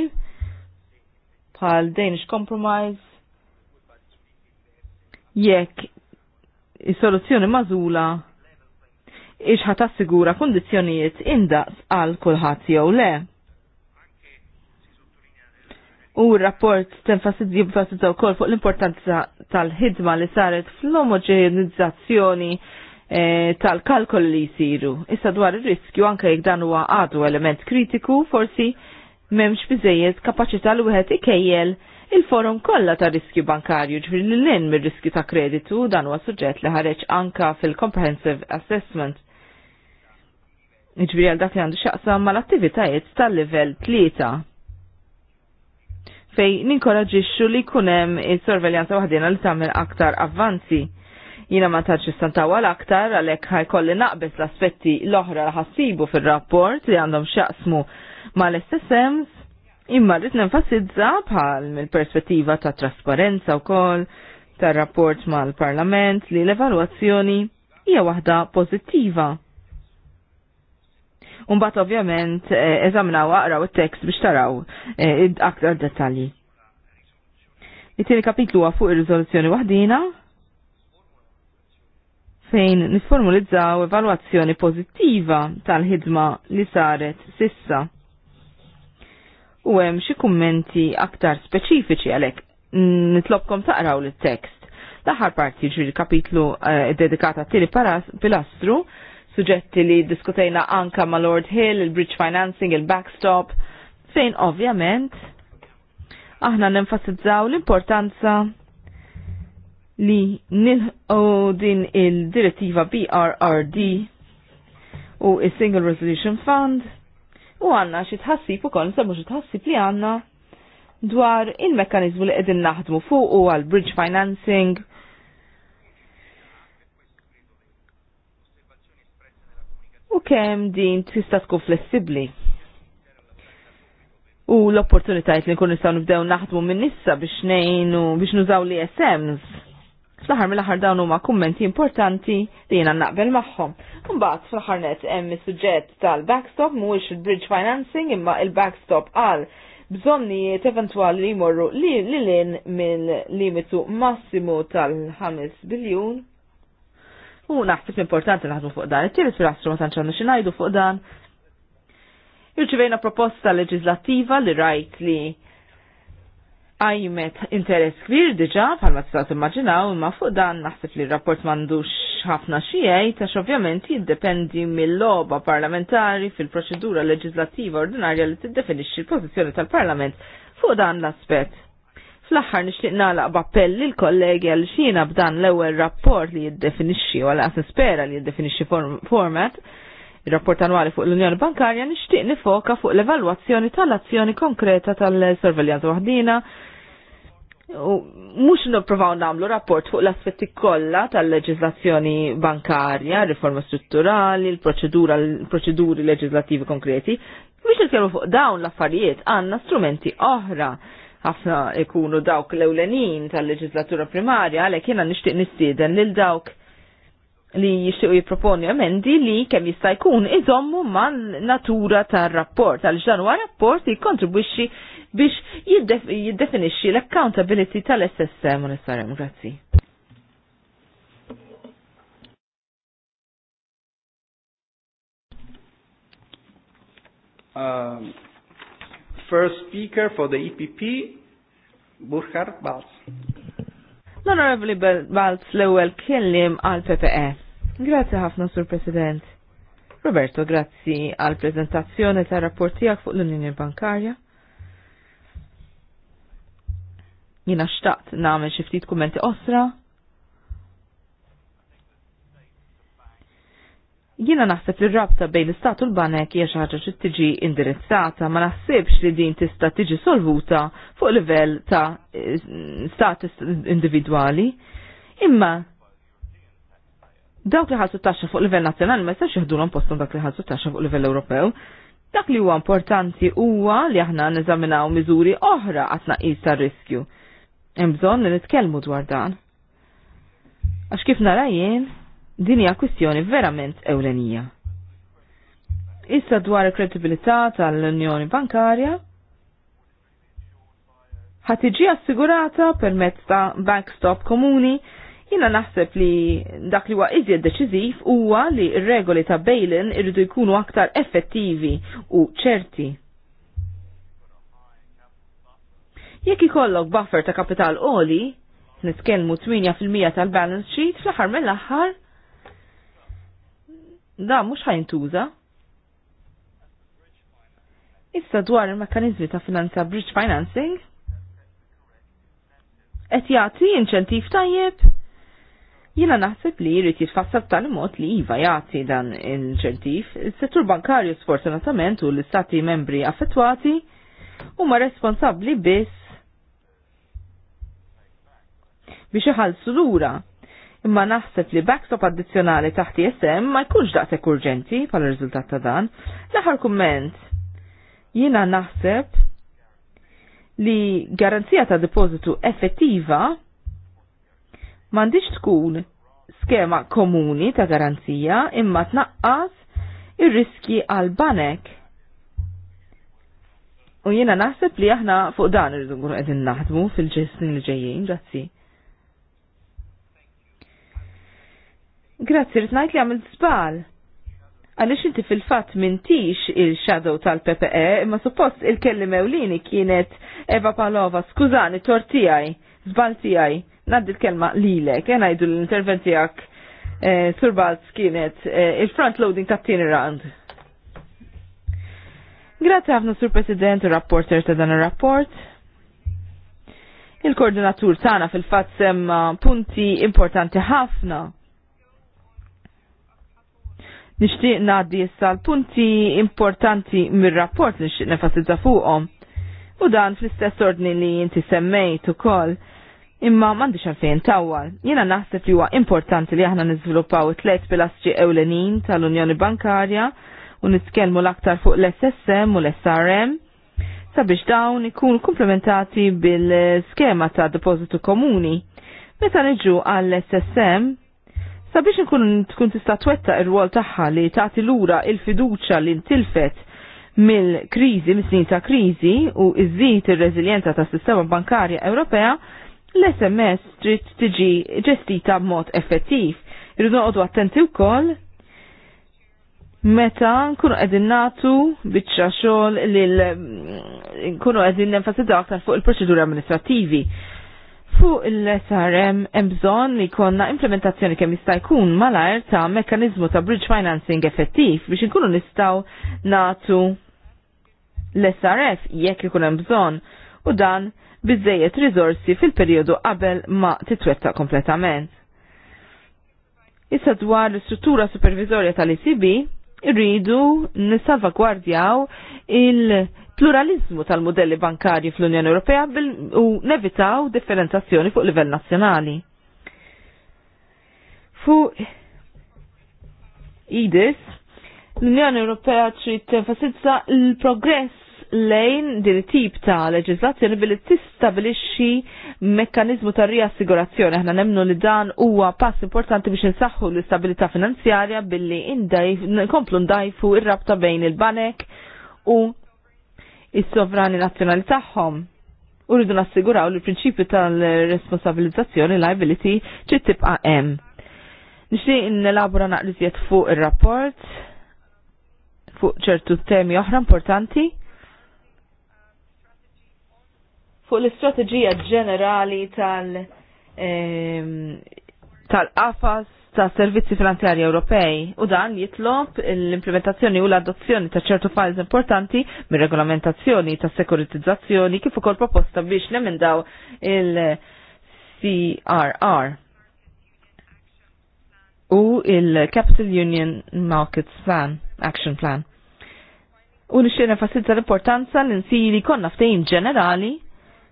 bħal Danish Compromise jekk is-soluzzjoni mażula ix assigura kundizzjonijiet indaqs għal kulħadd jew le U r-rapport tenfasizzi b'fasizzaw kol fuq l-importanza tal-ħidma li saret fl-omogenizzazzjoni eh, tal-kalkol li jisiru. Issa dwar il-riskju anke jek dan huwa għadu element kritiku, forsi memx biżejjed kapaċità l wieħed ikejjel il-forum kollha ta' riskju bankarju ġifri l lin mir-riskju ta' kreditu dan huwa suġġett li ħareġ anka fil-comprehensive assessment. Ġifri għal dak li għandu xaqsam mal-attivitajiet tal-livell 3 fej ninkoraġixxu li kunem il-sorveljanza waħdina li tagħmel aktar avvanzi. Jina ma taċi santawal aktar għalek ħajkolli naqbis l-aspetti l-oħra ħassibu fil-rapport li għandhom xaqsmu mal-SSMs imma rrit nenfasizza bħal mill-perspettiva ta' trasparenza u kol, ta' rapport mal-parlament li l-evaluazzjoni hija waħda pozittiva. Unbat ovvjament eh, eżamnaw għaraw il-tekst biex taraw eh, aktar dettalji. It-tieni kapitlu huwa fuq ir-riżoluzzjoni waħdina fejn nisformulizzaw evalwazzjoni pożittiva tal-ħidma li saret sissa. U hemm xi kummenti aktar speċifiċi għalhekk nitlobkom taqraw l-tekst. L-aħħar parti ġri kapitlu eh, dedikata t-tieni pilastru suġġetti li diskutejna anka ma' Lord Hill, il-bridge financing, il-backstop, fejn ovvjament aħna nenfasizzaw l-importanza li nilħu din il-direttiva BRRD u il-Single Resolution Fund u għanna xi tħassib ukoll nsemmu xi tħassib li għanna dwar il-mekkanizmu li qegħdin naħdmu fuq u għal bridge financing u kemm din tista' tkun flessibbli. U l-opportunitajt li nkun nistgħu nibdew naħdmu minn issa biex ngħinu biex nużaw li SMs. Fl-aħħar mill-aħħar dawn huma kummenti importanti li jiena naqbel magħhom. Mbagħad fl-aħħar net hemm is-suġġett tal-backstop mhuwiex il-bridge financing imma il-backstop għal bżonnijiet eventwali li jmorru li lin mill-limitu massimu tal-5 biljun U naħseb importanti naħdmu fuq dan. it fil pilastru ma tantx għandna xi ngħidu fuq dan. Irċivejna proposta leġislattiva li rajt li għajmet interess kbir diġa bħalma tistaw immaġinaw imma fuq dan naħseb li rapport mandux ħafna jgħid ta' ovvjament jiddependi mill-loba parlamentari fil-proċedura leġislattiva ordinarja li tiddefinixxi l-pożizzjoni tal-Parlament fuq dan l-aspett. Fl-axħar nixtieq nagħlaq b'appell l kollegi għal xina b'dan l-ewwel rapport li jiddefinixxi u għal spera li jiddefinixxi format ir-rapport annwali fuq l-Unjoni Bankarja nixtieq nifoka fuq l-evalwazzjoni tal-azzjoni konkreta tal-sorveljanza wahdina u mhux nipprovaw nagħmlu rapport fuq l-aspetti kollha tal-leġiżlazzjoni bankarja, riforma strutturali, l-proċedura l-proċeduri leġiżlativi konkreti, biex nitkellmu fuq dawn l-affarijiet għandna strumenti oħra ħafna ikunu dawk l-ewlenin tal-leġislatura primarja, għalek jena nixtieq nistieden lil dawk li jixtiequ jiproponi emendi li kemm jista' jkun iżommu man natura tar-rapport għaliex dan huwa rapport li jikkontribwixxi biex jiddefinixxi l-accountability tal-SSM u nistarem. Grazzi. Um, First speaker for the EPP, Burkhard Balz. L-Onorevoli Balz l-ewel kellim għal PPE. Grazie ħafna, Sur President. Roberto, grazzi għal prezentazzjoni ta' rapportijak fuq l-Unjoni Bankarja. Jina xtaqt namel xiftit kummenti osra Jiena naħseb li rabta bejn l-istat u l-banek hija xi ħaġa xi tiġi indirizzata, ma naħsibx li din tista' tiġi solvuta fuq livell ta' stat individwali. Imma dawk li ħassu taxxa fuq livell nazzjonali ma jistax jieħdulhom postom dak li ħassu taxxa fuq livell Ewropew. Dak li huwa importanti huwa li aħna neżaminaw miżuri oħra għat naqis tar-riskju. Hemm bżonn li nitkellmu dwar dan. Għax kif nara jien, din hija kwistjoni verament ewlenija. Issa dwar il-kredibilità tal-Unjoni Bankarja iġi assigurata permezz ta' backstop komuni jina naħseb li dak li huwa iżjed deċiżiv huwa li r-regoli ta' bail-in irridu jkunu aktar effettivi u ċerti. Jekk ikollok buffer ta' kapital oli, nitkellmu 8% tal-balance sheet fl-aħħar mill-aħħar, da mhux ħajntuża. Issa dwar il mekanizmi ta' finanza bridge financing Et jagħti inċentiv tajjeb. Jiena naħseb li jrid jitfassab tal-mod li iva jagħti dan inċentiv. Is-settur bankarju sfortunatament u l-istati membri affettwati huma responsabbli biss biex iħallsu lura imma naħseb li backstop addizzjonali taħt ISM ma jkunx daqshekk urġenti pal riżultat ta' dan. L-aħħar kumment. Jiena naħseb li garanzija ta' depożitu effettiva m'għandix tkun skema komuni ta' garanzija imma tnaqqas ir-riski għal banek. U jiena naħseb li aħna fuq dan irridu nkunu qegħdin naħdmu fil-ġisni li ġejjin, grazzi. Grazzi, rritnajt li għamil zbal. Għalix inti fil-fat mintix il-shadow tal-PPE, imma suppost il-kelli mewlini kienet Eva Palova, skużani, tortijaj, zbal tijaj, naddi l-kelma lilek, jena jdu l-interventijak eh, surbalt kienet eh, il-front loading ta' tieni round. Grazzi għafna sur President u rapporter ta' dan il-rapport. Il-koordinatur tana fil-fat semma punti importanti ħafna Nixtieq ngħaddi issa l-punti importanti mir-rapport li nixtieq fuqom. fuqhom. U dan fl-istess ordni li inti semmejt ukoll. Imma m'għandix għalfejn tawwal. Jiena naħseb li huwa importanti li aħna nizvilupaw it-tliet pilastri ewlenin tal-Unjoni Bankarja u nitkellmu l-aktar fuq l-SSM u l-SRM sabiex dawn ikun komplementati bil-skema ta' depositu komuni. Meta niġu għall-SSM, Sabiex nkun tkun tista' twetta ir-rwol tagħha li tagħti lura il-fiduċja li ntilfet mill-kriżi, mis-snin ta' kriżi u iżid ir-reżiljenza tas sistema bankarja Ewropea, l-SMS trid tiġi ġestita b'mod effettiv. Irridu noqogħdu attenti wkoll meta nkunu qegħdin nagħtu biċċa xogħol lil nkunu qegħdin nenfasizzaw aktar fuq il-proċeduri amministrattivi Fuq l srm emżon li konna implementazzjoni kemm jista' jkun malajr ta' mekkanizmu ta' bridge financing effettiv biex inkunu nistaw natu l-SRF jekk ikun hemm bżonn u dan biżejjed riżorsi fil-perjodu qabel ma titwetta kompletament. Issa dwar l-struttura supervizorja tal-ECB irridu nissalvagwardjaw il- pluralizmu tal-modelli bankarji fl-Unjoni Ewropea u nevitaw differenzazzjoni fuq livell nazzjonali. Fu IDIS, l-Unjoni Ewropea trid enfasizza l-progress lejn din tip ta' leġislazzjoni billi tistabilixxi mekkaniżmu ta' riassigurazzjoni. Aħna nemnu li dan huwa pass importanti biex insaħħu l-istabilità finanzjarja billi komplu ndajfu ir-rabta bejn il-banek u is-sovrani nazzjonali tagħhom. U rridu nassiguraw li l-prinċipju tal-responsabilizzazzjoni liability ġi tibqa' hemm. Nixtieq nelabora naqriżiet fuq ir-rapport fuq ċertu temi oħra importanti fuq l-istrateġija ġenerali tal- ehm, tal-qafas ta' servizzi finanzjari Ewropej u dan jitlob l-implementazzjoni u l-adozzjoni ta' ċertu files importanti mir regolamentazzjoni ta' sekuritizzazzjoni kif ukoll proposta biex nemendaw il-CRR u il-Capital Union Markets Plan, Action Plan. U nixtieq nefassilza l-importanza li nsiri konna ftehim ġenerali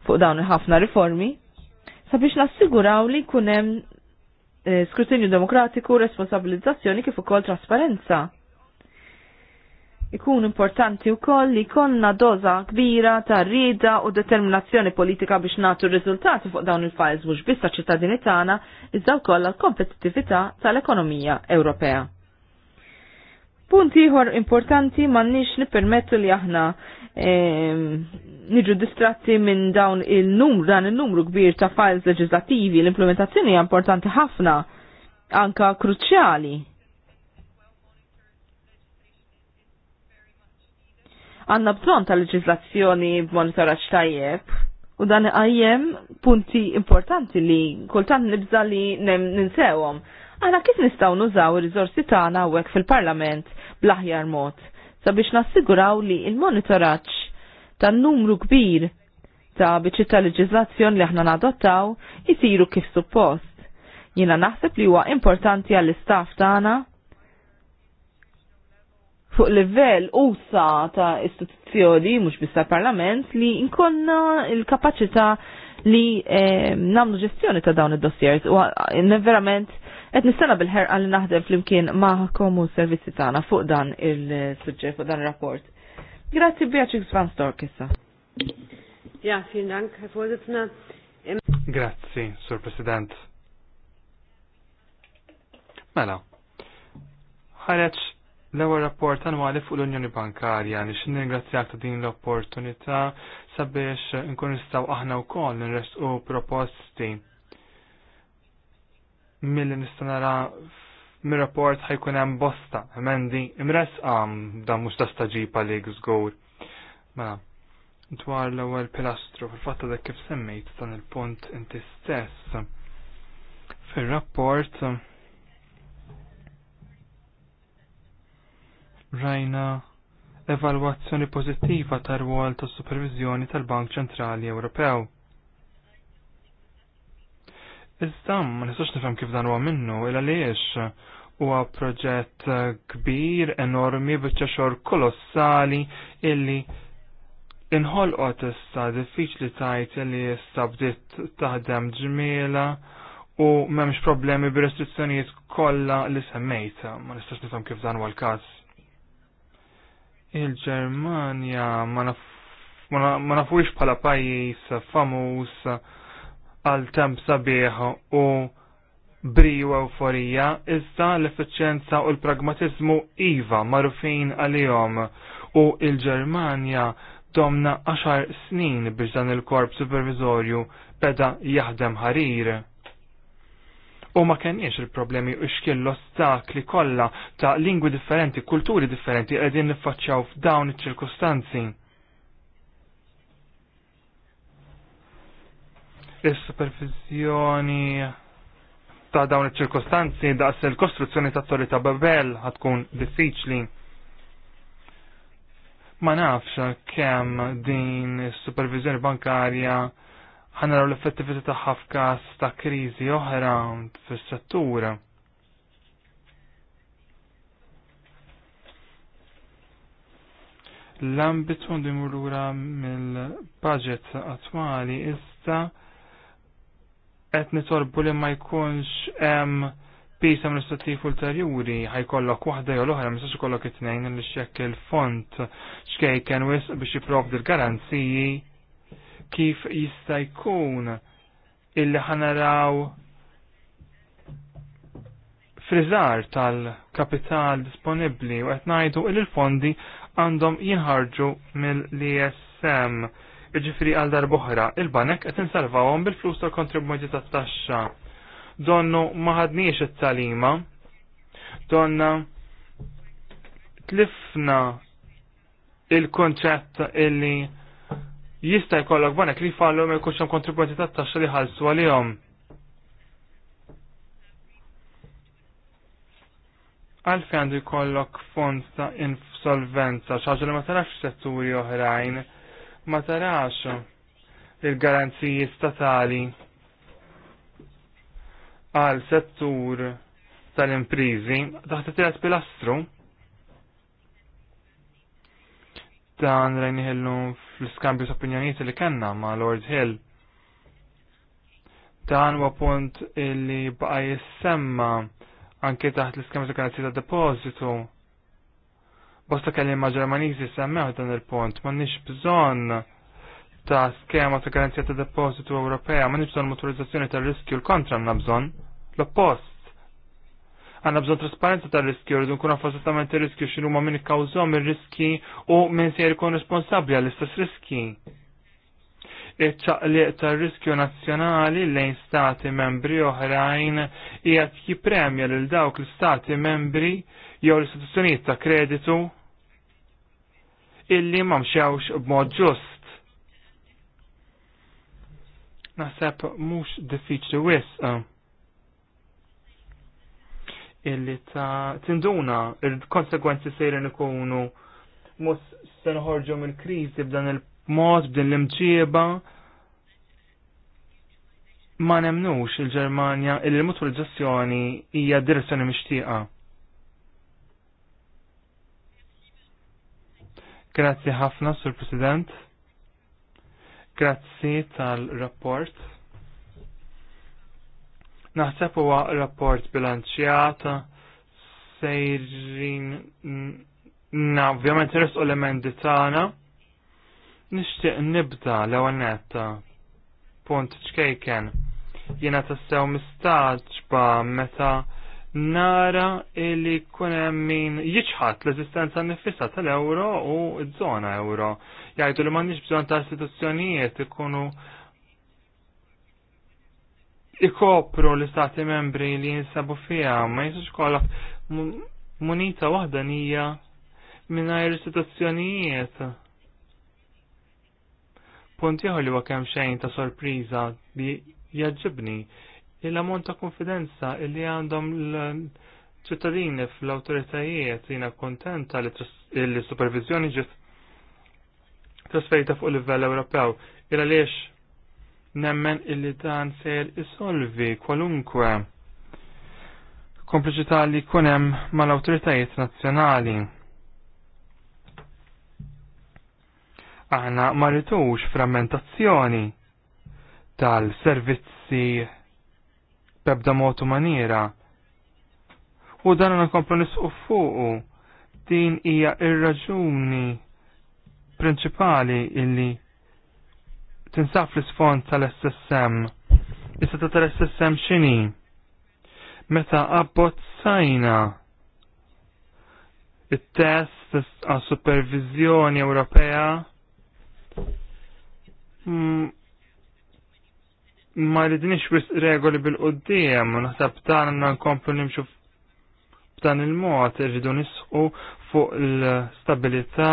fuq dawn il-ħafna riformi sabiex nassiguraw li kunem Eh, skrutinju demokratiku, responsabilizzazzjoni kif ukoll trasparenza. Ikun importanti wkoll li konna doza kbira ta' rida u determinazzjoni politika biex natu riżultati fuq dawn il-files mhux biss ċittadini tagħna iżda wkoll għall kompetittività tal-ekonomija Ewropea. Punti ieħor importanti m'għandniex nippermettu li aħna ehm, niġu distratti minn dawn il-numru, dan il-numru kbir ta' files leġislativi, l-implementazzjoni hija importanti ħafna, anka kruċjali. Għanna bżon ta' leġislazzjoni b'monitoraġġ tajjeb. U dan għajjem punti importanti li kultant nibża li ninsewhom. Għana kif nistaw nużaw il-rizorsi tagħna hawnhekk fil-Parlament bl-aħjar mod sabiex nassiguraw li il-monitoraġġ tan-numru kbir ta' biċi ta' leġizlazzjon li aħna nadottaw jisiru kif suppost. Jina naħseb li huwa importanti għall-istaff tagħna fuq livell usa ta' istituzzjoni, mux bissa parlament, li inkonna il kapaċità li eh, namlu ġestjoni ta' dawn id-dossiers. U eh, verament Qed nistana bil ħer għal naħdem flimkien maħkom u servizzi tagħna fuq dan il sujġe fuq dan ir-rapport. Grazzi Beatrix Van Stork issa. Ja, fin Dank, Herr Grazie, Grazzi, Sur President. Mela, ħareċ l-ewwel rapport annwali fuq l-Unjoni Bankarja nix ningrazzjak ta' din l-opportunità sabiex nkun nistgħu aħna wkoll nirresqu proposti mill nista' nara mir-rapport ħajkun hemm bosta emendi imres għam ah, dan mhux ta' staġiba li żgur. Mela, dwar l-ewwel pilastru fil-fatt dak kif semmejt dan il-punt inti stess. Fir-rapport rajna evalwazzjoni pozittiva tar-rwol tas supervizjoni tal-Bank Ċentrali Ewropew. Iżda ma nistax nifhem kif dan huwa minnu illa għaliex huwa proġett eh, kbir, enormi, biċċa xor kolossali illi inħolqot issa diffiċli tajt li issa bdiet taħdem ġmiela u m'hemmx problemi bi restrizzjonijiet kollha li semmejt, ma nistax nifhem kif dan huwa l-każ. Il-Ġermanja ma nafux bħala pajjiż famuż għal temp sabiħ u briju euforija, issa l-effiċenza u l-pragmatizmu iva marufin għalihom u il-Ġermanja domna 10 snin biex dan il-korp supervizorju beda jaħdem ħarir. U ma kenniex il-problemi u xkien l-ostakli kollha ta' lingwi differenti, kulturi differenti qegħdin niffaċċjaw f'dawn iċ-ċirkustanzi il-supervizjoni ta' dawn il ċirkostanzi daqs il-kostruzzjoni ta' torri ta' Babel ħatkun diffiċli. Ma nafx kemm din is-supervizjoni bankarja ħanaraw l-effettività ta' ħafkas ta' kriżi oħra fis-settur. L-ambit għandu lura mill-budget attwali issa qed nitorbu li ma jkunx hemm mill amministrattiv ulterjuri ħajkollok waħda jew l-oħra ma jistax ikollok it-tnejn li xekk il-font xkejken wisq biex jipprovdi l-garanziji kif jista' jkun illi ħanaraw friżar tal-kapital disponibbli u qed ngħidu il-fondi għandhom jinħarġu mill-ISM Iġifri għal darboħra, il-banek qed insalvawhom bil-flus tal-kontribwenti tat-taxxa. Donnu ma ħadniex it-talima. Donna tlifna il-konċett illi jista' jkollok banek li fallu ma jkunx hemm kontribwenti tat-taxxa li ħallsu għalihom. Għalfejn għandu jkollok fond ta' insolvenza xaġa li ma tarafx setturi oħrajn ma tarax il-garanziji statali għal settur tal-imprizi taħt it-tielet pilastru dan rajni ħillu fl-skambju opinjonijiet li kanna ma' Lord Hill. Dan huwa punt illi baqa jissemma anke taħt l-iskema ta' garanzija ta' depositu Bosta kelli maġermanizi semmew dan il-punt, ma nix bżon ta' skema ta' garanzija ta' depositu Ewropea, ma nix bżon motorizzazzjoni ta' riskju l-kontra għanna bżon, l-oppost. Għanna bżon trasparenza ta' riskju, rridu nkun għafu esattament riskju xinu ma' minn kawżom il-riski u minn se jkun responsabli għall-istess riski. Iċċaqliq ta' riskju nazzjonali lejn stati membri oħrajn qiegħed jippremja lil dawk l-stati membri jew l-istituzzjonijiet ta' kreditu illi ma mxewx b'mod ġust. Naħseb mhux diffiċli wisq illi ta' tinduna il-konsegwenzi sejrin ikunu mus se noħorġu mill-kriżi b'dan il-mod b'din l-imġieba ma nemnux il-Ġermanja il-mutualizzazzjoni hija direzzjoni mixtieqa. Grazzi ħafna, Sur President. Grazzi tal-rapport. Naħseb huwa rapport bilanċjat sejrin na ovvjament l-emendi tagħna. Nixtieq nibda l-ewwel netta punt ċkejken jiena tassew mistaġba meta nara li kunem min jiċħat l-eżistenza nifissa tal-euro u d-zona euro. Jgħidu li mandiġ bżon ta' istituzzjonijiet ikunu ikopru l-istati membri li jinsabu fija, ma jisux kollok munita wahda nija minnajr istituzzjonijiet. Punt jħu li wakem xejn ta' sorpriza bi jaġibni Il l ta' konfidenza li għandhom l-ċittadini fl-autoritajiet jina kontenta li supervizjoni ġiet trasferita fuq livell Ewropew. Ira għaliex nemmen illi dan ser isolvi kwalunkwe kompliċità li kunem mal-autoritajiet nazzjonali. Aħna ma frammentazzjoni tal-servizzi bebda motu maniera. U dan għana komplu nisqu fuqu din hija ir-raġuni prinċipali illi tinsaf l-isfond tal-SSM. Is-seta tal-SSM xini? Meta abbozzajna il test għal supervizjoni Ewropea mm, ma rridniex wis regoli bil-qoddim, naħseb tagħna għandna nkomplu nimxu b'dan il-mod, irridu nisqu fuq l-stabilità,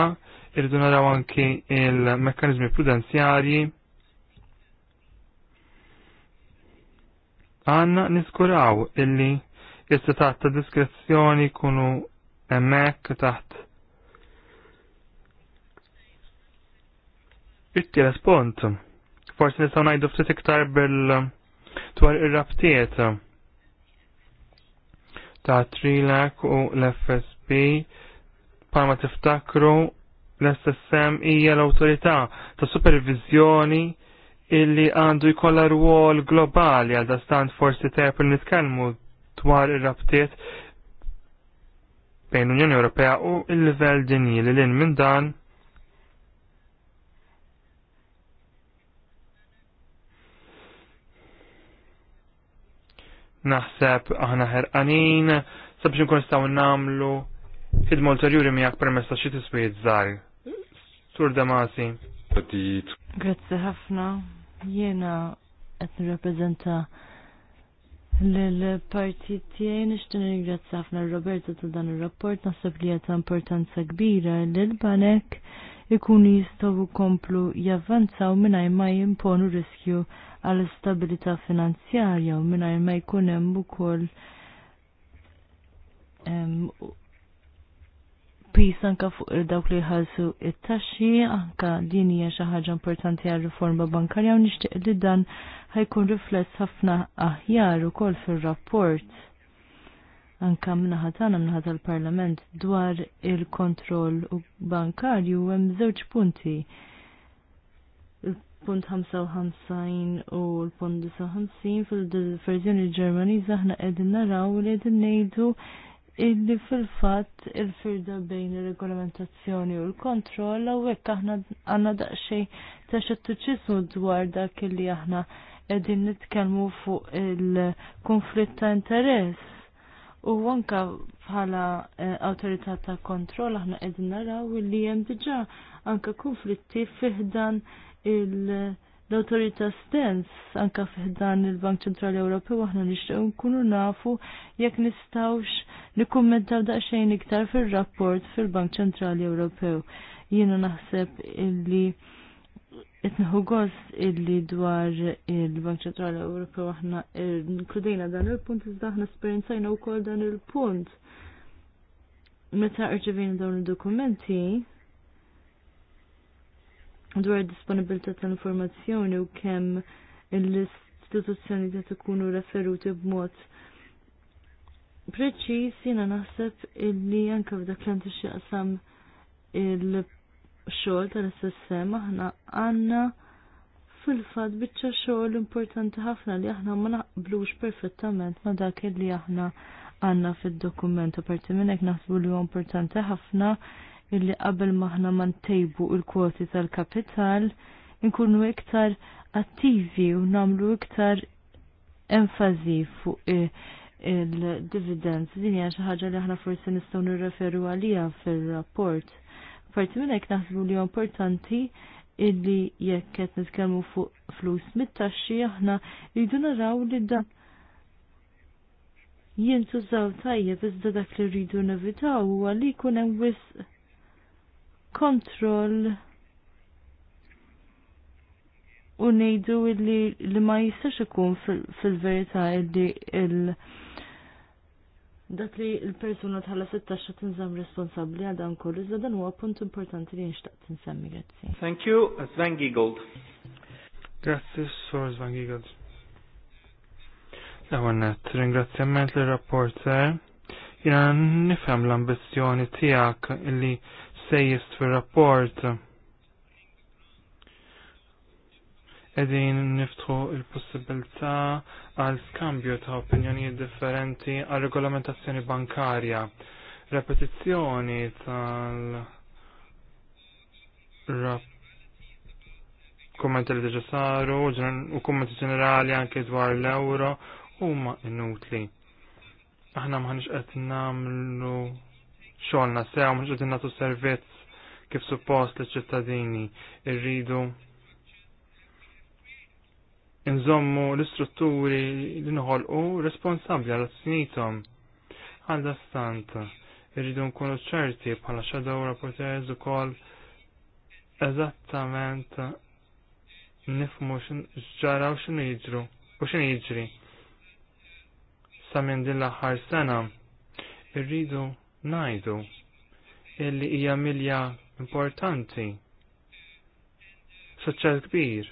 irridu naraw anki il-mekkanizmi prudenzjarji. Għanna niskuraw illi il taħt ta' diskrezzjoni kunu emmek taħt it-telespont. punt Forsi nistgħu ngħidu ftit iktar bil twar ir-rabtiet ta' Trilak u l-FSB palma tiftakru l-SSM hija l-awtorità ta' supervizjoni illi għandu jkollha rwol globali għal stand forsi terp nitkellmu dwar ir-rabtiet bejn l-Unjoni Ewropea u l-livell dinji li lin minn dan naħseb aħna ħerqanin sabiex nkun nistgħu nagħmlu ħidma ulterjuri miegħek permezz ta' xi tiswijiet żgħar. Sur Damasi. Grazzi ħafna. Jiena qed nirrappreżenta L-partit tiegħi nixtieq ringrazzja ħafna Roberta ta' dan ir-rapport naħseb li qed importanza kbira lil banek ikunu jistgħu komplu javvanzaw mingħajr ma jimponu riskju għal stabilità finanzjarja u mingħajr ma jkun hemm ukoll pis anka fuq dawk li ħalsu it-taxxi anka din hija xi ħaġa importanti għal riforma bankarja u nixtieq li dan ħajkun rifless ħafna aħjar ukoll fir-rapport anka minnaħa tagħna minnaħa tal-Parlament dwar il-kontroll bankarju hemm żewġ punti punt 55 u l-punt 59 fil-verżjoni ġermaniża aħna qegħdin naraw li qegħdin ngħidu illi fil-fatt il-firda bejn ir-regolamentazzjoni u l-kontroll hawnhekk aħna għandna daqsxejn ta' xettiċiżmu dwar dak illi aħna qegħdin nitkellmu fuq il-konflitt ta' interess. U anka bħala eh, awtorità ta' kontroll aħna qegħdin naraw li hemm diġà anka konflitti fiħdan dan l autorita stens anka fiħdan il-Bank Ċentrali Ewropew aħna nixtieq nkunu nafu jekk nistgħux nikkummentaw daqsxejn iktar fir-rapport fil-Bank Ċentrali Ewropew. Jiena naħseb illi etnħu gost illi dwar il-Bank Ċentrali Ewropew aħna eh, nkludejna dan il-punt iżda aħna esperjenzajna wkoll dan il-punt. Meta rġivin dawn id-dokumenti, dwar disponibilità tal-informazzjoni u kemm l-istituzzjoni ta' ikunu referuti b'mod preċiż jiena naħseb illi anke f'dak l għandu x'jaqsam il-xogħol tal-SSM aħna għandna fil-fatt biċċa xogħol importanti ħafna li aħna ma naqblux perfettament ma dak li aħna għandna fid-dokument. Aparti minn hekk naħsbu li huwa importanti ħafna illi qabel maħna ma ntejbu il-kwoti tal-kapital inkunu iktar attivi u namlu iktar enfazi fuq il-dividends. Din hija xi ħaġa li aħna forsi nistgħu nirreferu għalija fir-rapport. Parti minn hekk naħsbu li importanti illi jekk qed nitkellmu fuq flus mit-taxxi aħna jridu naraw li dan jintużaw tajjeb iżda dak li rridu nevitaw huwa li jkun hemm wisq kontroll u nejdu li, li ma jistax ikun fil-verità fil li il- dak li l-persuna tħalla 16 tinżam responsabli għal dan kollu, iżda dan huwa punt importanti li nxtaq tinsemmi grazzi. Thank you, Sven Giegold. Grazzi, Sor Sven Giegold. Għawannet, ringrazzjament li rapporter Jena nifhem l-ambizjoni tijak illi sejjest fil-rapport. Edin niftħu il-possibilità għal skambju ta' opinjonijiet differenti għal regolamentazzjoni bankarja, repetizzjoni tal kommenti li diġa saru u kommenti ġenerali anke dwar l-euro huma inutli. Aħna maħniex qed namlu xolna sew mhux qed nagħtu servizz kif suppost li ċittadini irridu inżommu l-istrutturi li nħolqu responsabbli għal snitom għal stant irridu nkunu ċerti bħala shadow u ukoll eżattament nifmu x'ġara u jiġru u x'in jiġri. Sa minn din l-aħħar sena irridu najdu illi hija milja importanti. Suċċess kbir.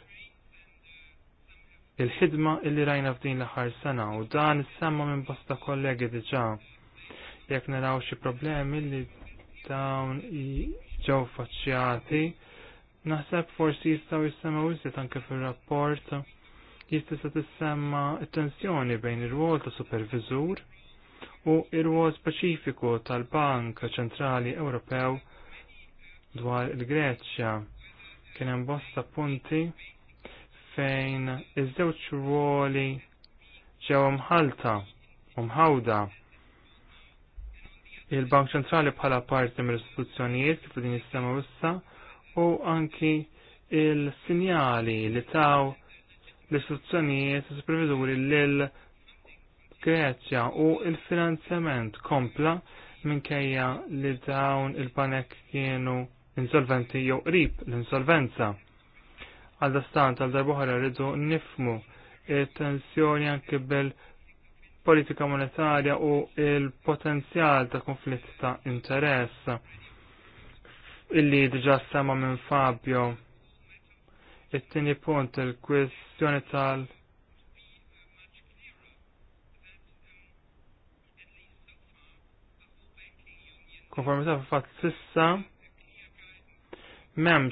Il-ħidma illi rajna f'din l-aħħar sena u dan semma minn bosta kollegi diġà. Jekk naraw xi problemi li dawn ġew faċċjati, naħseb forsi jistgħu jissemgħu iżjed anke fir-rapport jista' tissemma t-tensjoni bejn ir-rwol ta' superviżur u ir-ruol speċifiku tal-Bank Ċentrali Ewropew dwar il-Greċja kien hemm bosta punti fejn iż-żewġ ruoli ġew mħalta u mħawda il-Bank Ċentrali bħala parti mill-istituzzjonijiet kif din jistema issa u anki il-sinjali li taw l-istituzzjonijiet supervizuri lil Greċja u il-finanzjament kompla minkejja li dawn il-panek kienu insolventi jew qrib l-insolvenza. Għal dastant għal darbuħra rridu nifmu il-tensjoni anki bil-politika monetarja u il-potenzjal ta' konflitt ta' interess illi diġa sema minn Fabio. It-tini punt il-kwistjoni tal- konformità fil-fatt sissa memx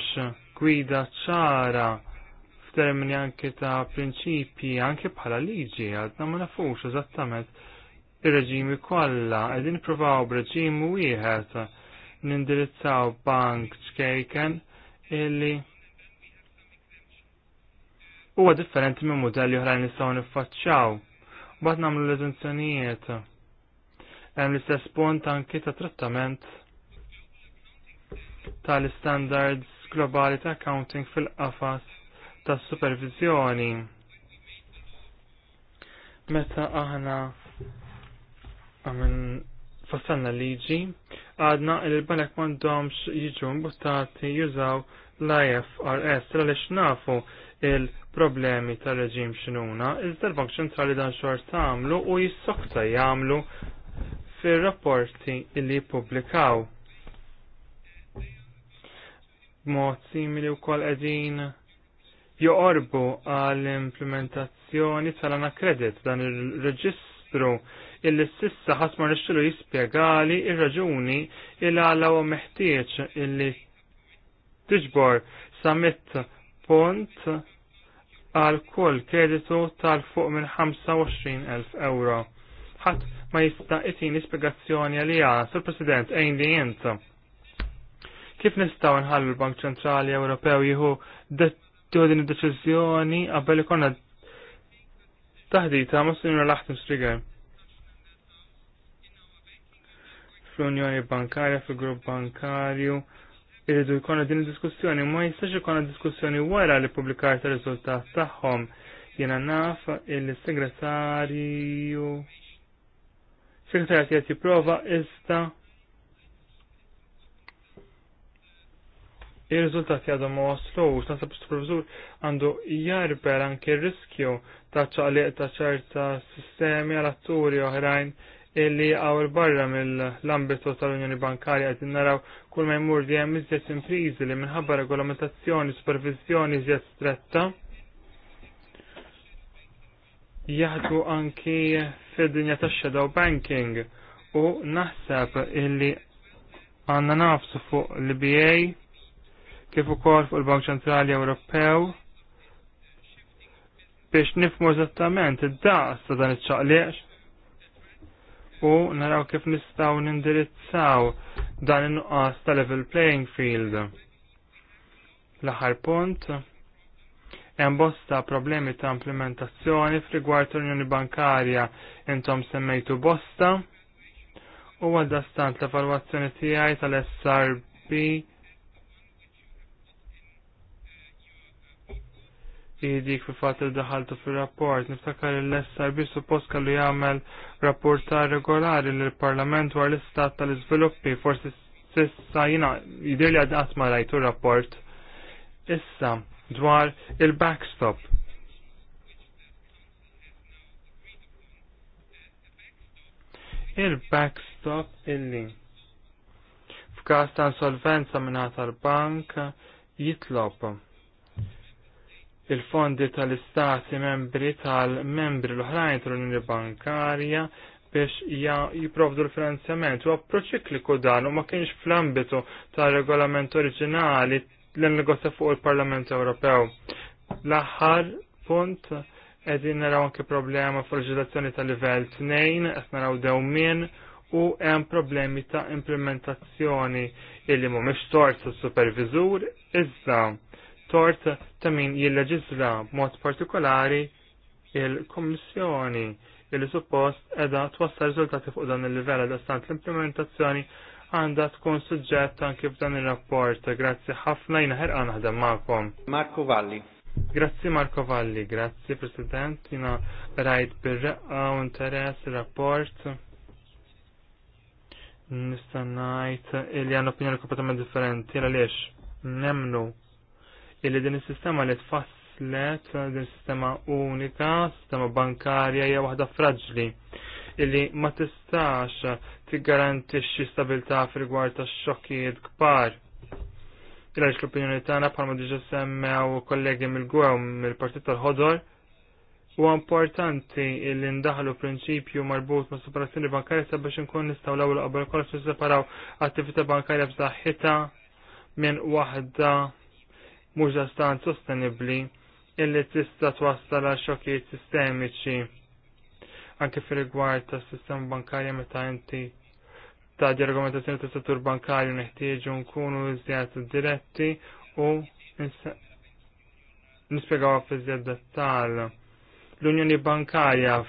gwida ċara f'termini anke ta' prinċipji anke bħala liġi għadna ma nafux eżattament ir-reġimi kollha qegħdin nippruvaw b'reġim wieħed nindirizzaw bank ċkejken illi huwa differenti minn modelli oħrajn nistgħu niffaċċjaw. Bad nagħmlu l-eżenzjonijiet. Hemm l-istess punt anki ta' trattament tal-standards globali ta' accounting fil-qafas ta' supervizjoni. Meta aħna għamen fassanna liġi, għadna il balek mandomx jiġu mbustati jużaw l-IFRS għaliex nafu il-problemi tal-reġim xinuna, iżda l-Bank ċentrali dan xort għamlu u jissokta jgħamlu fil rapporti illi jippubblikaw. Mod simili wkoll qegħdin joqorbu għall implementazzjoni tal-ana kredit dan il-reġistru illi s-sissa ħasma rixxilu jispiegali il-raġuni il għala u meħtieġ illi tiġbor samit punt għal kull kreditu tal fuq minn 25.000 euro ħadd ma jista' qisin ispjegazzjoni għalija. Sur President, ejn li jint. Kif nistgħu nħallu l-Bank Ċentrali Ewropew jieħu din id-deċiżjoni qabel ikonna taħdita ma' Sinjura Laħtim Striger. Fl-Unjoni Bankarja, fil-Grupp Bankarju, irridu jkollna din id-diskussjoni, ma jistax jkollna diskussjoni wara li publikar ir riżultat tagħhom. Jena naf il-segretarju Sekretarjat jgħet jiprofa iżda il-rizultati għadhom ma waslux, nasab supervizur għandu jarber anke riskju ta' ċaqliq ta' ċerta sistemi għal atturi oħrajn illi għaw barra mill-ambitu tal-Unjoni Bankarja għedin naraw kull ma jmur di għem iżjed imprizi li minħabba regolamentazzjoni, supervizjoni iżjed stretta jaħdu anki fid-dinja ta' shadow banking u naħseb illi għanna nafsu fuq l-BA kif ukoll fuq il-Bank Ċentrali Ewropew biex nifmu eżattament id-daqs ta' dan iċ-ċaqliq u naraw kif nistgħu nindirizzaw dan in-nuqqas ta' level playing field. L-aħħar punt hemm bosta problemi ta' implementazzjoni f'rigward l-Unjoni Bankarja intom semmejtu bosta u stant l-evalwazzjoni tiegħi tal-SRB jidik fi fat li daħaltu fi rapport Niftakar l-SRB suppost kallu jagħmel rapporta regolari l parlament war l-istat tal-iżviluppi, forsi sissa jina jidir li għadqas ma rajtu rapport. Issa, dwar il-backstop. Il-backstop illi f'każ ta' insolvenza minn tal-bank jitlob il-fondi tal-istati membri tal-membri l-oħrajn tal-Unjoni Bankarja biex jiprovdu l-finanzjament. U approċikliku dan u ma kienx fl-ambitu tal-regolament oriġinali l-negozja fuq il-Parlament Ewropew. L-aħħar punt qegħdin naraw anke problema fuq l-ġilazzjoni ta' livell 2 qed naraw dewmien u hemm problemi ta' implementazzjoni illi mhumiex tort tas-supervizur iżda tort ta' min jilleġisla b'mod partikolari il-Kommissjoni illi suppost edha twassal riżultati fuq dan il-livell għal stant l-implementazzjoni għandha tkun suġġett anke f'dan ir-rapport. Grazzi ħafna jiena ħerqa' naħdem magħkom. Marco Valli. Grazzi Marco Valli, grazzi President, jina rajt bil-reqqa u interess il-rapport. Nista' ngħid li għandna opinjoni kompletament differenti għaliex nemnu illi din is-sistema li tfasslet din sistema unika, sistema bankarja hija waħda fraġli illi ma tistax tiggarantixxi stabilità f'rigward ta' xokkijiet kbar. Għaliex l-opinjoni tagħna bħalma diġa semmew kollegi mill gwar mill-Partit tal-Ħodor huwa importanti li ndaħlu prinċipju marbut ma' separazzjoni bankarja sabiex nkun nistgħu l-ewwel qabel kollox nisseparaw attività bankarja b'saħħitha minn waħda mhux stan sostenibbli illi tista' twassal għal xokkijiet sistemiċi anke fi rigward tas sistema bankarja meta inti ta' di argumentazzjoni tas settur bankarju neħtieġu nkunu iżjed diretti u nispjegaw fi iżjed dettal. L-Unjoni Bankarja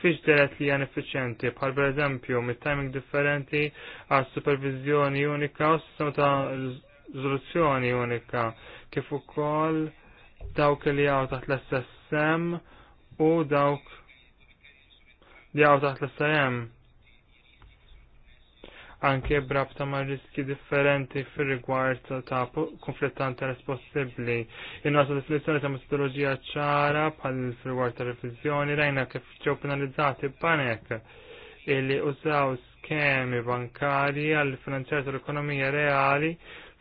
fiex dirett li għan effiċenti, bħal per eżempju, mit-timing differenti għas supervizjoni unika u sistema ta' rizoluzzjoni unika, kif ukoll dawk li għaw taħt l-SSM u dawk li għaw taħt l-SRM. Anke brabta ma' riski differenti fir rigward ta' konflitt ta' interess possibbli. Il-nostra definizjoni ta' metodologija ċara bħal fil-rigward ta' revizjoni rajna kif ġew penalizzati panek illi użaw skemi bankari għal finanzjar tal-ekonomija reali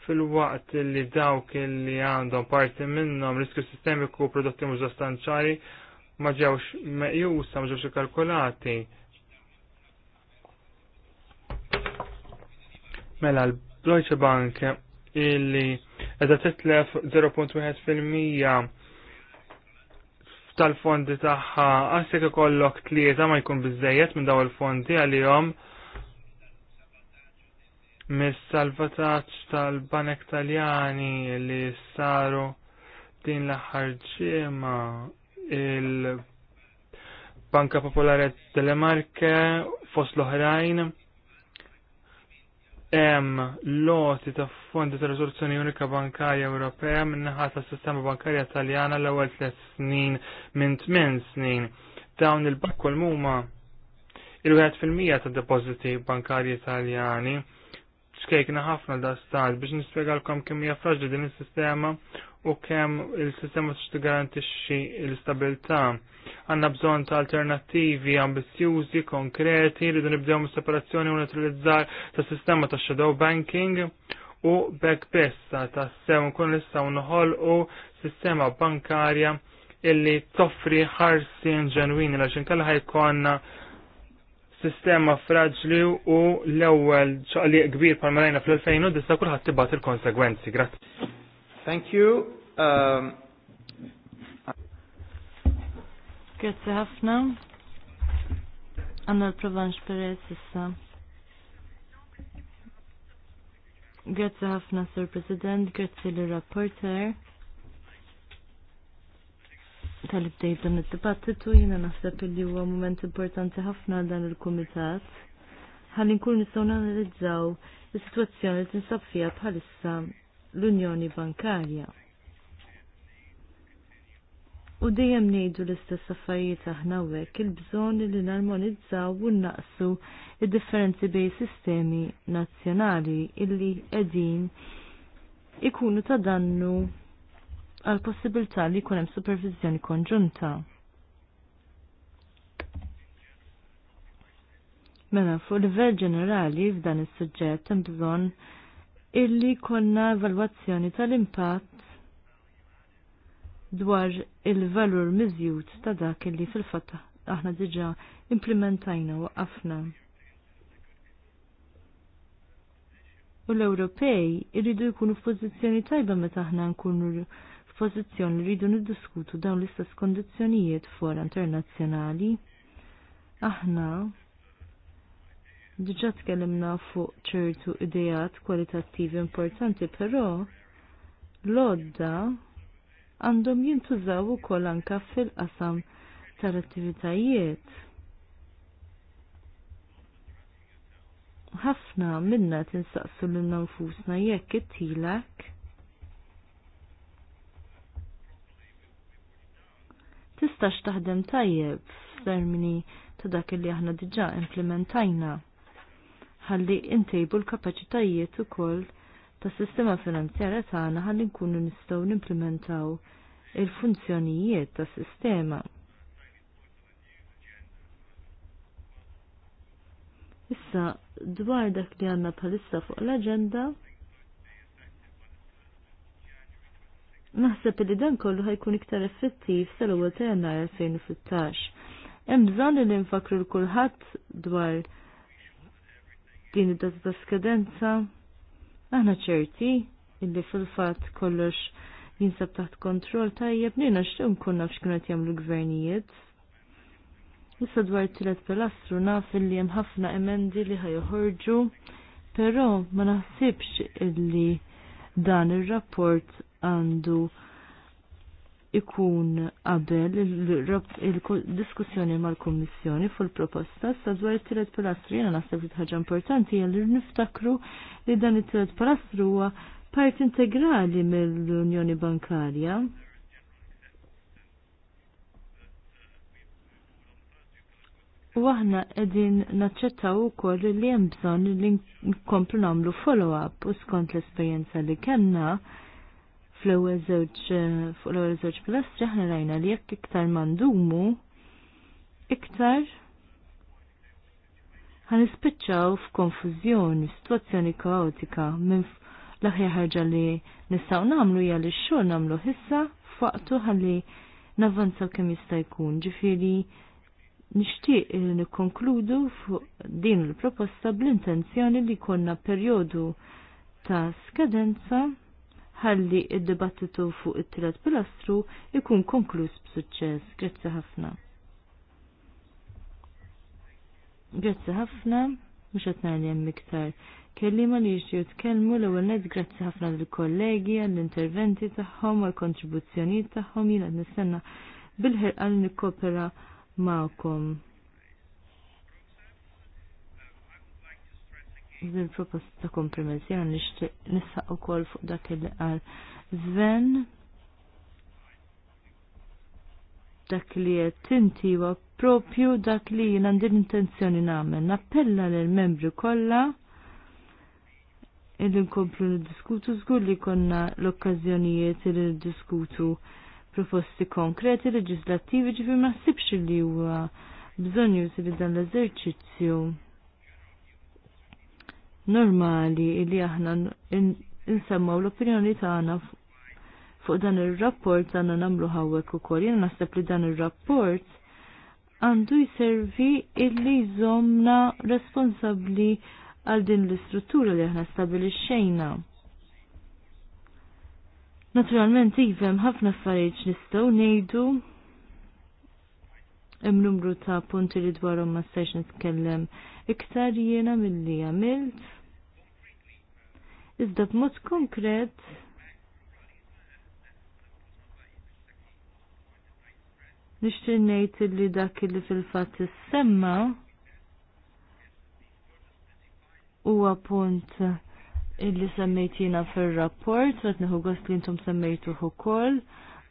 fil-waqt li dawk li għandhom parti minnom riskju sistemiku prodotti mhux ma ġewx meqjusa, ma ġewx kalkulati. Mela l-Deutsche Bank illi edha titlef 0.1% tal-fondi tagħha għasek ikollok tlieta ma jkun biżejjed minn daw il-fondi għalihom mis-salvataġġ tal-banek taljani li saru din l-aħħar ġiema il-Banka Popolare Telemarke fos l-oħrajn hemm loti ta' fondi ta' riżoluzzjoni unika bankarja Ewropea minnaħa tas sistema bankarja Taljana l-ewwel tliet snin minn tmien snin. Dawn il-bakk huma il-1 fil-mija ta' depożiti bankarji Taljani xkejkna ħafna da star biex nispjegalkom kemm hija fraġli din is-sistema u kemm il-sistema tix tigarantixxi l-istabilità. Għandna bżonn ta' alternattivi ambizjużi, konkreti, li nibdew mis-separazzjoni u neutralizzar ta' sistema ta' shadow banking u back bessa ta' sew nkun nistgħu u sistema bankarja illi toffri ħarsi ġenwini għax inkella ħajkonna sistema fraġli u l-ewwel ċaqli kbir pal malajna fl-2009 kulħadd tibat il-konsegwenzi. Grazie. Thank you. Grazie um, Grazzi ħafna. Għanna l-provanx peress sissa. Grazie ħafna, Sir President, grazzi l-rapporter tal bdejt dan id-dibattitu jiena naħseb li huwa moment importanti ħafna dan il-kumitat. Ħalli nkunu nistgħu nanalizzaw is-sitwazzjoni li tinsab fiha bħalissa l-Unjoni Bankarja. U dejjem ngħidu l-istess affarijiet aħna hekk il-bżonn li narmonizzaw u naqsu id-differenzi bejn sistemi nazzjonali illi qegħdin ikunu ta' dannu għal possibilità li jkun hemm supervizjoni konġunta. Mela, fuq livell ġenerali f'dan is-suġġett hemm bżonn illi konna evalwazzjoni tal-impatt dwar il-valur miżjud ta' dak illi fil-fatt aħna diġà implementajna waqafna. U l-Ewropej irridu jkunu f'pożizzjoni tajba meta aħna nkunu Pożizzjoni li rridu niddiskutu dawn l-istess kondizzjonijiet fora internazzjonali. Aħna diġà tkellimna fuq ċertu idejat kwalitattivi importanti, però l-odda għandhom jintużaw ukoll anka fil-qasam tal-attivitajiet. ħafna minna tinsaqsu l nafusna jekk it-tilak tistax taħdem tajjeb f'termini ta' dak li aħna diġà implementajna. Ħalli intejbu l-kapaċitajiet ukoll ta' sistema finanzjarja tagħna ħalli nkunu nistgħu nimplementaw il-funzjonijiet ta' sistema. Issa dwar dak li għandna bħalissa fuq l-aġenda Naħseb li dan kollu ħajkun iktar effettiv sal-ewwel ta' jannar 2016. Hemm bżonn li nfakru l kulħadd dwar din id-data ta' skadenza. Aħna ċerti illi fil-fatt kollox jinsab taħt kontroll tajjeb li naxtiew nkun naf x'kienu qed jagħmlu gvernijiet. Issa dwar it-tielet pilastru naf illi hemm ħafna emendi li ħajoħorġu, però ma naħsibx illi dan ir-rapport għandu ikun qabel il-diskussjoni mal-Kommissjoni fuq il-proposta sa dwar it-tielet pilastru jiena naħseb li ħaġa importanti hija li niftakru li dan it-tielet pilastru huwa part integrali mill-Unjoni Bankarja. U aħna qegħdin naċċettaw ukoll li hemm bżonn li nkomplu nagħmlu follow-up u skont l-esperjenza li kellna fl-ewwel żewġ eh, fuq l-ewwel żewġ pilastri aħna rajna li jekk iktar mandumu iktar ħanispiċċaw f'konfużjoni, f'sitwazzjoni kaotika minn l-aħjar ħaġa li nistgħu nagħmlu hija li x-xogħol nagħmlu ħissa f'waqtu ħalli navvanzaw kemm jista' jkun. Ġifieri nixtieq nikkonkludu fuq din il-proposta bl-intenzjoni li konna perjodu ta' skadenza ħalli id-dibattitu fuq it-tielet pilastru ikun konkluż b'suċċess. Grazzi ħafna. Grazzi ħafna, mhux qed ngħalli hemm iktar. ma li jixtiju tkellmu l-ewwel nett grazzi ħafna lill-kollegi għall-interventi tagħhom u l-kontribuzzjonijiet tagħhom jiena nistenna bil-ħirqa li nikkopera magħkom din proposta ta' kompromess jena nissa u ukoll fuq dak li qal Sven dak li qed wa huwa propju dak li jiena għandi l-intenzjoni nagħmel. Nappella lill membri kollha illi nkomplu niddiskutu żgur li konna l-okkażjonijiet li diskutu proposti konkreti leġislattivi ġifi ma ħsibx li huwa bżonju li dan l-eżerċizzju normali li aħna insemmaw l-opinjoni tagħna fuq dan ir-rapport għandna nagħmlu hawnhekk ukoll. Jiena naħseb li dan ir-rapport għandu jservi illi jżomna responsabbli għal din l-istruttura li aħna stabilixxejna. Naturalment ivem ħafna affarijiet nistgħu ngħidu hemm numru ta' punti li dwarhom ma stajx nitkellem iktar jiena milli għamilt. Iżda b'mod konkret nixtieq ngħid li dak li fil-fatt issemma huwa punt illi semmejt jiena fir-rapport qed nieħu gost li intom semmejtuh ukoll.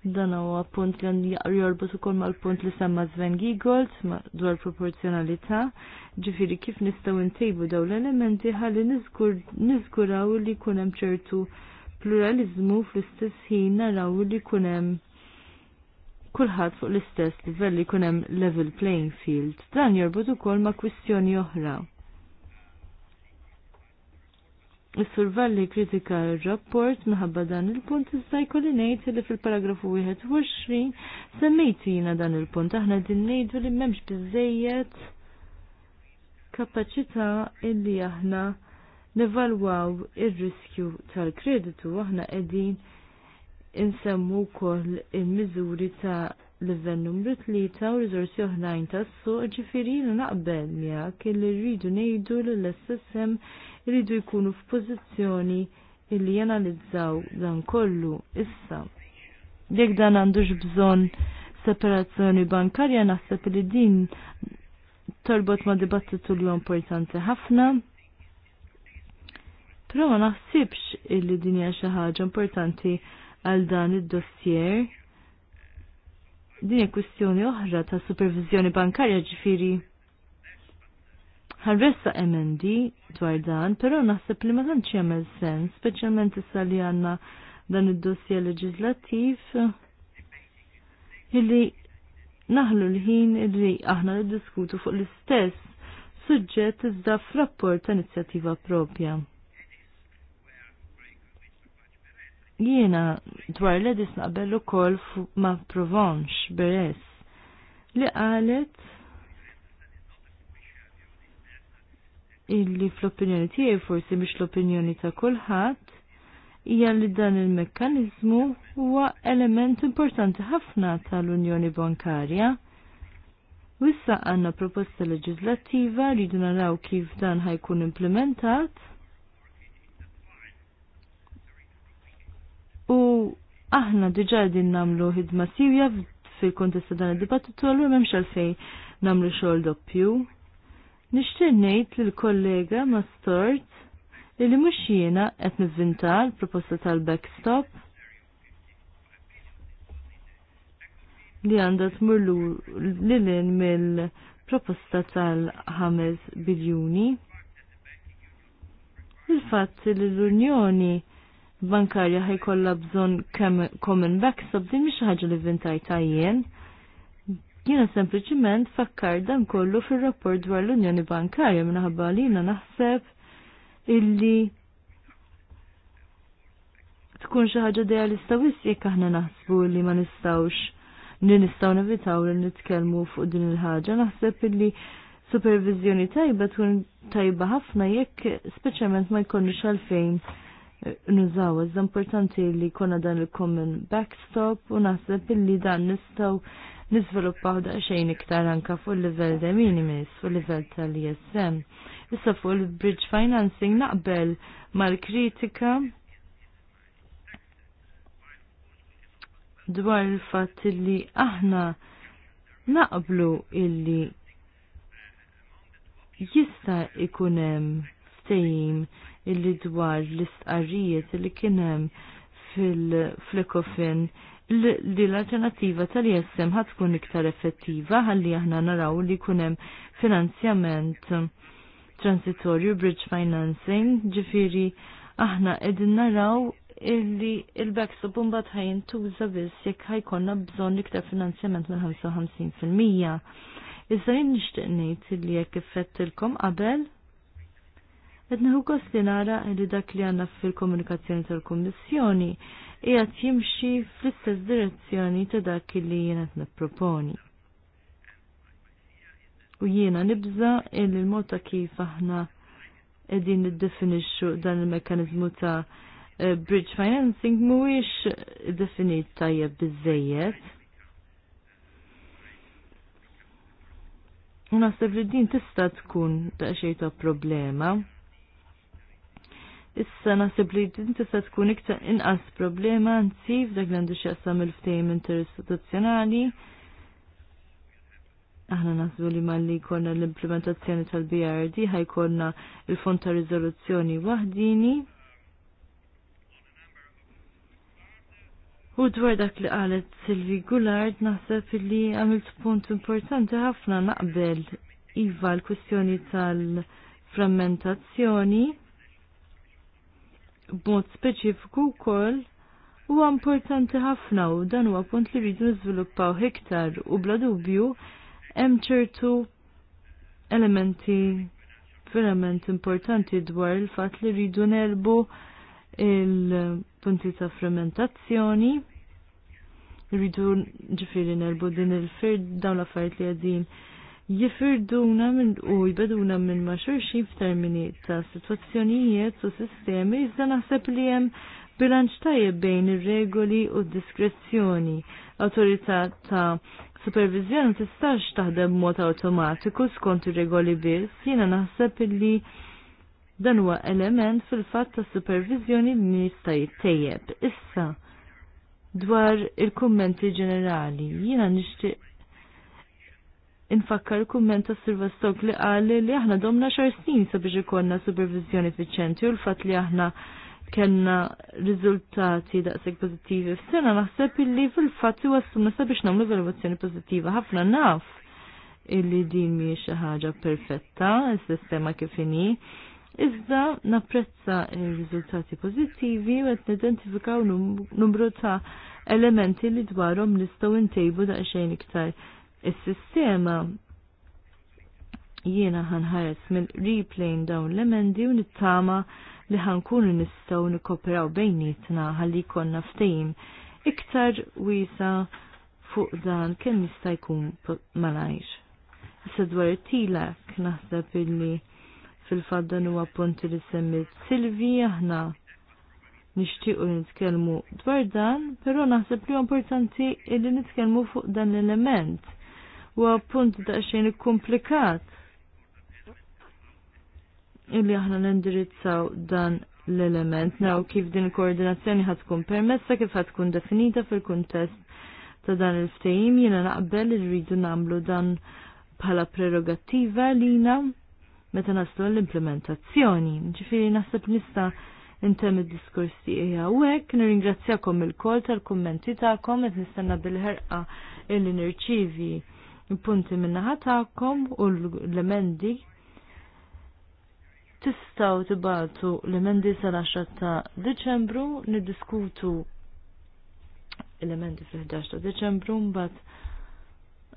Dan huwa punt li jorbot ukoll mal-punt li semma Sven Giegold dwar proporzjonalità, ġifieri kif nistgħu ntejbu dawn l-elementi ħalli niżguraw li jkun hemm ċertu pluralizmu fl-istess ħin naraw li jkun hemm kulħadd fuq l-istess livell li jkun hemm level playing field. Dan jorbot ukoll ma' kwistjoni oħra Is-survalli kritika r-rapport minħabba dan il-punt iżda jkolli ngħid li fil-paragrafu 21 semmejtina dan il-punt aħna din ngħidu li m'hemmx biżejjed kapaċità illi aħna nevalwaw ir-riskju tal-kreditu aħna qegħdin insemmu wkoll il-miżuri ta' livell numru tlieta u riżorsi oħrajn tas-suq ġifieri naqbel miegħek illi rridu ngħidu lill-SSM Iridu jkunu f'pożizzjoni illi janalizzaw dan kollu issa. Jekk dan għandux bżonn separazzjoni bankarja naħseb li din torbot ma' dibattitu li importanti ħafna. Però ma naħsibx illi din hija xi ħaġa importanti għal dan id-dossier. Din hija kwistjoni oħra ta' supervizjoni bankarja ġifiri ħarressa emendi dwar dan, pero naħseb li ma tantx jagħmel sens, speċjalment issa li għandna dan id-dossier leġislattiv illi naħlu l-ħin illi aħna niddiskutu fuq l-istess suġġett iżda f'rapport ta' inizjattiva propja. Jiena dwar l-edis naqbel ukoll ma' Provence Beres li qalet illi fl-opinjoni tiegħi forsi mhix l-opinjoni ta' kulħadd hija li dan il-mekkaniżmu huwa element importanti ħafna tal-Unjoni Bankarja. Wissa għanna proposta leġislattiva rridu naraw kif dan ħajkun implementat. U aħna diġa din namlu ħidma sirja fil-kontesta dan id-dibattitu għallu memx għalfej namlu xogħol doppju. Nixtieq ngħid lill-kollega stort li mhux jiena qed nivvinta l-proposta tal-backstop li għandha tmur lilin mill-proposta tal-5 biljuni. Il-fatt li l-Unjoni bankarja ħajkollha bżonn common backstop din mhix ħaġa li vvintajta jien Jiena sempliċiment fakkar dan kollu fir-rapport dwar l-Unjoni Bankarja minħabba li jiena naħseb illi tkun xi ħaġa idealista wis jekk aħna naħsbu li ma nistgħux li nistgħu nevitaw li nitkellmu fuq din il-ħaġa naħseb illi supervizjoni tajba tkun tajba ħafna jekk speċjalment ma jkollniex għalfejn nużaw, iżda importanti li konna dan il-common backstop u naħseb illi dan nistaw niżviluppaw daqsxejn iktar anka fuq il-livell de minimis, fuq il-livell tal-ISM. Issa fuq il-bridge financing naqbel mal-kritika dwar il-fatt li aħna naqblu illi jista' ikunem stejim illi dwar l istqarijiet li kienem fil-flikofin li l-alternativa tal jessem ħat tkun iktar effettiva ħalli aħna naraw li kunem finanzjament transitorju bridge financing ġifiri aħna edin naraw illi il-backstop mbagħad ħajn tuża biss jekk ħajkonna bżonn iktar finanzjament minn 55%. Iżda jien nixtieq ngħid li jekk effettilkom qabel Edniħu kost li nara li dak li għanna fil-komunikazzjoni tal-Kommissjoni jgħat jimxi fl-istess direzzjoni ta' dak li jgħat proponi. U jiena nibza illi l mota kif aħna edin niddefinixxu dan il mekanizmu ta' eh, bridge financing mhuwiex definit tajjeb biżejjed. U naħseb li din tista' tkun ta' xejta problema issa naħseb li din tista' tkun iktar inqas problema anzi f'dak li għandu x'jaqsam il-ftehim interistituzzjonali. Aħna naħsbu li malli jkollna l-implementazzjoni tal-BRD ħajkollna il-fond ta' riżoluzzjoni waħdini. U dwar dak li qalet Silvi Gulard naħseb li għamilt punt importanti ħafna naqbel iva l kwistjoni tal-frammentazzjoni b'mod speċifiku wkoll huwa importanti ħafna u dan huwa punt li rridu niżviluppaw iktar u bla dubju hemm ċertu elementi verament importanti dwar il-fatt li rridu nelbu il-punti ta' fermentazzjoni rridu ġifiri nelbu din il-fir dawn l-affarijiet li għadin jifirduna minn u jbeduna minn ma' xurxin f'termini ta' situazzjonijiet u sistemi jizda naħseb li hemm bilanċ tajjeb bejn ir-regoli u d-diskrezzjoni. Awtorità ta' supervizjoni tistax taħdem mod awtomatiku skont ir-regoli biss, jiena naħseb li dan huwa element fil-fatt ta' supervizjoni li nista' jittejjeb. Issa, dwar il-kummenti ġenerali, jiena nixtieq infakkar kumment ta' Silvestok li qal li aħna domna xar snin sabiex ikonna supervizjoni effiċenti u l-fatt li aħna kellna riżultati daqshekk pożittivi f'sena naħseb illi fil-fatt iwassumna sabiex nagħmlu valutazzjoni pożittiva ħafna naf illi din mhijiex xi ħaġa perfetta, il sistema kif inhi. Iżda napprezza il-riżultati pożittivi u qed nidentifikaw numru ta' elementi li dwarhom nistgħu ntejbu daqsxejn iktar Is-sistema jiena ħanħares mill replane dawn l-emendi u nittama li ħankunu nistaw nikoperaw bejnietna ħalli konna ftejim iktar wisa fuq dan kemm jista' jkun malajr. Issa dwar it-tila naħseb illi fil-fatt dan huwa punti li semmit Silvi aħna nixtiequ nitkellmu dwar dan, però naħseb li importanti illi nitkellmu fuq dan l-element u punt xejn komplikat illi aħna nindirizzaw dan l-element naw kif din koordinazzjoni ħad tkun permessa kif ħad tkun definita fil-kuntest ta' dan il-ftehim jiena naqbel li rridu nagħmlu dan bħala prerogattiva lina meta naslu l-implementazzjoni. Ġifieri naħseb nista' intem id-diskors tiegħi hekk. ringrazzjakom il-kol tal-kummenti tagħkom qed nistenna bil-ħerqa illi nirċivi punti minna ħatakom u l-emendi tistaw tibatu l-emendi sal-10 ta' Deċembru niddiskutu l-emendi fil-11 ta' Deċembru mbagħad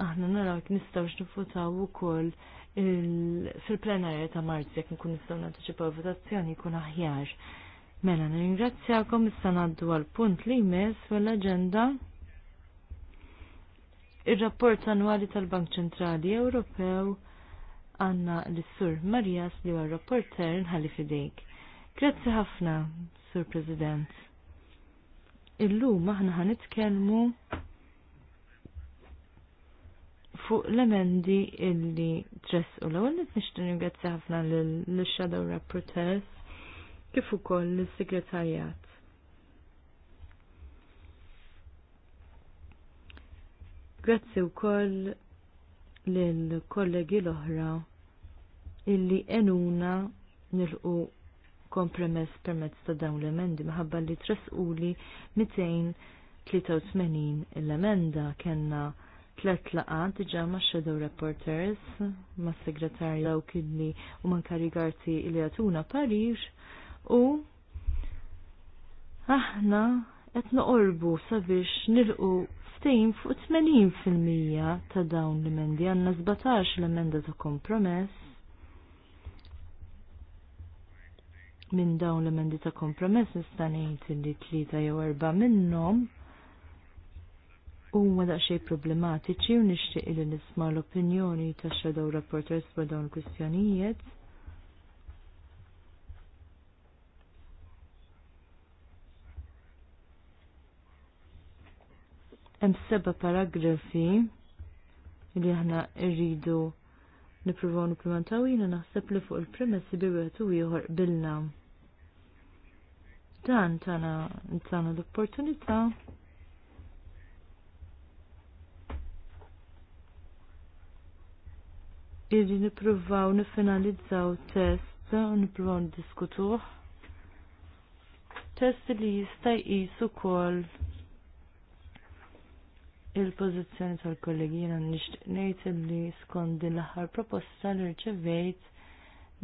aħna naraw nistgħu nifutaw ukoll fil-plenarja ta' Marzu jekk nkun nistgħu nanticipaw votazzjoni jkun aħjar. Mela, nirringrazzjakom issa ngħaddu għal punt li jmiss fil aġenda Ir-rapport annwali tal-Bank Ċentrali Ewropew għanna l-Sur Marjas li huwa rapporter nħalli fidejk. Grazzi ħafna, Sur President. Illum aħna ħanitkellmu fuq l-emendi illi tress u l-ewwel nishtun nixtieq ħafna lill-Shadow Rapporteurs kif ukoll l-Segretarjat Grazzi wkoll l kollegi l-oħra illi enuna nil-u kompromess permezz ta' dawn l-emendi minħabba li tresquli 283 l-emenda kellna tlet laqat diġa ma' Shadow Reporters, ma' segretarju daw kidni u man karigarti li għatuna Parиж u aħna qed orbu sabiex nilqu ftejn fuq 80% ta' dawn l-emendi għanna 17 l-emenda ta' kompromess. Minn dawn l-emendi ta' kompromess nistanejt li tlieta jew erba' minnhom huma daqsxejn problematiċi u nixtieq li nisma' l-opinjoni ta' xadow rapporters fuq dawn il-kwistjonijiet. hemm seba' paragrafi li aħna rridu nippruvaw nipplimentaw jiena naħseb li fuq il-premessi bi wieħed u ieħor bilna. Dan tana tana l-opportunità irri nippruvaw nifinalizzaw test u nippruvaw niddiskutuh test li jista' jqisu kol il-pozizjoni tal-kollegi jena nishtiq ngħid li skont din l-aħħar proposta li rċevejt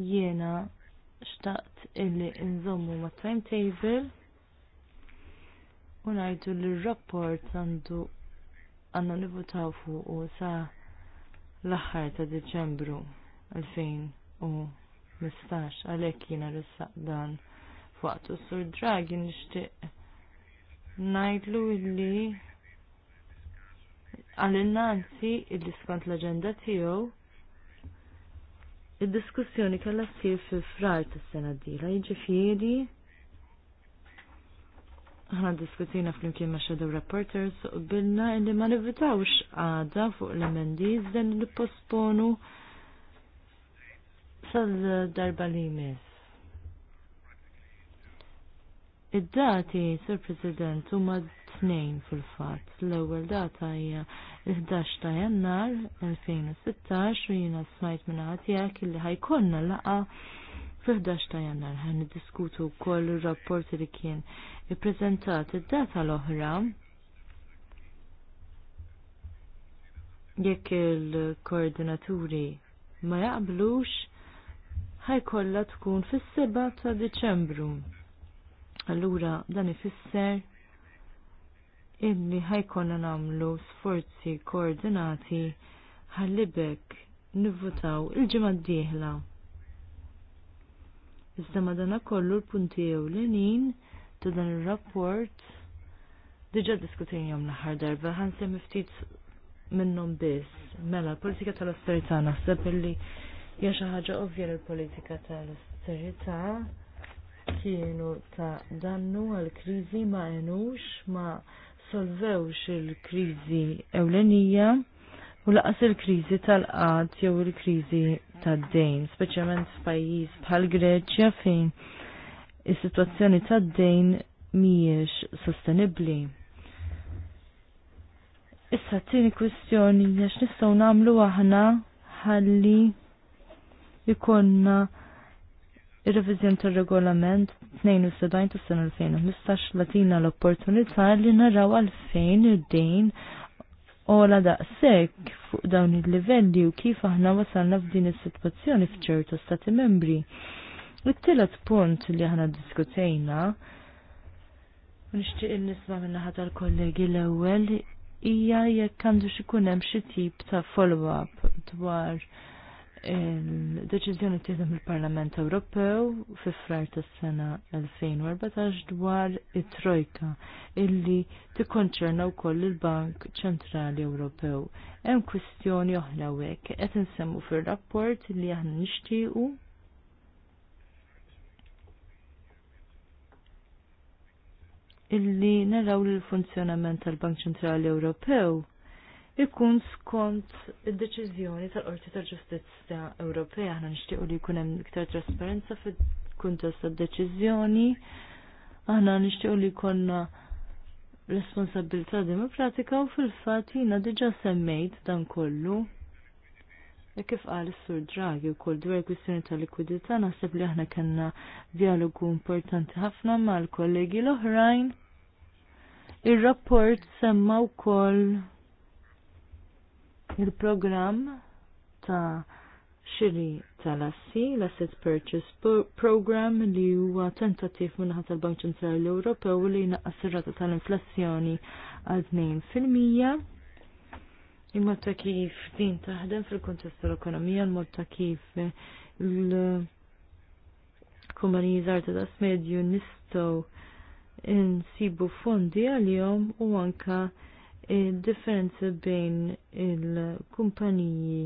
jiena xtaqt illi nżommu ma' timetable u ngħidu li r-rapport għandu għanna nivutaw fuq u sa l-aħħar ta' Deċembru 2015 għalhekk jiena rissaq dan fuqtu sur Draghi nixtieq ngħidlu illi għalinna għanzi il-diskont l-agenda tijow il-diskussjoni kalla sir fil-frar tas sena d-dila jġifiri ħana diskutina fl-imkien ma' Reporters u bilna illi ma' nivitawx għada fuq l-emendi zden li posponu sal-darba li jmiss. Id-dati, Sir President, u ma' tnejn fil-fatt. L-ewwel data hija 11 ta' Jannar 2016 u jiena smajt minn tiegħek illi ħajkonna laqa f'11 11 ta' Jannar ħan niddiskutu wkoll ir-rapport li kien ippreżentat id-data l-oħra jekk il-koordinaturi ma jaqblux ħajkollha tkun fis-7 ta' Diċembru. Allura dan ifisser illi ħajkonna namlu sforzi koordinati ħallibek nivvutaw il-ġimgħa d-dieħla. Iżda madana kollu l-punti ewlenin ta' dan ir-rapport diġà diskutin l-aħħar darba ħan ftit minnhom biss. Mela, l-politika tal austerita naħseb illi hija xi ħaġa ovvja l-politika tal austerita kienu ta' dannu għal kriżi ma' enux ma' solvewx il-kriżi ewlenija u laqas il-kriżi tal-qad jew il-kriżi tad-dejn, speċjalment f'pajjiż bħal Greċja fejn is-sitwazzjoni tad-dejn mhijiex sostenibbli. Issa t tieni kwistjoni għax nistgħu nagħmlu aħna ħalli ikonna Ir-revizjon tar-regolament 72 tas sena 2015 latina l-opportunità li naraw għalfejn id-dejn la daqshekk fuq dawn il-livelli u kif aħna wasalna f'din is-sitwazzjoni f'ċertu stati membri. It-tielet punt li aħna diskutejna nixtieq nisma' minna naħa tal-kollegi l-ewwel hija jekk għandu xi jkun hemm xi tip ta' follow-up dwar il-deċizjoni tiħdem il-Parlament Ewropew fi frar tas sena 2014 dwar it-Trojka illi tikkonċerna wkoll il-Bank Ċentrali Ewropew. Hemm kwistjoni oħra hekk qed insemmu fir-rapport li aħna nixtiequ illi naraw l-funzjonament tal-Bank Ċentrali Ewropew ikun skont id-deċiżjoni tal-Qorti tal-Ġustizzja Ewropea. Aħna nixtiequ li jkun hemm iktar trasparenza fil-kuntest tad-deċiżjoni. Aħna nixtiequ li jkollna responsabilità demokratika u fil-fatt jiena diġà semmejt dan kollu. E kif qal is-Sur Draghi wkoll dwar kwistjoni tal-likwidità naħseb li aħna kellna dialogu importanti ħafna mal-kollegi l-oħrajn. Ir-rapport semma wkoll Il-programm ta' xiri tal-assi, l-Asset Purchase Program li huwa tentativ minn ħat tal-Bank Ċentrali Ewropew li jnaqqas ir-rata tal-inflazzjoni għal 2 Imma ta' kif din taħdem fil-kontest tal-ekonomija, l-mod ta' kif l-kumpaniji żgħar ta' medju nistgħu insibu fondi għal-jom u anka il-differenza bejn il-kumpaniji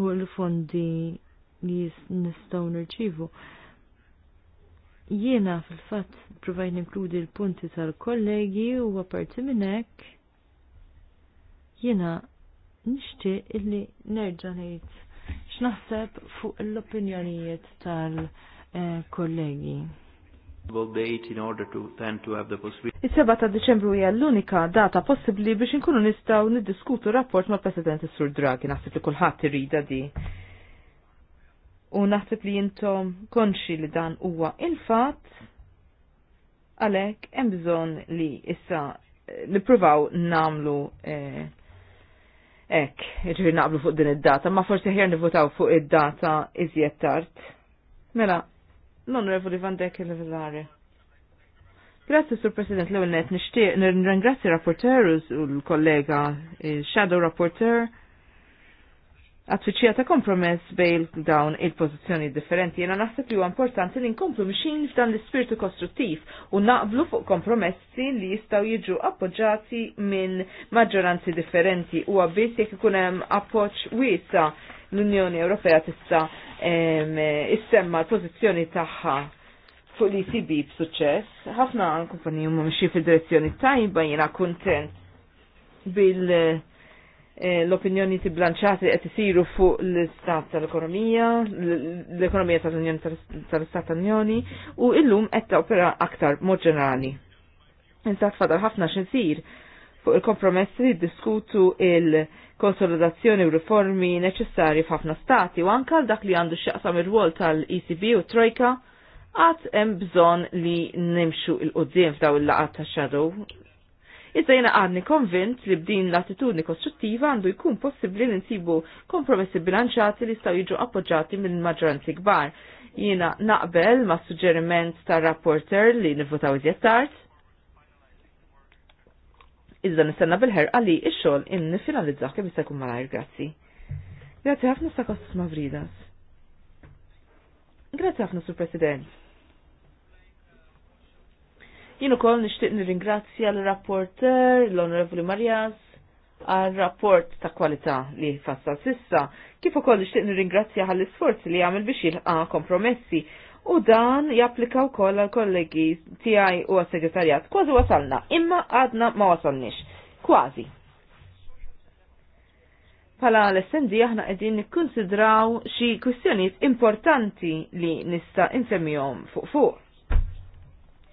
u l-fondi li nistaw nirċivu. Jiena fil-fat provajt inkludi l-punti tal-kollegi u għaparti minnek jiena nishti illi nerġanajt xnaħseb fuq l-opinjonijiet tal-kollegi. Eh, is seba ta' Deċembru hija l-unika data possibbli biex inkunu nistgħu niddiskutu rapport mal-President Sur Draghi naħseb li kulħadd irida di. U naħseb li jintom konxi li dan huwa il-fatt għalhekk hemm bżonn li issa eh, nippruvaw namlu eh, hekk Ek, ġifir naqblu fuq din id-data, ma forsi ħjar nivutaw fuq id-data iżjed tard. Mela, L-Onorevoli Van Dekke Levelare. Grazzi, Sur President, l net nishtiq, nirringrazzi rapporteur u l-kollega, eh, shadow rapporter, għatfiċija ta' kompromess bejn dawn il-pozizjoni differenti. Jena naħseb li huwa importanti li nkomplu mxin f'dan l-ispirtu kostruttiv u naqblu fuq kompromessi li jistaw jiġu appoġġati minn maġġoranzi differenti u għabbis jek ikun hemm appoġġ wiesa' l-Unjoni Ewropea tista' issemma l-pożizzjoni tagħha fuq li tibi b'suċċess. Ħafna kumpaniji huma mixi fid-direzzjoni tajba jiena kuntent bil eh, l-opinjoni blanċati qed isiru fuq l-istat tal-ekonomija, l-ekonomija tal-Unjoni tal-Istat tal-Unjoni u illum qed opera aktar mod ġenerali. Inta tfadal ħafna x'insir fuq il-kompromessi li diskutu il- konsolidazzjoni u riformi neċessarji f'ħafna stati u anka dak li għandu x'jaqsam ir-rwol tal-ECB u Trojka għad hemm bżonn li nimxu il-qudiem f'daw il-laqat ta' shadow. Iżda jiena għadni konvint li b'din l-attitudni kostruttiva għandu jkun possibbli li nsibu kompromessi bilanċati li staw jiġu appoġġati minn maġranzi kbar. Jiena naqbel ma' suġġeriment tar rapporter li nivvotaw iżjed tard, Iżda nistenna bil ħer għalli x-xogħol in nifinalizzaw kemm jista' jkun malajr, grazzi. Grazzi ħafna sa Kostas Mavridas. Grazzi ħafna Sur President. Jien ukoll nixtieq nirringrazzja l-rapporter l-Onorevoli Marjas għal rapport ta' kwalità li fassal sissa, kif ukoll nixtieq nirringrazzja għall isforzi li għamil biex jilqa' kompromessi u dan japplika wkoll għal kollegi tiegħi u għal segretarjat Kważi wasalna, imma għadna ma wasalniex. Kważi. Pala l-essendi aħna qegħdin nikkonsidraw xi kwistjonijiet importanti li nista' insemmijom fuq fuq.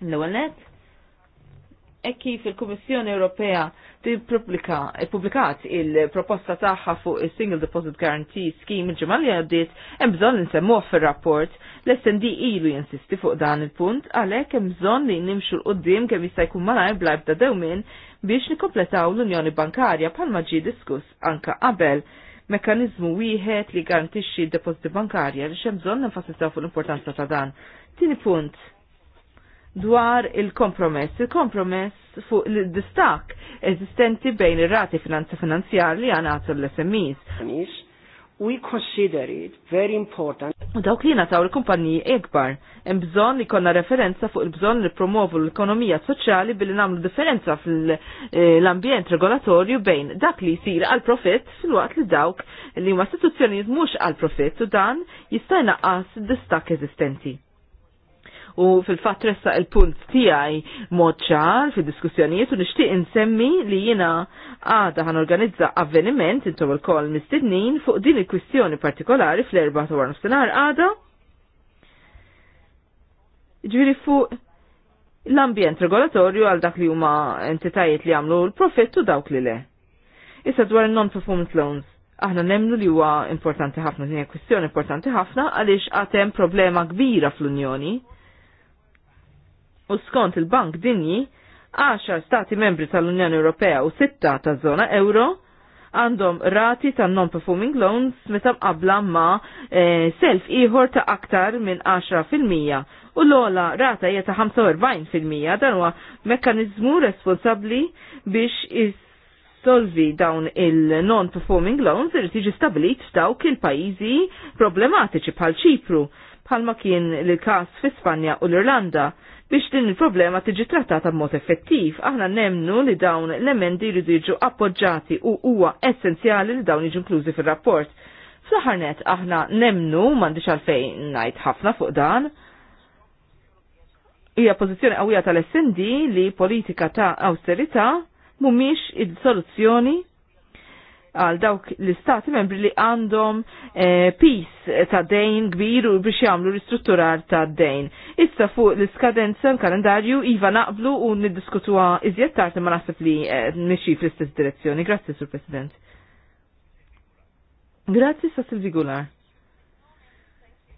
L-ewwel ekki fil e kif il-Kummissjoni Ewropea publikat il-proposta tagħha fuq il-Single Deposit Guarantee Scheme il-ġimgħa li għaddiet hemm bżonn insemmuh fir-rapport l-SND ilu jinsisti fuq dan il-punt għalhekk hemm bżonn li nimxu l qudiem kemm jista' jkun malajr blajb ta' dewmien biex nikkompletaw l-Unjoni Bankarja bħalma ġie diskuss anka qabel mekanizmu wieħed li garantixxi d-depositi bankarja li xemżon nemfasistaw fuq l-importanza ta' dan. Tieni punt, dwar il-kompromess. Il-kompromess fuq l distak eżistenti bejn ir-rati finanza finanzjar li għanatu l-SMEs. We consider it very important. U dawk li nataw il-kumpanji ikbar. Hemm bżonn li konna referenza fuq il-bżonn li promovu l-ekonomija soċjali billi nagħmlu differenza fl-ambjent regolatorju bejn dak li jsir għal profitt fil-waqt li dawk li huma istituzzjonijiet mhux għal profitt u dan jista' jnaqqas distak eżistenti u fil-fatt ressa il-punt tiegħi mod ċar fid-diskussjonijiet u nixtieq insemmi li jiena għada għan organizza avveniment intom il-koll mistednin fuq din il-kwistjoni partikolari fl-erba' ta' warnu senar għada. Ġviri fuq l-ambjent regolatorju għal dak li huma entitajiet li għamlu l-profett u dawk li le. Issa dwar non-performance loans, aħna nemnu li huwa importanti ħafna, din kwistjoni importanti ħafna għaliex għatem problema kbira fl-Unjoni U skont il-Bank Dinji, 10 stati membri tal-Unjoni Ewropea u 6 ta' zona euro għandhom rati ta' non-performing loans meta qabla ma' e, self iħor ta' aktar minn 10% u l-ola rata hija ta' 45% dan huwa mekkaniżmu responsabbli biex solvi dawn il-non-performing loans irrid jiġi stabilit f'dawk il-pajjiżi problematiċi bħal Ċipru bħalma kien l-każ fi Spanja u l-Irlanda biex din il-problema tiġi trattata b'mod effettiv. Aħna nemnu li dawn l-emendi jridu jiġu appoġġati u huwa essenzjali li dawn jiġu inklużi fir-rapport. Fl-aħarnet aħna nemnu m'għandix għalfejn ngħid ħafna fuq dan. Hija pożizzjoni qawwija tal-SND li politika ta' awsterità mhumiex id-soluzzjoni għal dawk l-istati membri li għandhom eh, pis ta' dejn kbir u biex jagħmlu ristrutturar ta' dejn. Issa fuq l-iskadenza l-kalendarju iva naqblu u niddiskutuha iżjed tard ma naħseb li eh, fl-istess direzzjoni. Grazzi, Sur President. Grazzi, sa' Silvi Gular.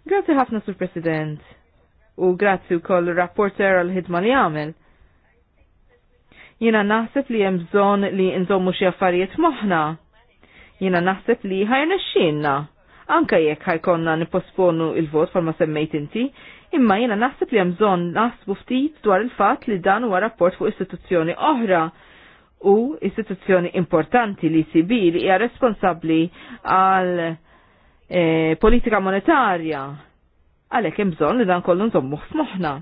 Grazzi ħafna, Sur President. U grazzi wkoll rapporter għal ħidma li għamel Jena naħseb li hemm bżonn li nżommu xi affarijiet moħħna. Jina naħseb li ħajna xienna. Anka jekk ħajkonna niposponu il-vot ma semmejt inti, imma jina naħseb li jemżon naħsbu ftit dwar il-fat li dan huwa rapport fuq istituzzjoni oħra u istituzzjoni importanti li CB li hija responsabbli għal eh, politika monetarja. Għalhekk hemm bżonn li dan kollu nżommuh f'moħħna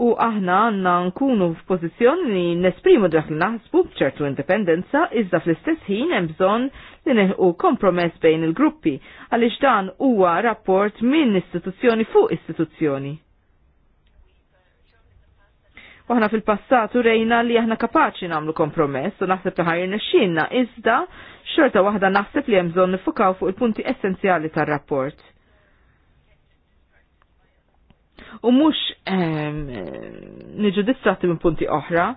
u aħna għanna nkunu f'pożizzjoni li nesprimu dak li naħsbu b'ċertu indipendenza iżda fl-istess ħin hemm bżonn li neħu kompromess bejn il-gruppi għaliex dan huwa rapport minn istituzzjoni fuq istituzzjoni. Waħna fil-passatu rejna li aħna kapaċi nagħmlu kompromess u naħseb taħajr nexxinna iżda xorta waħda naħseb li hemm bżonn nifukaw fuq il-punti essenzjali tar-rapport u mhux ehm, niġu distratti minn punti oħra.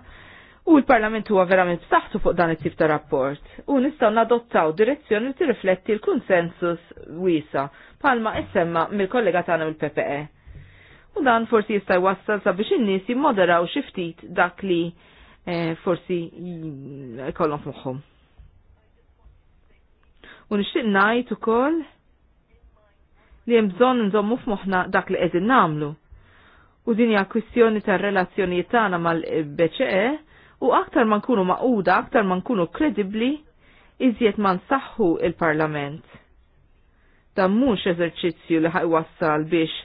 U l-Parlament huwa verament saħtu fuq dan it-tip ta' rapport u nistgħu nadottaw direzzjoni li tirrifletti l-konsensus wiesa palma issemma mill-kollega tagħna mill-PPE. U dan forsi jista' jwassal sabiex in-nies jimmoderaw xi ftit dak li eh, forsi jkollhom f'moħħhom. U nixtieq ngħid ukoll li hemm bżonn nżommu f'moħħna dak li qegħdin nagħmlu u din hija kwistjoni tar-relazzjonijiet tagħna mal-BCE u aktar ma nkunu maquda, aktar ma nkunu kredibbli, iżjed ma nsaħħu il-Parlament. Dan mhux eżerċizzju li ħajwassal biex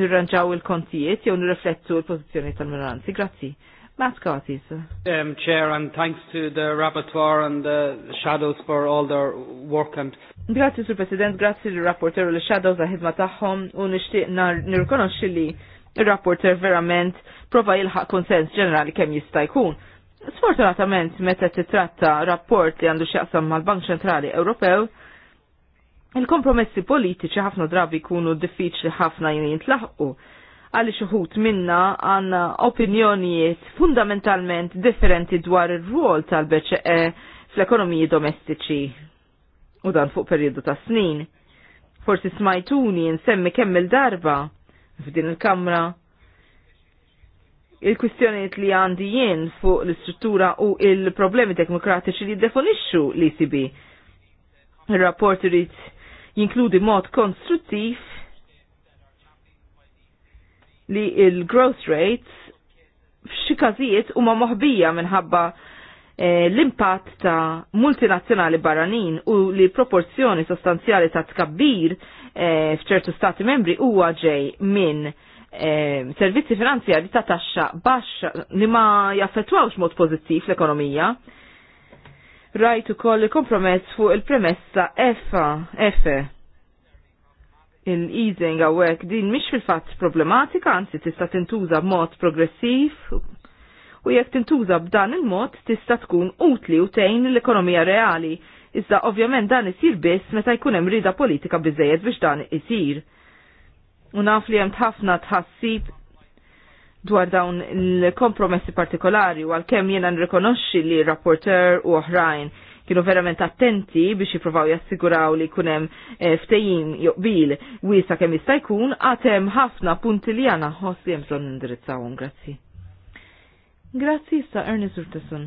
nirranġaw il-kontijiet jew nirriflettu l-pożizzjoni tal-minoranzi. Grazzi. Matt Carty, Um, Chair, and thanks to the rapporteur and the shadows for all their work and Grazzi Sur President, grazzi l rapporteur u l-shadows għahidma taħħom u nishtiq nirkonoxi li Ir-rapporter verament prova jilħaq konsens ġenerali kemm jista' jkun. Sfortunatament meta titratta rapport li għandu x'jaqsam mal-Bank Ċentrali Ewropew, il-kompromessi politiċi ħafna drabi jkunu diffiċli ħafna jintlaħqu għaliex xuħut minna għanna opinjonijiet fundamentalment differenti dwar ir-rwol tal-BCE fl-ekonomiji domestiċi u dan fuq periodu ta' snin. Forsi smajtuni nsemmi kemm il-darba f'din il-Kamra. Il-kwistjoniet li għandi jien fuq l-istruttura u il-problemi teknokratiċi li definixxu l-ECB. Il-rapport irid jinkludi mod konstruttiv li il-growth rates f'xi każijiet huma moħbija minħabba Eh, l-impatt ta' multinazzjonali barranin u li proporzjoni sostanzjali ta' tkabbir e, fċertu stati membri huwa ġej minn eh, servizzi finanzjari ta' taxxa baxxa li ma jaffettwawx mod pożittiv l-ekonomija. Rajt ukoll kompromess fuq il-premessa F, F il-easing għawek din mish fil-fat problematika, anzi tista' tintuża b'mod progressiv u jekk tintuża b'dan il-mod tista' tkun utli u tgħin l-ekonomija reali. Iżda ovvjament dan isir biss meta jkun hemm rida politika biżejjed biex dan isir. U naf li hemm ħafna tħassib dwar dawn il-kompromessi partikolari u għalkemm jiena nrikonoxxi li rapporter u oħrajn kienu verament attenti biex jipruvaw jassiguraw li kunem eh, ftejim joqbil wisa kemm jista' jkun għatem ħafna punti li għana ħoss li jemżon indirizzawhom. Grazzi. Grazzi sa Ernest Urtason.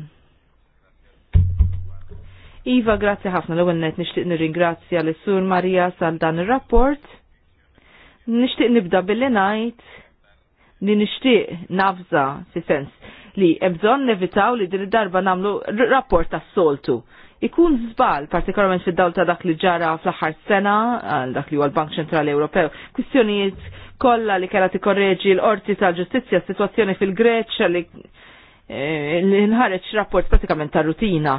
Iva, grazzi ħafna l ewwel net nixtieq nirringrazzja l sur Marija sal dan ir-rapport. Nixtieq nibda billi ngħid li nixtieq nafza fi sens li ebżon nevitaw li din id-darba nagħmlu rapport tas-soltu. Ikun zbal, partikolarment fi dawl ta' dak li ġara fl-aħħar sena għal dak li huwa l-Bank Ċentrali Ewropew. Kwistjonijiet kollha li kellha tikkorreġi l-qorti tal-ġustizzja, s-sitwazzjoni fil greċa li Eh, nħareġ rapport pratikament ta' rutina.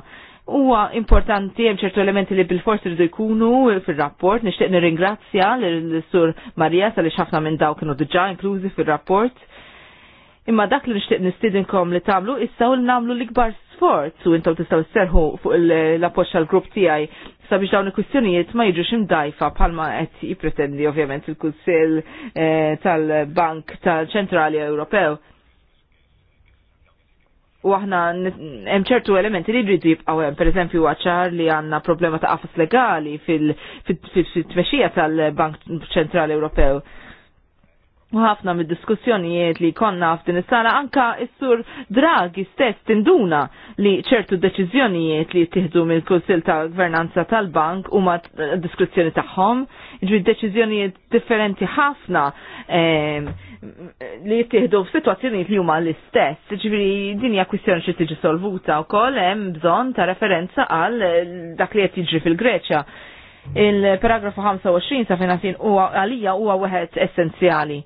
Huwa importanti hemm ċertu elementi li bil-fors irridu jkunu fir-rapport, nixtieq nirringrazzja l-Sur Marija li ħafna minn daw kienu diġà inklużi fir-rapport. Imma dak li nixtieq nistidinkom li tagħmlu issa u nagħmlu l-ikbar sforz u intom tistgħu sserħu fuq l-appoġġ tal-grupp tiegħi sabiex dawn il-kwistjonijiet ma jiġux imdajfa bħalma qed jippretendi ovvjament il-Kunsill eh, tal-Bank tal-Ċentrali Ewropew u aħna hemm ċertu elementi li jridu jibqgħu hemm pereżempju għaċar li għandna problema ta' qafas legali fil-tmexxija tal-Bank Ċentrali Ewropew. U ħafna mid-diskussjonijiet li konna f'din is-sala anka s-sur Draghi stess tinduna li ċertu deċiżjonijiet li jittieħdu mill-Kunsill ta' Gvernanza tal-Bank huma diskussjoni tagħhom, ġri deċiżjonijiet differenti ħafna ehm, li f f'sitwazzjonijiet li huma l-istess. ġviri din hija kwistjoni xi tiġi solvuta wkoll hemm bżonn ta' referenza għal dak li qed jiġri fil-Greċja. Il-paragrafu 25 sa finasin huwa għalija huwa wieħed essenzjali.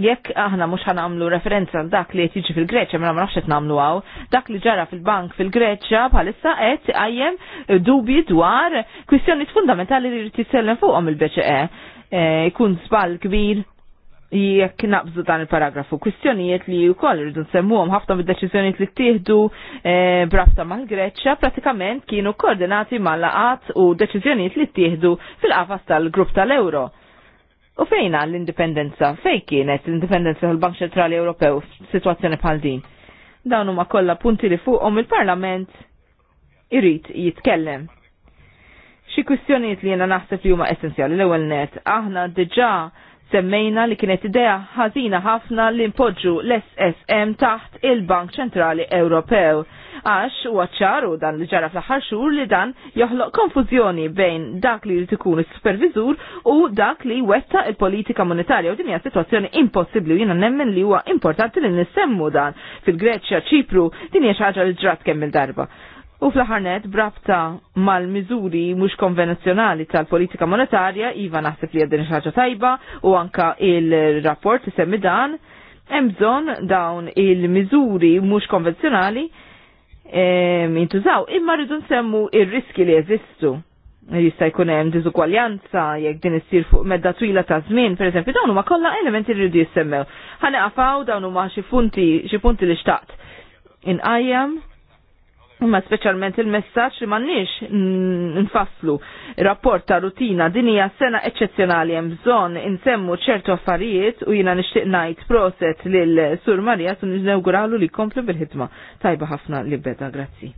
Jekk aħna mhux ħanamlu referenza għal dak li qed jiġi fil-Greċja mela ma nafx qed nagħmlu hawn, dak li ġara fil-bank fil-Greċja bħalissa qed għajem dubji dwar kwistjonijiet fundamentali li jrid fuqom fuqhom il-BCE. Ikun eh, żball kbir jekk nabżu dan il-paragrafu. Kwistjonijiet li u koll rridu nsemmuhom ħafna bid-deċiżjonijiet li ttieħdu eh, brafta mal-Greċċa pratikament kienu koordinati mal-laqat u deċiżjonijiet li ttieħdu fil-qafas tal-grupp tal-Euro. U fejna l-indipendenza? Fej kienet l-indipendenza tal-Bank Ċentrali Ewropew f'sitwazzjoni bħal din? Dawn huma kollha punti li fuqhom il-Parlament irrid jitkellem. Xi kwistjonijiet li jiena naħseb li huma essenzjali l-ewwel net aħna diġà Semmejna li kienet idea ħażina ħafna li npoġġu l-SSM taħt il-Bank Ċentrali Ewropew għax u għacċaru dan li ġara fl-ħar xhur li dan joħloq konfuzjoni bejn dak li tikun is-supervizur u dak li wetta il-politika monetarja u din hija sitwazzjoni impossibbli u jiena nemmen li huwa importanti li nissemmu dan fil-Greċja, Ċipru, din hija xi ħaġa li ġrat kemm il-darba. U fl-ħarnet brabta mal-miżuri mhux konvenzjonali tal-politika monetarja, iva naħseb li għaddin ħaġa tajba u anka il-rapport semmi dan, hemm bżonn dawn il-miżuri mhux konvenzjonali jintużaw, imma rridu nsemmu ir-riski li jeżistu. Jista' jkun hemm diżugwaljanza jekk din issir fuq medda twila ta' żmien, pereżempju dawn huma kollha elementi rridu jissemmew. Ħanaqafaw dawn huma xi punti xi punti li xtaqt. Inqajjem Ma specialment il-messaċ li mannix nfasslu rapport ta' rutina dinija sena eccezjonali hemm bżonn insemmu ċertu affarijiet u jina nixtieq ngħid proset lil Sur Marija sun newguralu li komplu bil-ħidma. Tajba ħafna li beda, grazzi.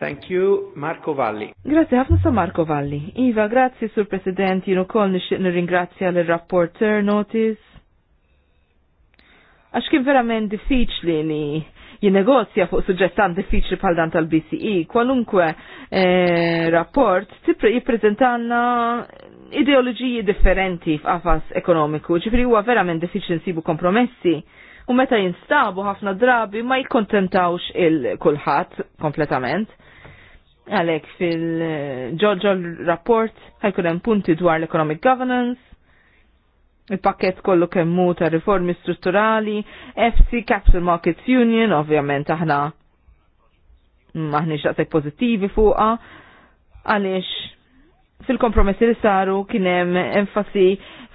Thank you, Marco Valli. Grazzi ħafna sa Marco Valli. Iva, grazzi Sur President, jien ukoll nixtieq nirringrazzja l-rapporter notice. Għax kien verament diffiċli li jinnegozja fuq suġġett diffiċli bħal dan tal-BCE. Kwalunkwe eh, rapport jiprezentanna ideoloġiji differenti f'qafas ekonomiku, ġifri huwa verament diffiċli nsibu kompromessi. U meta jinstabu ħafna drabi ma jikkontentawx il-kulħadd kompletament għalek fil ġorġol rapport ħajkun hemm punti dwar l-economic governance, il-pakket kollu kemmu ta' riformi strutturali, FC Capital Markets Union, ovvjament aħna maħniġ daqseg pozittivi fuqa, għalix fil-kompromessi li saru kienem enfasi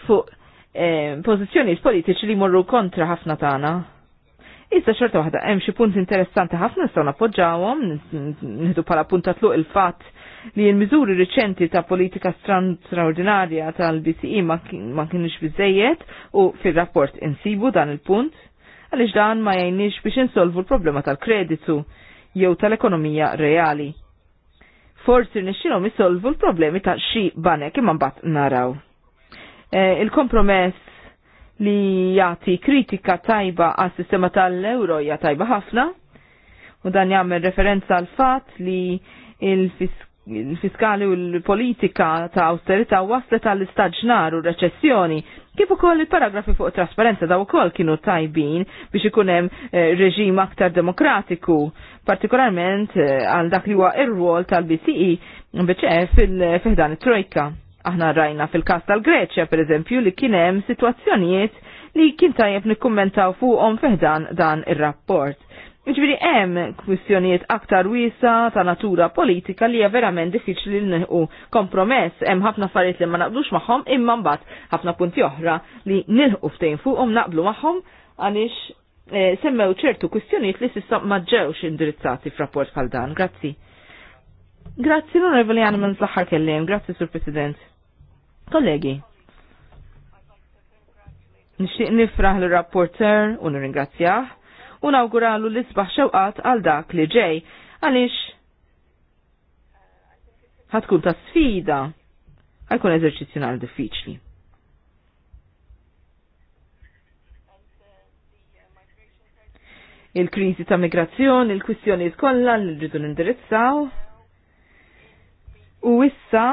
fuq eh, pozizjoni politiċi li morru kontra ħafna tagħna. Issa xorta waħda hemm xi punt interessanti ħafna nistgħu nappoġġawhom, nieħdu bħala punta tluq il-fatt li l-miżuri riċenti ta' politika straordinarja tal-BCE ma kienx bizzejiet u fil-rapport insibu dan il-punt, għaliex dan ma jajnix biex insolvu l-problema tal-kreditu jew tal-ekonomija reali. Forsi nixxilhom isolvu l-problemi ta' xi banek imma bat naraw. E, Il-kompromess li jagħti kritika tajba għas-sistema tal-euro hija tajba ħafna, u dan jagħmel referenza għal fatt li il-fisk fiskali u l-politika ta' austerita waslet għall istaġnar u reċessjoni. Kif ukoll il-paragrafi fuq trasparenza daw ukoll kienu tajbin biex ikun hemm eh, reġim aktar demokratiku, partikolarment eh, għal dak li huwa ir-rwol tal-BCE e, biċef eh, fil-fihdan it-trojka. Aħna rajna fil-kas tal-Greċja, per eżempju, li kien hemm sitwazzjonijiet li kien tajjeb nikkummentaw fuqhom fiħdan dan ir-rapport Iġbiri hemm kwistjonijiet aktar wisa ta' natura politika li hija verament diffiċli li nħu kompromess, hemm ħafna affarijiet li ma naqblux magħhom imma mbagħad ħafna punti oħra li nilħu ftejn fuqhom naqblu magħhom għaliex eh, semmew ċertu kwistjonijiet li s'issa ma ġewx indirizzati f'rapport bħal dan. Grazzi. Grazzi l-Onorevoli Għanman Saħħar kellim, grazzi Sur President. Kollegi, nixtieq nifraħ l-rapporter u nirringrazzjah u nawguralu l isbaħ xewqat għal dak li ġej. Għaliex ħatkun ta' sfida ħajkun eżerċizzjonali diffiċli. il-krizi ta' migrazzjoni, il-kwistjoni kollha li rridu nindirizzaw. U issa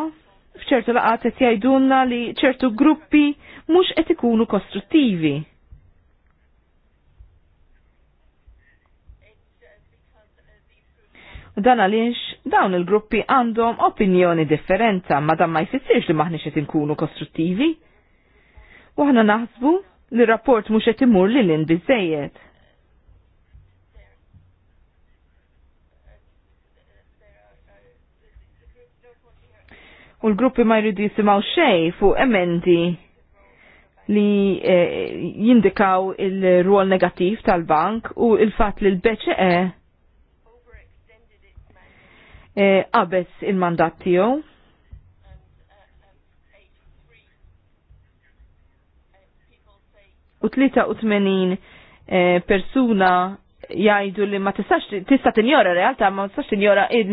f'ċertu laqat qed jgħidulna li ċertu gruppi mhux qed ikunu kostruttivi. Dan għaliex dawn il-gruppi għandhom opinjoni differenza ma dan ma jfissirx li maħniex qed inkunu kostruttivi. U aħna naħsbu li rapport mhux qed imur lil in biżejjed. u l-gruppi ma jridu jisimaw xej fuq emendi li eh, jindikaw il-rol negativ tal-bank u il-fat li l-BCE Eh, qabes il-mandat tiegħu. U 83 eh, persuna jgħidu li ma tistax tista' tinjora realtà ma tistax tinjora il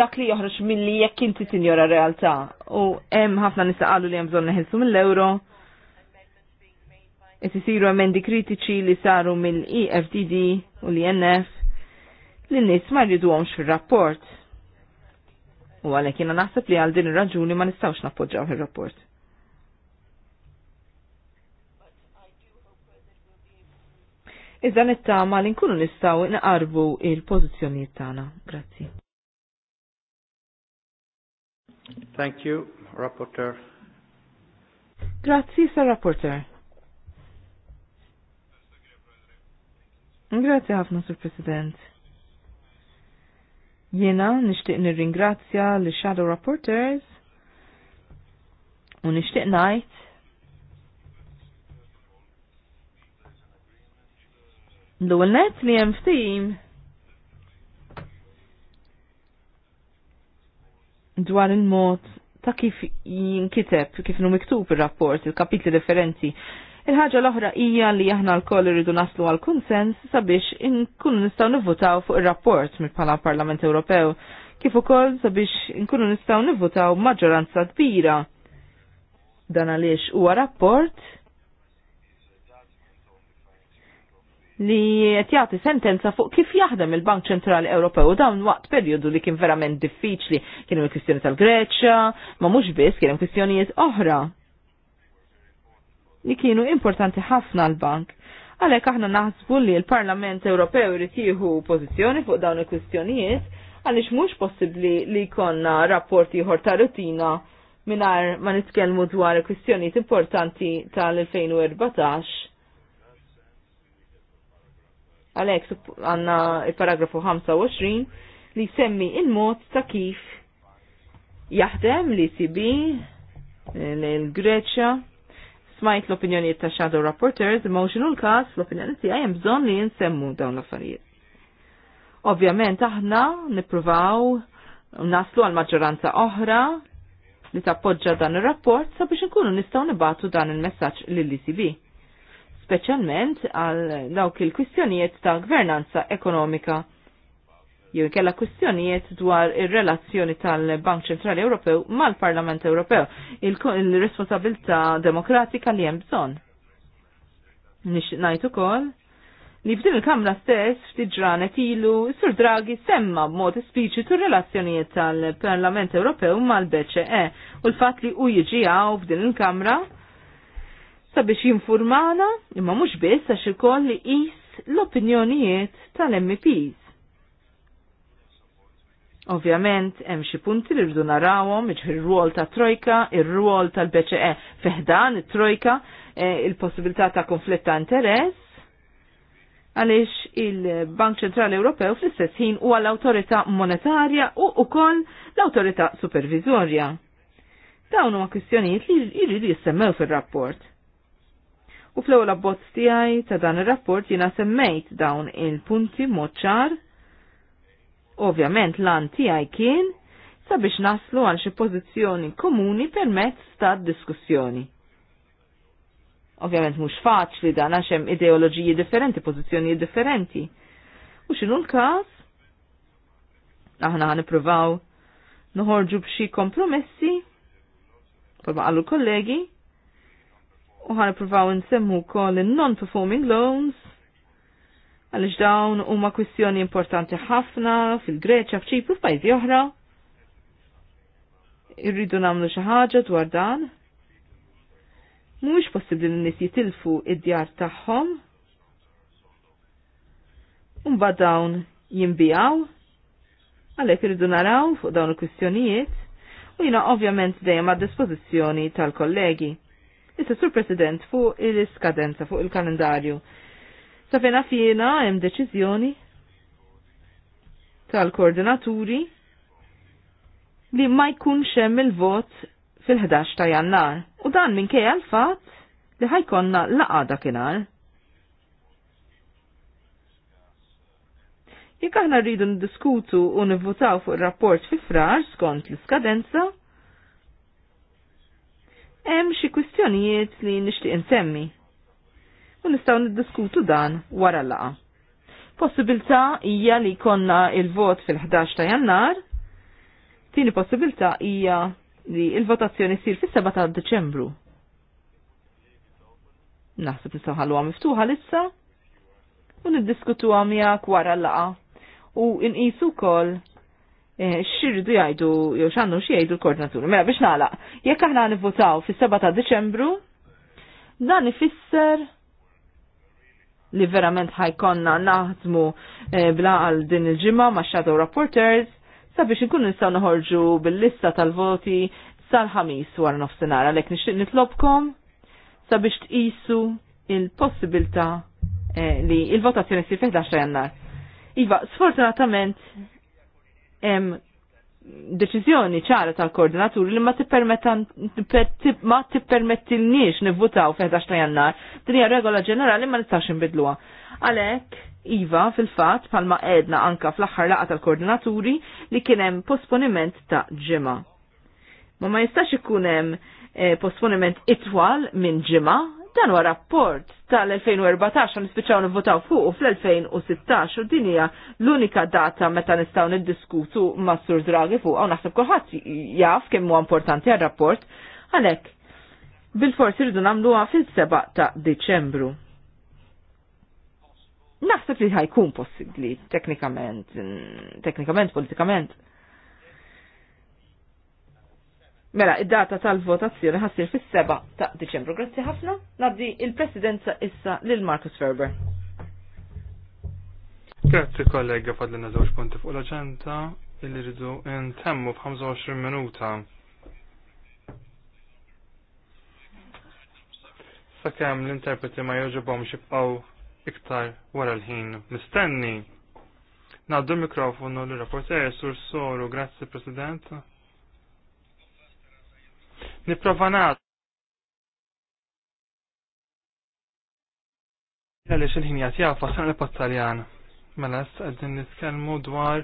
dak li joħroġ milli jekk inti tinjora realtà. U hemm ħafna nista' qalu li hemm bżonn neħilsu mill-euro. Qed isiru emendi kritiċi li saru mill-EFTD u l-INF e li n-nis ma rridu għomx rapport U għalek jena naħseb li għal din raġuni ma nistawx nappoġġaw il rapport Iżda nittama li nkunu nistaw naqarbu il-pozizjonijiet tagħna. Grazzi. Thank you, Rapporteur. Grazzi, Sir Rapporteur. Grazzi ħafna, Sur President. Jena nishtiq nirringrazzja li Shadow rapporters u nishtiq najt l-ewwel net li hemm ftim dwar il-mod ta' kif jinkiteb, kif nu miktub il-rapport, il-kapitli differenti Il-ħaġa l-oħra hija li aħna l-koll irridu naslu għal kunsens sabiex inkunu nistgħu nivvutaw fuq ir-rapport mill-Pala Parlament Ewropew kif ukoll sabiex inkunu nistgħu nivvutaw maġġoranza kbira. Dan għaliex huwa rapport li qed jagħti sentenza fuq kif jaħdem il-Bank Ċentrali Ewropew u dawn waqt perjodu li kien verament diffiċli, kien hemm il-kwistjoni tal-Greċja, ma mhux biss kien hemm kwistjonijiet oħra li kienu importanti ħafna l-bank. Għalhekk aħna naħsbu li l-Parlament Ewropew irid jieħu pożizzjoni fuq dawn il-kwistjonijiet għaliex mhux possibbli li jkollna rapporti ieħor ta' rutina mingħajr ma nitkellmu dwar kwistjonijiet importanti tal-2014 għalek għanna il-paragrafu 25 li semmi il-mod ta' kif jaħdem li sibi l-Greċa smajt l-opinjoniet ta' shadow rapporteurs ma' uxinu l-kas l-opinjoni tiegħi hemm bżonn li jinsemmu dawn l-affarijiet. Ovvjament aħna nippruvaw naslu għal maġġoranza oħra li tappoġġa dan ir-rapport sabiex inkunu nistgħu nibatu dan il-messaġġ lill-ECB speċjalment għal dawk il-kwistjonijiet ta' gvernanza ekonomika jew kella kwistjonijiet dwar ir-relazzjoni tal-Bank Ċentrali Ewropew mal-Parlament Ewropew, il-responsabilità demokratika li hemm bżonn. Nix ngħid ukoll li f'din il-Kamra stess ftit ġranet ilu Sur Draghi semma b'mod speċi tur relazzjonijiet tal-Parlament Ewropew mal-BCE u l-fatt li u jiġi għaw f'din il-Kamra sabiex jinformana imma mhux biss għax ikoll li qis l-opinjonijiet tal-MPs Ovvjament, hemm xi punti li rridu narawhom, ir-rwol ta' trojka, ir-rwol tal-BCE feħdan it-trojka, e, il-possibilità ta' konflitt ta' interess, għaliex il-Bank Ċentrali Ewropew fl-istess ħin huwa l-awtorità monetarja u wkoll l-awtorità supervizorja. Dawn huma kwistjonijiet li jridu jissemmew fir-rapport. U fl-ewwel abbozz tiegħi ta' dan ir-rapport jiena semmejt dawn il-punti mod ċar Ovvjament lan tiegħi kien sabiex naslu għal xi pożizzjoni komuni permezz ta' diskussjoni. Ovvjament mhux faċli dan għax hemm ideoloġiji differenti, pożizzjonijiet differenti. U x'inhu l-każ aħna ħanippruvaw noħorġu b'xi kompromessi, palma għallu kollegi, u ħan provaw nsemmu kol non-performing loans għaliex dawn huma kwistjoni importanti ħafna fil-Greċja, f'ċipru, f'pajjiżi oħra. Irridu nagħmlu xi ħaġa dwar dan. Mhuwiex possibbli li nies jitilfu id-djar tagħhom. Mbagħad dawn jinbijaw. Għalhekk irridu naraw fuq dawn il-kwistjonijiet u jina ovvjament dejjem għad dispożizzjoni tal-kollegi. Issa Sur President fuq il-skadenza fuq il-kalendarju. Ta' fena fjena hemm deċiżjoni tal-koordinaturi li ma jkunx hemm il-vot fil-11 ta' jannar. U dan kej l-fatt li ħajkonna laqada dakinhar. Jekk aħna rridu n-diskutu u nivvutaw fuq ir-rapport fi frar skont l-iskadenza, hemm xi kwistjonijiet li nixtieq insemmi u nistgħu niddiskutu dan wara laqa. Possibilità hija li konna il-vot fil-11 ta' jannar, tini possibilità hija li il-votazzjoni sir fis-7 ta' Deċembru. Naħseb nistgħu ħalluha miftuħa lissa u niddiskutu għamijak wara laqa u inqisu wkoll eh, xirridu jgħidu jew x'għandu xi jgħidu l-koordinaturi. Mela biex nagħlaq, jekk aħna nivvotaw fis-7 ta' Deċembru, dan ifisser li verament ħajkonna naħdmu eh, bla għal din il-ġimma ma' Shadow Rapporters sabiex nkun nistgħu noħorġu bil-lista tal-voti sal-ħamis wara nofsinhar għalhekk nixtieq nitlobkom sabiex tqisu il-possibilità eh, li il-votazzjoni sir fih jannar. Iva, sfortunatament hemm deċiżjoni ċara tal-koordinaturi li ma ma tippermettilniex nivvutaw f'11 11 jannar. Din hija regola ġenerali ma nistax nbidluwa. Għalhekk Iva fil-fatt palma edna anka fl-aħħar laqa tal-koordinaturi li kien hemm posponiment ta' ġimgħa. Ma ma jistax ikun hemm eh, posponiment itwal minn ġimgħa Dan huwa rapport tal-2014 u nispiċaw nivvotaw fuq fl-2016 u din hija l-unika data meta nistgħu niddiskutu ma' Sur Draghi fuq u naħseb kulħadd jaf kemm huwa importanti għar-rapport għalhekk bil-forsi rridu nagħmluha fil-7 ta' Deċembru naħseb li ħajkun possibli, teknikament, teknikament, politikament. Mela, id-data tal-votazzjoni ħassir fis seba ta' Diċembru. Grazzi ħafna. Naddi il-Presidenza issa lil Marcus Ferber. Grazzi kollega fadlina żewġ punti fuq l-aġenda illi rridu ntemmu f'25 minuta. Sakemm l-interpreti ma jogħġobhomx jibqgħu iktar wara l-ħin mistenni. Naddu mikrofonu l-rapporter Sur Soru, grazzi President. Nipprova nagħtu. Għalli il-ħin jgħat jafa san il-Pazzaljan. Mela għaddin nitkellmu dwar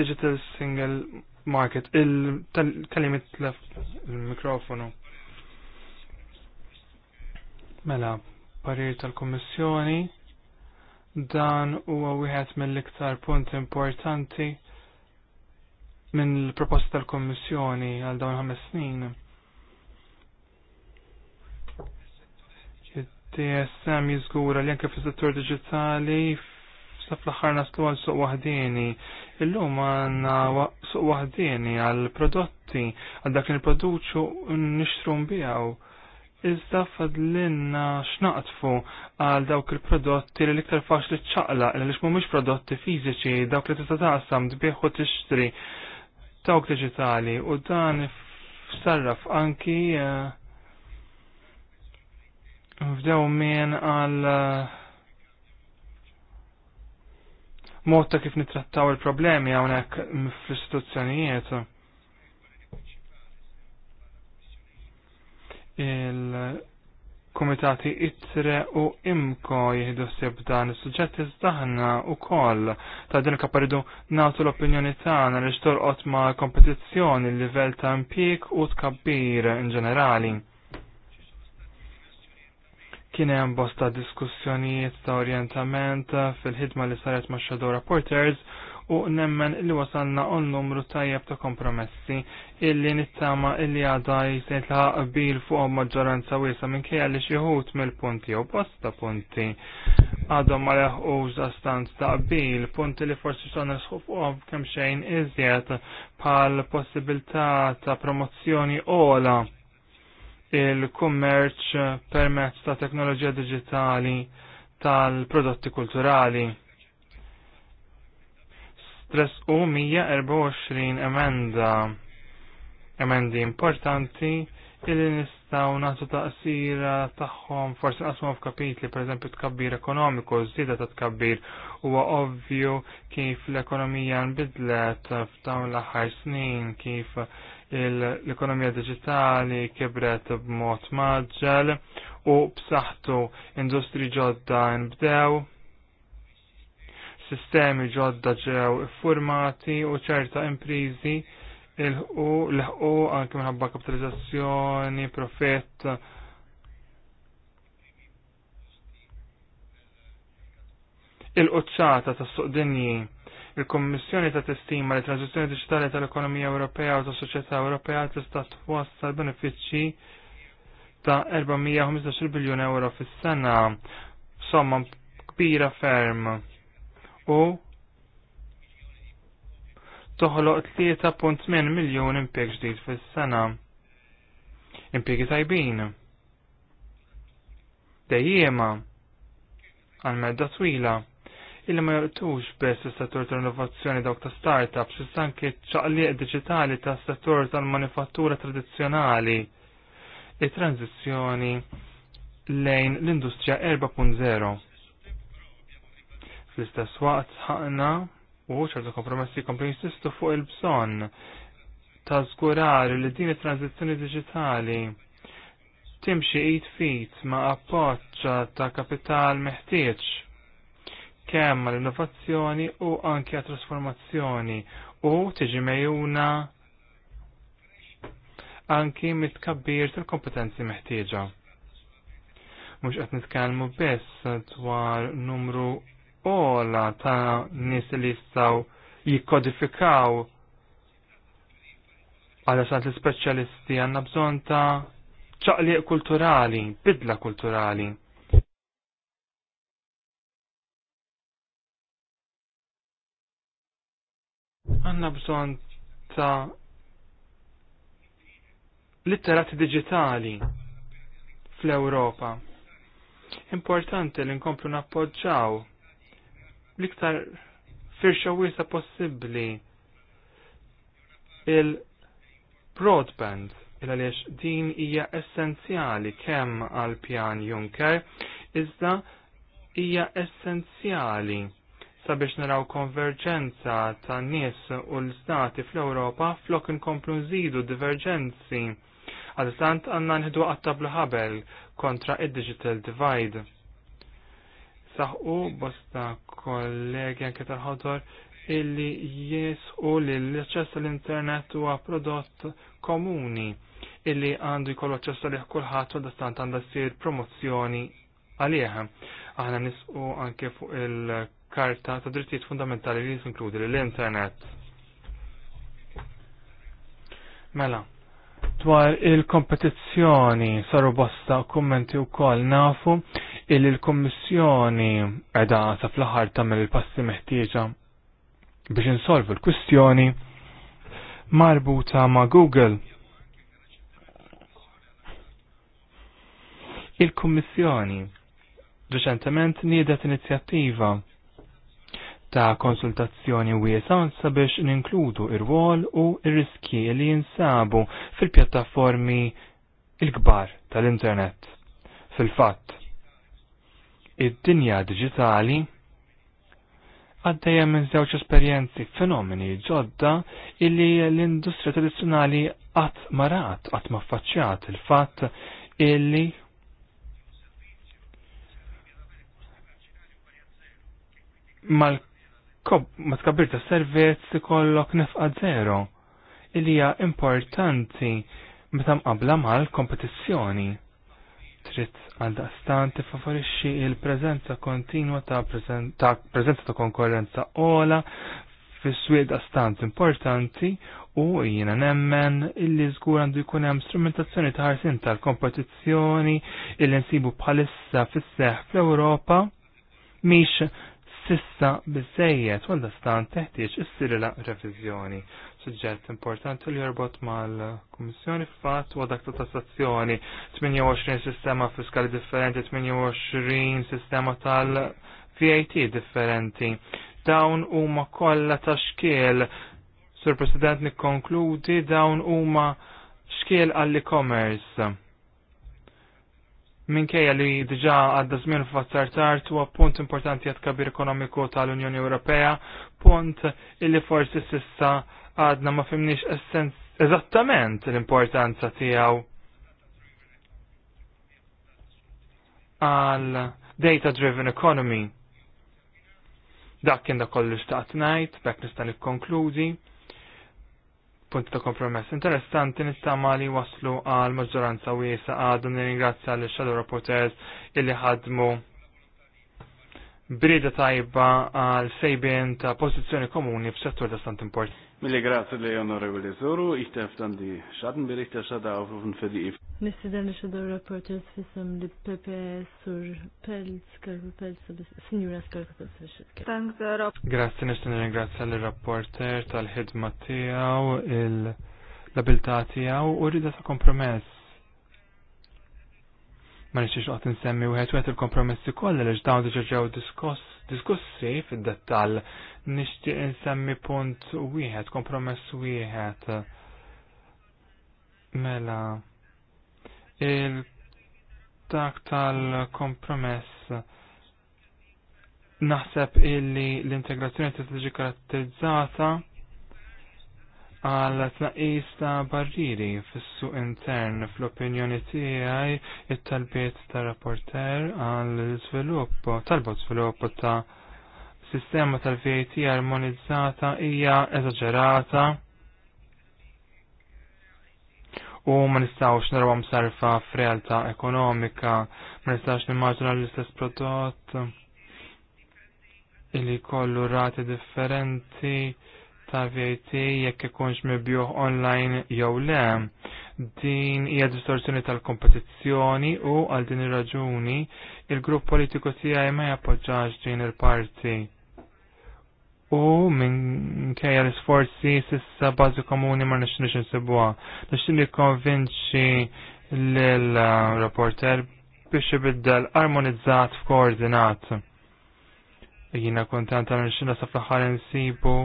Digital Single Market. Il-kalimi tlef il-mikrofonu. Mela, parir tal-Kommissjoni dan huwa wieħed mill-iktar punt importanti minn l-proposta tal-Kommissjoni għal dawn ħames snin. TSM jizgura li anke fis-settur diġitali sa fl-aħħar naslu għal suq waħdieni. Illum għandna suq waħdieni għal prodotti għal dak li nipproduċu nixtru nbijaw. Iżda fadlinna x'naqtfu għal dawk il-prodotti li l-iktar faċli ċaqla li mhumiex prodotti fiżiċi dawk li tista' taqsam tbieħ u tixtri tawk digitali u dan sarraf anki eh, f'dew min għal eh, mod ta' kif nitrattaw il-problemi hawnhekk fl-istituzzjonijiet. il komitati itre u imko jihdu sebdan dan il-sujġett iżdaħna u koll ta' din kaparidu natu l-opinjoni tagħna li xtor otma kompetizzjoni l-livell ta' impik u tkabbir in ġenerali. Kien hemm bosta diskussjonijiet ta' orientament fil-ħidma li saret ma' Shadow Reporters u nemmen li wasalna un numru tajjeb ta' kompromessi illi nittama illi għada jisajt laħaq bil fuq maġġoranza wiesa minn kija li xieħut mill-punti u bosta punti għadhom ma u stanz ta' bil punti li forsi xon nisħu fuq kem xejn iżjed pal possibilità ta' promozzjoni ola il-kummerċ permezz ta' teknoloġija digitali tal-prodotti kulturali tres u 124 emenda emendi importanti illi nistaw nagħtu taqsira tagħhom forsi nqashom f'kapitli pereżempju tkabbir ekonomiku, żieda ta' tkabbir huwa ovvju kif l-ekonomija nbidlet f'dawn l-aħħar snin, kif l-ekonomija diġitali kibret b'mod maġġel u b'saħħtu industri ġodda nbdew sistemi ġodda ġew formati u ċerta imprizi il-ħu l-ħu anke minħabba kapitalizzazzjoni, profet. Il-qoċċata ta' suqdinji il-Kommissjoni ta' testima li transizjoni digitali tal-ekonomija Ewropea u ta' soċjetà Ewropea tista' twassal benefiċċji ta' 415 biljun euro fis-sena, somma kbira ferm u toħloq 3.8 miljon impjeg ġdid fis-sena. Impjegi tajbin. Dejjema għal medda twila illi ma jortux bess is-settur tal-innovazzjoni dawk ta' startups issa anke ċaqliq diġitali tas settur tal-manifattura tradizzjonali it-tranzizzjoni lejn l-industrija 4.0. Fl-istess waqt ħaqna u ċertu kompromessi komplu jinsistu fuq il-bżonn ta' żgurar li din it-tranzizzjoni diġitali timxi id fit ma' appoġġa ta' kapital meħtieġ kemm għall-innovazzjoni u anke għat-trasformazzjoni u tiġi mejjuna anki mitkabbir tal-kompetenzi meħtieġa. Mux qed nitkellmu biss dwar numru ola ta' nis li jistaw jikkodifikaw għalaxan l specialisti għanna bżon ta' ċaqliq kulturali, bidla kulturali. Għanna bżon ta' litterati digitali fl-Europa. Importanti li nkomplu nappoġġaw l-iktar firxa wisa possibbli il-broadband il-għaliex din hija essenzjali kemm għal pjan Juncker iżda hija essenzjali sabiex naraw konverġenza ta' nies u l-stati fl-Ewropa flok inkomplu nżidu diverġenzi. għal istant għanna nħidu għattab ħabel kontra id-digital divide saħqu bosta kollegi anke tal-ħodor illi jisqu li l-ċess l-internet huwa prodott komuni illi għandu jkollu ċess li kulħadd u dastant għandha ssir promozzjoni għalih. Aħna nisqu anke fuq il-karta ta' drittijiet fundamentali li jinkludi l-internet. Mela, dwar il-kompetizzjoni saru bosta kummenti u koll nafu il il-kommissjoni edha sa fl-ħar tamil il-passi meħtieġa biex insolvu l-kwistjoni marbuta ma' Google. Il-kommissjoni reċentement niedet inizjattiva ta' konsultazzjoni wiesa sabiex ninkludu ir-rwol u ir-riski li jinsabu fil-pjattaformi il-kbar tal-internet. Fil-fatt, id-dinja digitali għaddejjem minn żewġ esperjenzi fenomeni ġodda illi l-industrija tradizzjonali qatt marat, qatt ma il-fatt illi mal ma tkabbirta servizz kollok nefqa zero. Ilija importanti meta mqabla mal-kompetizzjoni. Trid stanti tifavorixxi il-preżenza kontinwa ta' preżenza ta' konkurrenza ola fis-swieq stant importanti u jiena nemmen illi żgur għandu jkun hemm strumentazzjoni ta' ħarsin tal-kompetizzjoni illi nsibu bħalissa fis-seħ fl-Ewropa miex sissa bizzejiet għal stan teħtieġ issirila revizjoni. Suġġett importanti li jorbot mal-Kummissjoni f'fatt u dak ta' tassazzjoni 28 sistema fiskali differenti, 28 sistema tal-VAT differenti. Dawn huma kollha ta' xkiel. Sur President nikkonkludi dawn huma xkiel għall-e-commerce minkejja li diġa għadda żmien f'fazzar tard huwa punt importanti għad kabir ekonomiku tal-Unjoni Ewropea, punt illi forsi sissa għadna ma fimniex essenz eżattament l-importanza tiegħu għal data driven economy. Dak kien da kollu xtaqt ngħid, bekk nista' nikkonkludi punt ta' kompromess. Interessanti nistama li waslu għal maġġoranza wiesa għadu nirringrazzja għal xadu rapportez illi ħadmu brida tajba għal sejbin ta' pozizjoni komuni f'settur ta' stant importanti. Mille grazie lei, onorevole Soru. Ich darf dann die Schattenberichterstatter aufrufen für die EFD. Mr. Danish, the reporters fissam li Pepe Sur Pelz, Skarpa Pelz, Signora Skarpa Pelz, Thanks, Rob. Grazie, nishtan ringrazja li rapporter tal-ħidma tijaw, l-abilta tijaw u rrida sa kompromess. Ma nixiex għat nsemmi u għet il-kompromessi kolla li ġdaw diġġaw diskussi fid-dettal nixtieq insemmi punt wieħed, kompromess wieħed. Mela, il dak tal-kompromess naħseb illi l-integrazzjoni tista' tiġi karatterizzata għal tnaqqis ta' barriri fis-suq intern fl-opinjoni tiegħi it-talbiet ta' rapporter għal iżvilupp talbot żvilupp ta' sistema tal-VAT armonizzata hija eżaġerata u ma nistawx narwa sarfa f'realtà ekonomika, ma nistawx nimmaġna l-istess prodott illi kollu rati differenti ta' VAT jekk ikunx mibjuħ online jew le. Din hija distorsjoni tal-kompetizzjoni u għal din ir-raġuni il-grupp politiku tiegħi ma jappoġġax din il-parti u minn kajja l-sforzi sissa bazi komuni ma nix nix nsibuwa. Nix li konvinċi l-rapporter biex ibiddel armonizzat f'koordinat. Jina kontent għal nix sa fl-ħar nsibu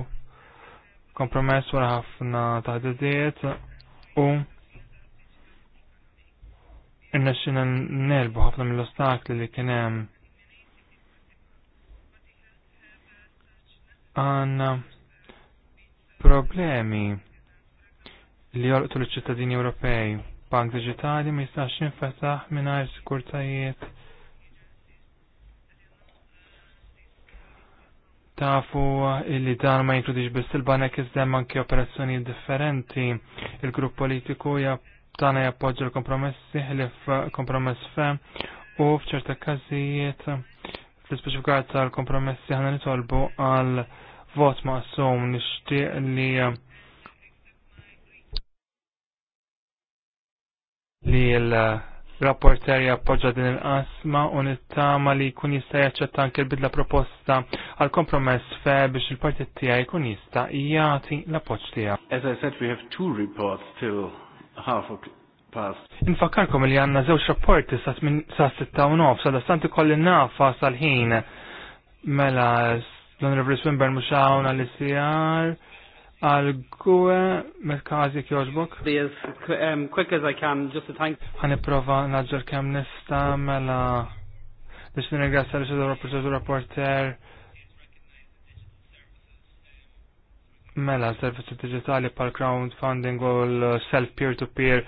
kompromess wara ħafna taħdidiet u n nelbu ħafna mill-ostakli li kienem. hemm għanna problemi li jorqtu l-ċittadini Ewropej. Bank Digitali ma jistax jinfetaħ mingħajr sikurtajiet. Tafu illi dan ma jinkludix biss il-banek iżdem anki operazzjoni differenti. Il-grupp politiku tana jappoġġa l-kompromessi ħlif kompromess fe u f'ċerta każijiet fl-ispeċifikat tal-kompromessi ħana nitolbu għal vot ma s-sum nixtieq li li l-rapporter jappoġġa din il-qasma u nittama li jkun jista' jaċċetta anke l-bidla proposta għal kompromess fe biex il-partit tiegħi jkun jista' jagħti l-appoġġ tiegħu. As I said, we have two reports till half past. Infakkarkom li għanna zewx rapporti sa' 6 u nof, sa' kolli nafa sal-ħin mela l-Honorable Swinburne mux għawna l-ICR għal-gwe merkazi kjoġbok. Um, quick as I can, just to thank. Għan iprofa naġġor kem nista mela biex nirgrazza l-Rapporter Rapporter mela servizzi digitali pal crowdfunding u l-self peer-to-peer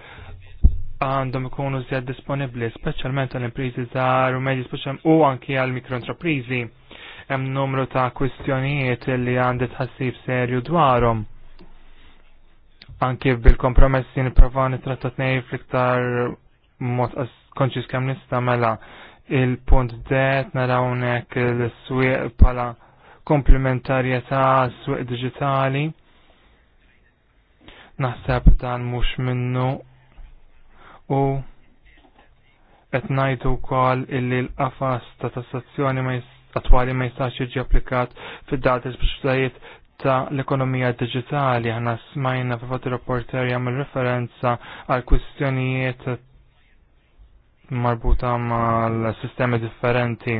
għandhom ikunu zjad disponibli, specialment għal-imprizi żgħar u medji u anki għal-mikroentreprizi. Hemm numru ta' kwistjonijiet li għandi tħassib serju dwarhom. Anki bil-kompromessi nipprova nitrattat ngħid fl-iktar mod konċis kemm nista' mela il-punt det naraw hekk l-swieq bħala komplementarjetà s-swieq diġitali naħseb dan mhux minnu u qed ngħidu wkoll illi l-qafas ta' tassazzjoni attwali ma jistax jiġi applikat fid-dati speċjalitajiet ta' l-ekonomija digitali ħana smajna fi fatti rapporter jagħmel referenza għal kwistjonijiet marbuta mal-sistemi differenti.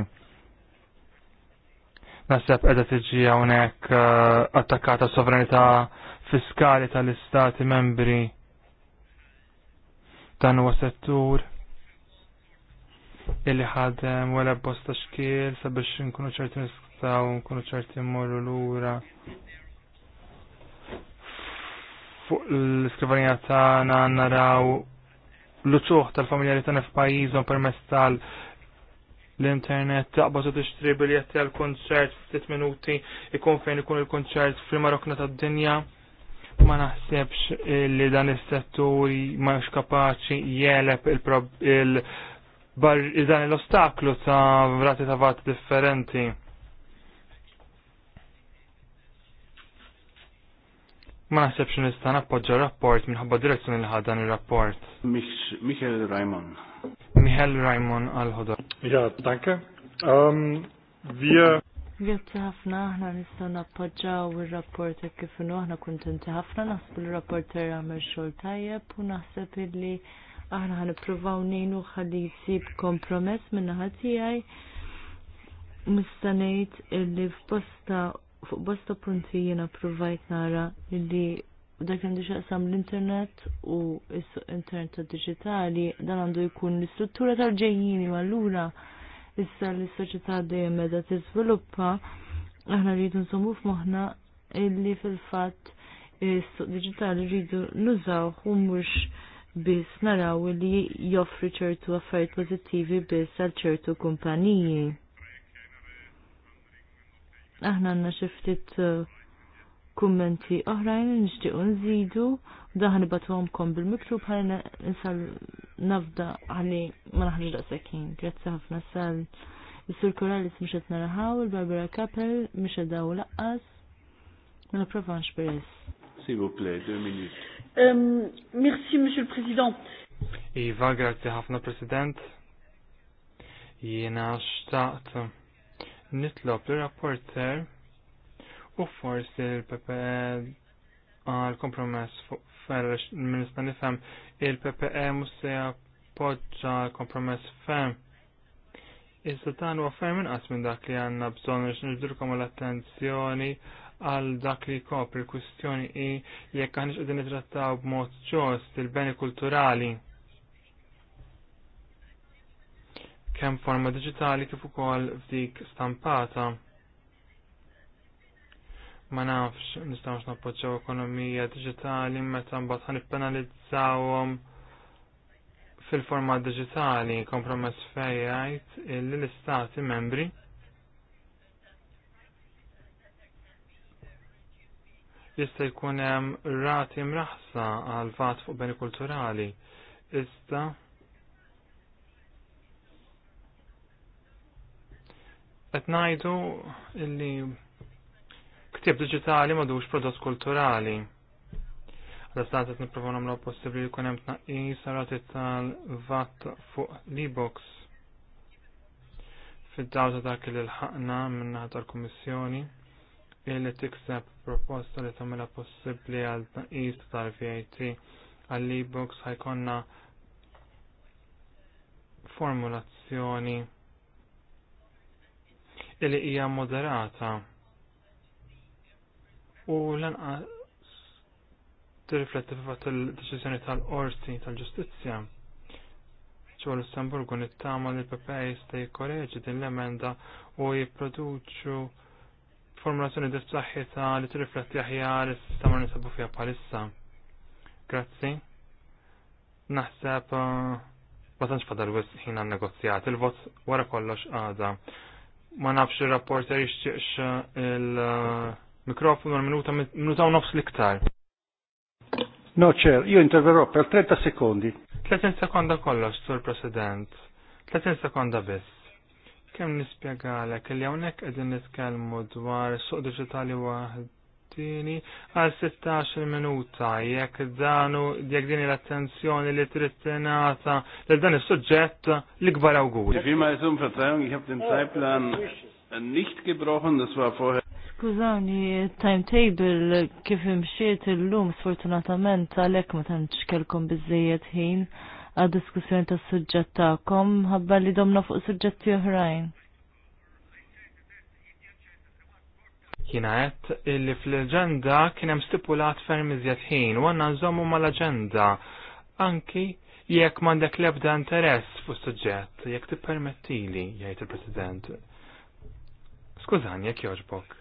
Naseb edha tiġi hawnhekk eh, attakkata sovranità fiskali tal-istati membri Dan huwa settur illi ħadem wara bosta xkiel sabiex nkunu ċerti nistaw, nkunu ċerti mmorru lura fuq l-iskrivanija tagħna naraw l-uċuħ tal-familjari tagħna f'pajjiżhom permezz tal- l-internet taqbad u tixtri biljetti għal konċert f'tit minuti ikun fejn ikun il-konċert fil marokna tad-dinja ma naħsebx li dan is-settur ma kapaċi jeleb il- dan l-ostaklu ta' rati ta' vat differenti. Ma naħsebx nista' nappoġġa rapport minħabba direzzjoni li dan ir-rapport. Michael Raimon. Michel Raimon għal-ħodor. Ja, danke. Um, ähm, via... Grazzi ħafna, aħna nistgħu nappoġġaw ir-rapport hekk kif inhu ħna kontenti ħafna naħsbu l-rapporter għamel xogħol tajjeb u naħseb illi aħna ħanippruvaw ngħinu ħalli jsib kompromess minn naħa tiegħi. Nista' ngħid illi f'bosta fuq bosta punti jiena provajt nara illi dak għandu xaqsam l-internet u s internet digitali dan għandu jkun l-istruttura tal-ġejjini ma allura issa li s-soċjetà dejjem meta tiżviluppa aħna rridu nsomu f'moħħna illi fil-fatt is-suq diġitali rridu nużaw u mhux biss naraw li joffri ċertu affarijiet pożittivi biss għal ċertu kumpaniji. Aħna għandna xi ftit uh, kummenti oħrajn nixtiequ nżidu daħan batuħomkom bil-miktub ħalli insal nafda ħalli ma naħġu daqsekin. ħafna sal. Is-Sur Koralis mhux qed il-Barbara Kappel mhux qed daw laqqas. Mela Provanx Perez. S'il vous plaît, deux minutes. Merci, Monsieur le Président. Iva, grazzi ħafna President. Jiena xtaqt nitlob l-rapporter u forsi l-PPE għal kompromess fuq il-Ministra nifhem il ppe mussija se appoġġa kompromess fem. Il-Sultan u huwa ferm inqas minn dak li għandna bżonn biex nġdurkom l-attenzjoni għal dak li kopri kwistjoni i jekk aħniex qegħdin nittrattaw b'mod ġost il-beni kulturali. Kemm forma diġitali kif ukoll f'dik stampata ma nafx nistgħu nappoġġjaw ekonomija diġitali meta mbagħad ħanippenalizzawhom fil-format digitali kompromess fejjajt illi l-istati membri jista' jkun hemm rati mraħsa għal vat fuq beni kulturali iżda qed ngħidu illi ktib digitali madux prodott kulturali. Għal-istat għet niprofaw namlu possibli li kunem tnaqis għarati tal-vat fuq l-e-books. Fid-dawta dak li l-ħakna minna tal-Komissjoni illi tikseb proposta li tamela possibli għal tnaqis tal-VAT għall-e-books ħajkonna formulazzjoni illi hija moderata u lanqas tirrifletti fil-fatt il-deċiżjoni tal-qorti tal-ġustizzja ġo Lussemburgu nittama li l ppi stej korreġi din l-emenda u jipproduċu formulazzjoni dis-saħħita li tirrifletti aħjar is-sistema li nisabu fija palissa. Grazzi. Naħseb uh, ma tantx fadal wisq ħina negozjat il-vot wara kollox għada. Ma nafx ir-rapport jixtieqx il- Mikrofonu għal minuta, minuta u nofs liktar. No, ċer, io interverrò per 30 sekondi. 30 sekonda kollox, sur President. 30 sekonda biss. Kem nispiega għalek, li għonek edin nitkellmu dwar suq diġitali waħdini għal 16 minuta jek danu jek dini l-attenzjoni li trid li dan il suġġett li kbar awgur. Fima jisum fil-tajn din tajplan Zeitplan nicht gebrochen, das war vorher. Skużani, timetable kif imxiet illum sfortunatament għalhekk ma tantx kelkom biżejjed ħin għad diskussjoni tas suġġett tagħkom ħabba li domna fuq suġġetti oħrajn. Kina qed illi fl-aġenda kien hemm stipulat ferm iżjed ħin u għandna nżommu mal-aġenda anki jekk m'għandek l-ebda interess fuq suġġett jekk tippermettili jgħid il-President. Skużani, jekk jogħġbok.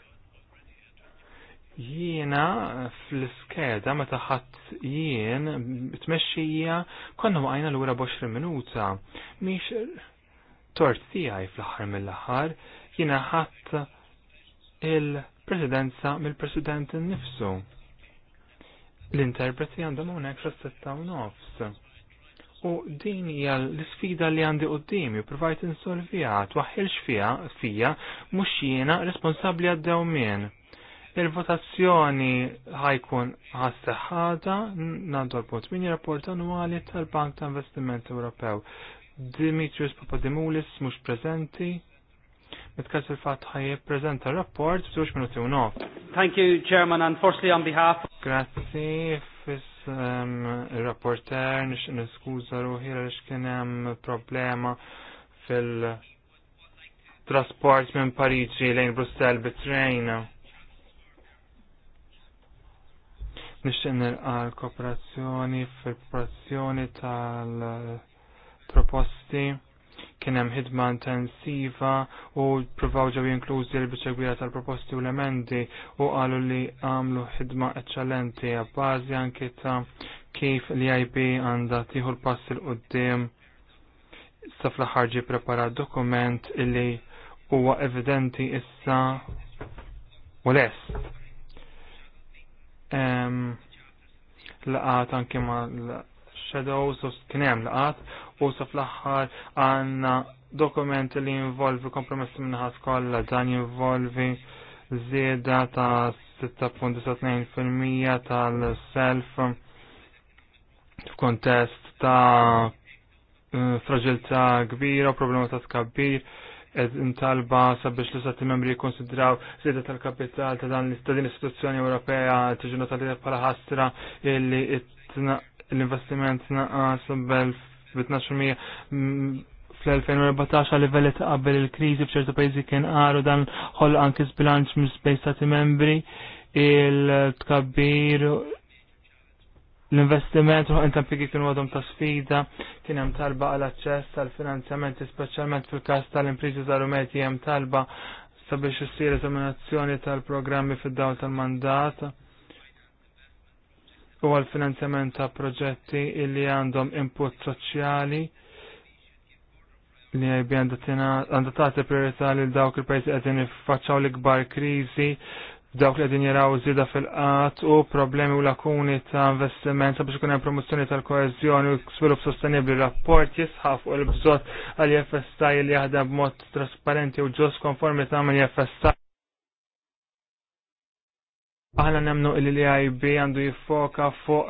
Jiena fl-iskeda meta ħadd jien tmexxija konna waqajna lura 20 minuta. Miex tort tiegħi fl-aħħar mill-aħħar jiena ħadd il-presidenza mill-president innifsu. L-interpreti għandhom hawnhekk fl-sitta u nofs. U din hija l-sfida li għandi quddiem provajt insolvija, twaħħilx fija fija mhux jiena responsabbli għad-dewmien. Il-votazzjoni ħajkun ħasseħħada nandu l-punt min rapport annwali tal-Bank ta' Investiment Ewropew. Dimitrius Papadimoulis mhux prezenti. Mitkas il-fat ħajje prezenta rapport b'żewġ minuti u nof. Thank you, Chairman, and firstly on behalf. Grazzi, fis il-rapporter, nix n-skuza ruħi għalix kienem problema fil-trasport minn Pariġi lejn Brussel bit-trejn nixtieq għal kooperazzjoni fil prazzjoni tal-proposti kien hemm ħidma intensiva u provaw ġew jinklużi l-biċegwira tal-proposti u l-emendi u qalu li għamlu ħidma eċċellenti għabbażi anke ta' kif li ib għandha tieħu l-pass il qudiem sa fl-aħħar ġie dokument illi huwa evidenti issa u lest laqat anke ma' shadows u kien laqat u sa fl-aħħar għandna dokument li jinvolvi kompromess minnaħat kollha dan jinvolvi żieda ta' 6.2% tal-self f'kontest ta' eh, fragilità kbira u problema ta' tkabbir intalba sabiex li sati membri jikonsidraw zida tal-kapital ta' dan l-istadin istituzzjoni Ewropea tiġi tal bħala ħasra illi l-investiment naqas b mm, fl-2014 għal livelli ta' qabel il-krizi f'ċertu pajjiżi kien għaru dan ħol anki bilanċ mis-bejn stati membri il-tkabbir L-investiment tam intampiki kienu għadhom ta' sfida kien hemm talba għal aċċess tal-finanzjamenti speċjalment fil-każ tal-impriżi żarumeti hemm talba sabiex issir eżaminazzjoni tal-programmi fid-dawl tal-mandat u għal finanzjament ta' proġetti illi għandhom input soċjali li għajbi għandatati priorità l dawk il-pajzi għedin faċċaw l-ikbar krizi dawk li għedin jaraw zida fil-qat u problemi u lakuni ta' investiment sabiex ikun promozzjoni tal koezjoni u svilup sostenibbli rapport jisħaf u l bżot għal FSI li jaħdem b'mod trasparenti u ġus konformi ta' għamil FSI. Aħna nemnu il-LIB għandu jiffoka fuq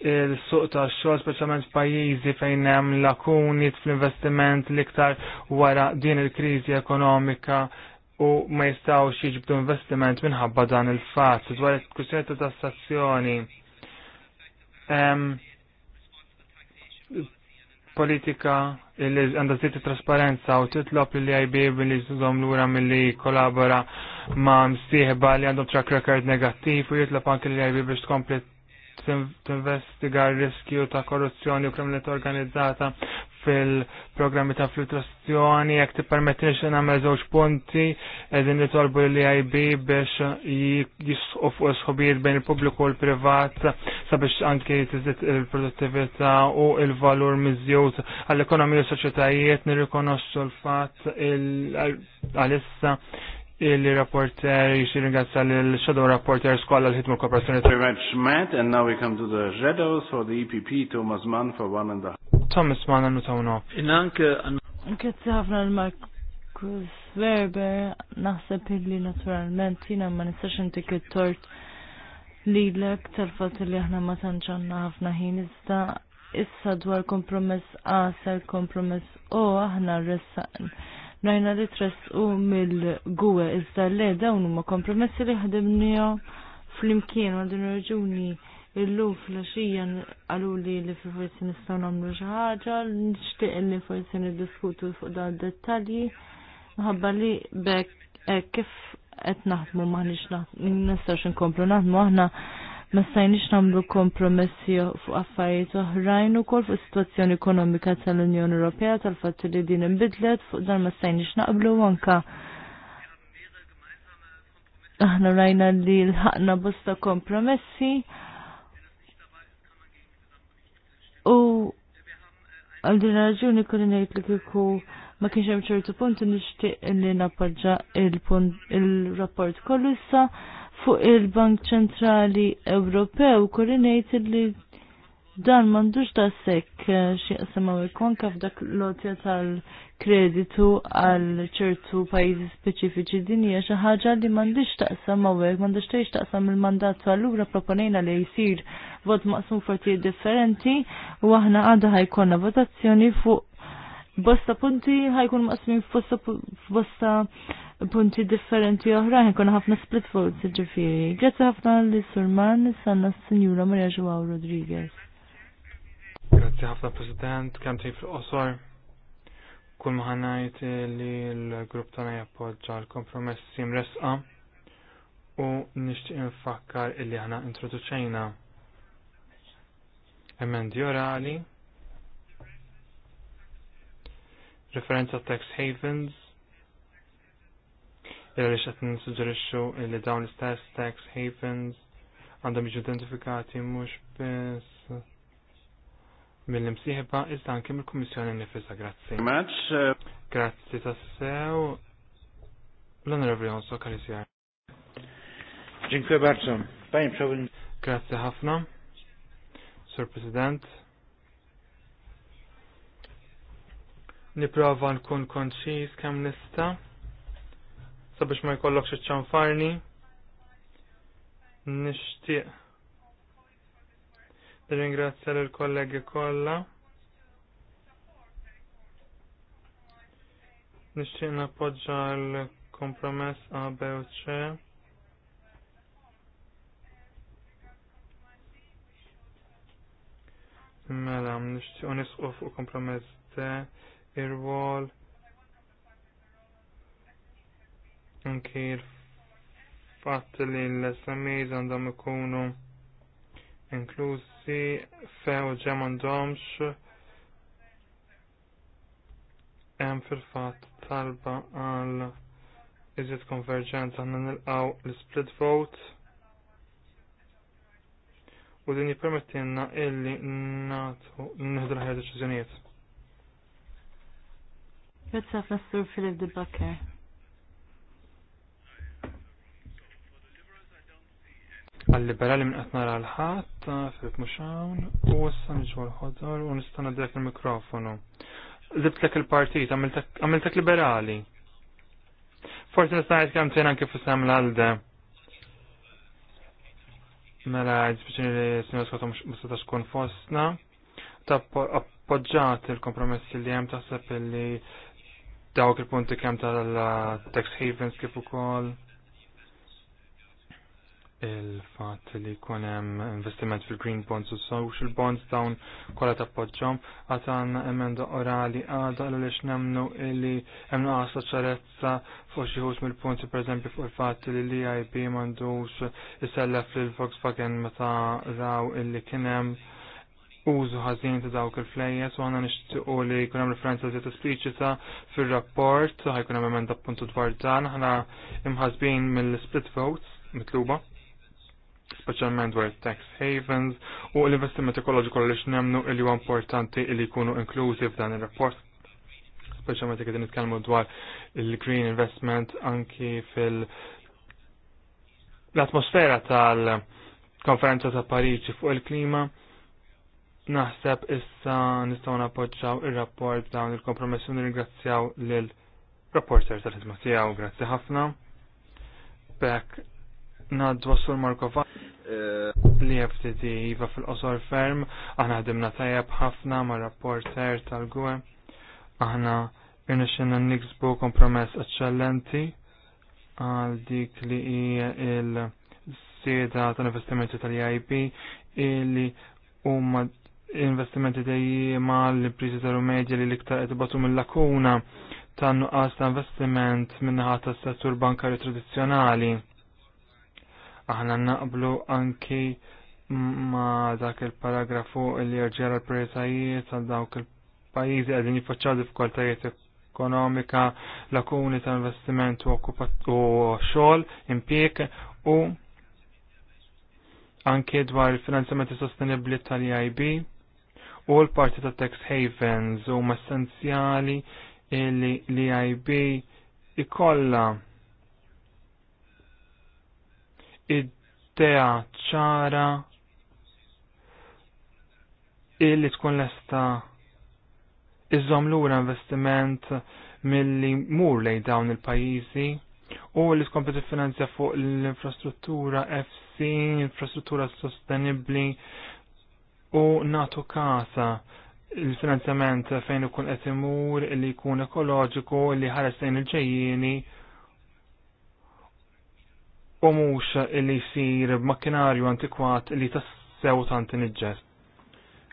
il-suq ta' xogħol speċjalment pajjiżi fejn hemm lakuni fl-investiment l-iktar wara din il-kriżi ekonomika u ma jistaw jiġbdu investiment minħabba dan il-fatt dwar il-kwistjoni ta' tassazzjoni. Politika li għandha żiet trasparenza u titlob li IB l żżomm lura milli kollabora ma' msieħba li għandhom track record negattiv u jitlob anki li IB biex tkompli tinvestiga r-riskju ta' korruzzjoni u kriminalità organizzata fil-programmi ta' filtrazzjoni, jek ti permetti xe namel żewġ punti, edin nitolbu l-IB e biex jisqu fuq sħobijiet bejn il-pubbliku u l-privat sabiex anki tiżid il-produttività u il-valur miżjut għall-ekonomija u soċjetajiet nirrikonoxxu l-fatt għalissa il-rapporter jixir ringazza l-shadow rapporter skolla l-ħitmu kooperazzjoni. Very much, Matt, and now we come to the shadows for the EPP, Thomas Mann for one and a half. Thomas Mann għannu ta' unu. Inanke għannu. Grazzi ħafna l-Markus Werber, naħseb illi naturalment jina ma nistax intik il-tort li l-ek tal-fat li aħna ma tanċanna ħafna ħin iżda issa dwar kompromess A sar kompromess O aħna ressaqna rajna li u mill-gwe iżda le dawn huma kompromessi li ħdimnihom fl-imkien ma' din raġuni illum f'laxija għalu li li forsi nistaw namlu xaħġa, nishtiq li forsi niddiskutu fuq dan dettalji, mħabba li bekk eh, kif qed naħdmu maħniex nistaw inkomplu naħdmu aħna ma stajniex nagħmlu kompromessi fuq affarijiet oħrajn ukoll fuq is-sitwazzjoni ekonomika tal-Unjoni Ewropea tal-fatt li din inbidlet fuq dan ma stajniex naqblu anke aħna rajna li l-ħakna bosta kompromessi u għal din raġuni kolli ngħid li kieku ma kienx hemm ċertu punt nixtieq li nappoġġa il-rapport kollu issa fuq il-Bank Ċentrali Ewropew kolli ngħid li dan m'għandux da sekk eh, x'jaqsam hawnhekk konka f'dak lotja tal-kreditu għal ċertu pajjiżi speċifiċi din hija xi ħaġa li m'għandix taqsam għek m'għandix tgħix taqsam il-mandat allura proponejna li jsir vot maqsum forti differenti u aħna għadha ħajkonna votazzjoni fuq bosta punti ħajkun maqsmin f'bosta punti differenti oħrajn kuna ħafna split votes ġifiri. Grazzi ħafna li Surman sanna s-Sinjura Maria Joao Rodriguez. Grazzi ħafna President, kem tejf l-qosor. Kull maħanajt li l-grupp tana jappoġġa l sim resqa u nishtiq nfakkar illi ħana introduċejna emendi orali, referenza tax havens, għaliex qed nissuġġerixxu li dawn l-istess tax havens għandhom iġu identifikati mhux biss mill-imsieħba iżda anke mill-Kummissjoni nifisa grazzi. Much. Uh, grazzi tassew. L-Onorevoli Onso Kalisjar. Dziękuję bardzo. Panie Przewodniczący. Grazie ħafna. Sir President. Niprofa nkun konċis kemm nista' sabiex ma jkollokx iċ-ċanfarni. Nixtieq. Ringrazzja lill kollegi kollha. Nixtieq nappoġġa l-kompromess A, B u C. Mela, nixtieq nisqu fuq kompromess D, ir-wall, anke il fatt li l-SMEs għandhom ikunu inklusi few ġem għandhomx hemm fil-fatt talba għal iżjed konverġenza għandna nilqaw l-split vote u din jippermettilna illi nagħtu nieħdu l ħajja deċiżjonijiet. Grazie ħafna Sur Filip de Għal-liberali minn qed nara l-ħadd Filip Muxawn u issa niġu l-ħodor u nistana dak il-mikrofonu. Zibtlek il-partit, għamiltek liberali. Forsi nistajt kemm tejn anke fissam l-għalde. Mela, ġbiċini jiġifieri li s-sinjus għatom bistata xkun fosna. Ta' appoġġat il-kompromessi li jem taħseb li dawk il-punti kem tal-tax havens kif ukoll il-fat li kunem investiment fil-green bonds u social bonds dawn kolla tappoġġom għatan emenda orali għada l lix nemnu illi emnu għasla ċarezza fuq xieħut mill-punti per eżempju fuq il-fat li li IB mandux isellef li l-Volkswagen meta raw illi kienem użu ħażin ta' dawk il-flejjes u għanna nixtiequ li jkun hemm referenza zieta spliċita fir-rapport ħajkun hemm emenda puntu dwar dan ħana imħazbin mill-split votes mitluba speċjalment dwar tax havens u l-investiment ekoloġiku li x'nemmnu li huwa importanti li jkunu inklużi f'dan ir-rapport. Speċjalment qegħdin nitkellmu dwar il-green investment anki fil- l-atmosfera tal-konferenza ta' Pariġi fuq il-klima. Naħseb issa nistgħu nappoġġaw ir-rapport dawn il kompromessu u nirringrazzjaw lil rapporter tal-ħidma tiegħu. Grazzi ħafna. Back Naddu għasur Markova eh. li FTD jiva fil-qosor ferm, aħna għadimna tajab ħafna ma' rapporter tal-gwe, aħna irnexxinna niksbu kompromess eccellenti għal dik li hija il-sieda tal-investimenti tal ip illi huma investimenti ma' l-imprizi tal-medja li liktar iktar qed mill-lakuna tan nuqqas ta' investiment minnaħa tas-settur bankarju tradizzjonali Aħna naqblu anki ma dak il-paragrafu li jirġera l prezajiet għal dawk il-pajizi għadin jifacċaw diffikultajiet ekonomika, lakuni ta' investiment u xogħol, impiek u anke dwar il-finanzjamenti sostenibbli tal ib u l-parti ta' tax havens u essenzjali li l-EIB ikolla id-tea ċara illi tkun lesta iżom lura investiment mill-li mur lej dawn il-pajizi u li tkun finanzja fuq l-infrastruttura FC, infrastruttura sostenibli u natu kasa il-finanzjament fejn ikun qed imur li jkun ekoloġiku li ħares lejn il-ġejjieni u mhux li jsir makinarju antikwat li tassew tant inġġess.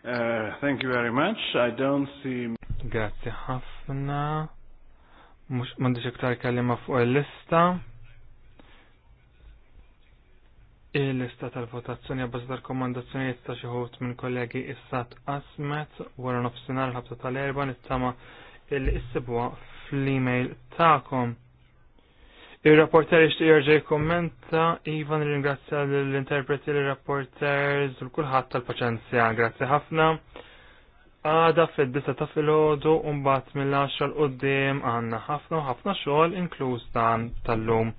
Uh, thank you very much. I don't see. Grazie ħafna. Mux mandi iktar kalima fuq il-lista. Il-lista tal-votazzjoni għabbaż tal-komandazzjoniet ta' xieħut minn kollegi issat asmet wara nofsinar l-ħabta tal-erba nittama il issibwa fl-email ta'kom. Il-rapporter ixti jirġaj kommenta, Ivan ringrazzja l-interpreti l-rapporter u l-kulħat tal-paċenzja, grazzi ħafna. Għada fid-disa ta' fil-ħodu un-bat mill-10 l-qoddim għanna ħafna u ħafna xogħol inkluż dan tal-lum.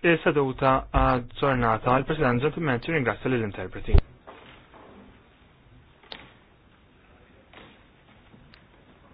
Is-seduta għad ġornata, il-President ġentilment ringrazzja l-interpreti.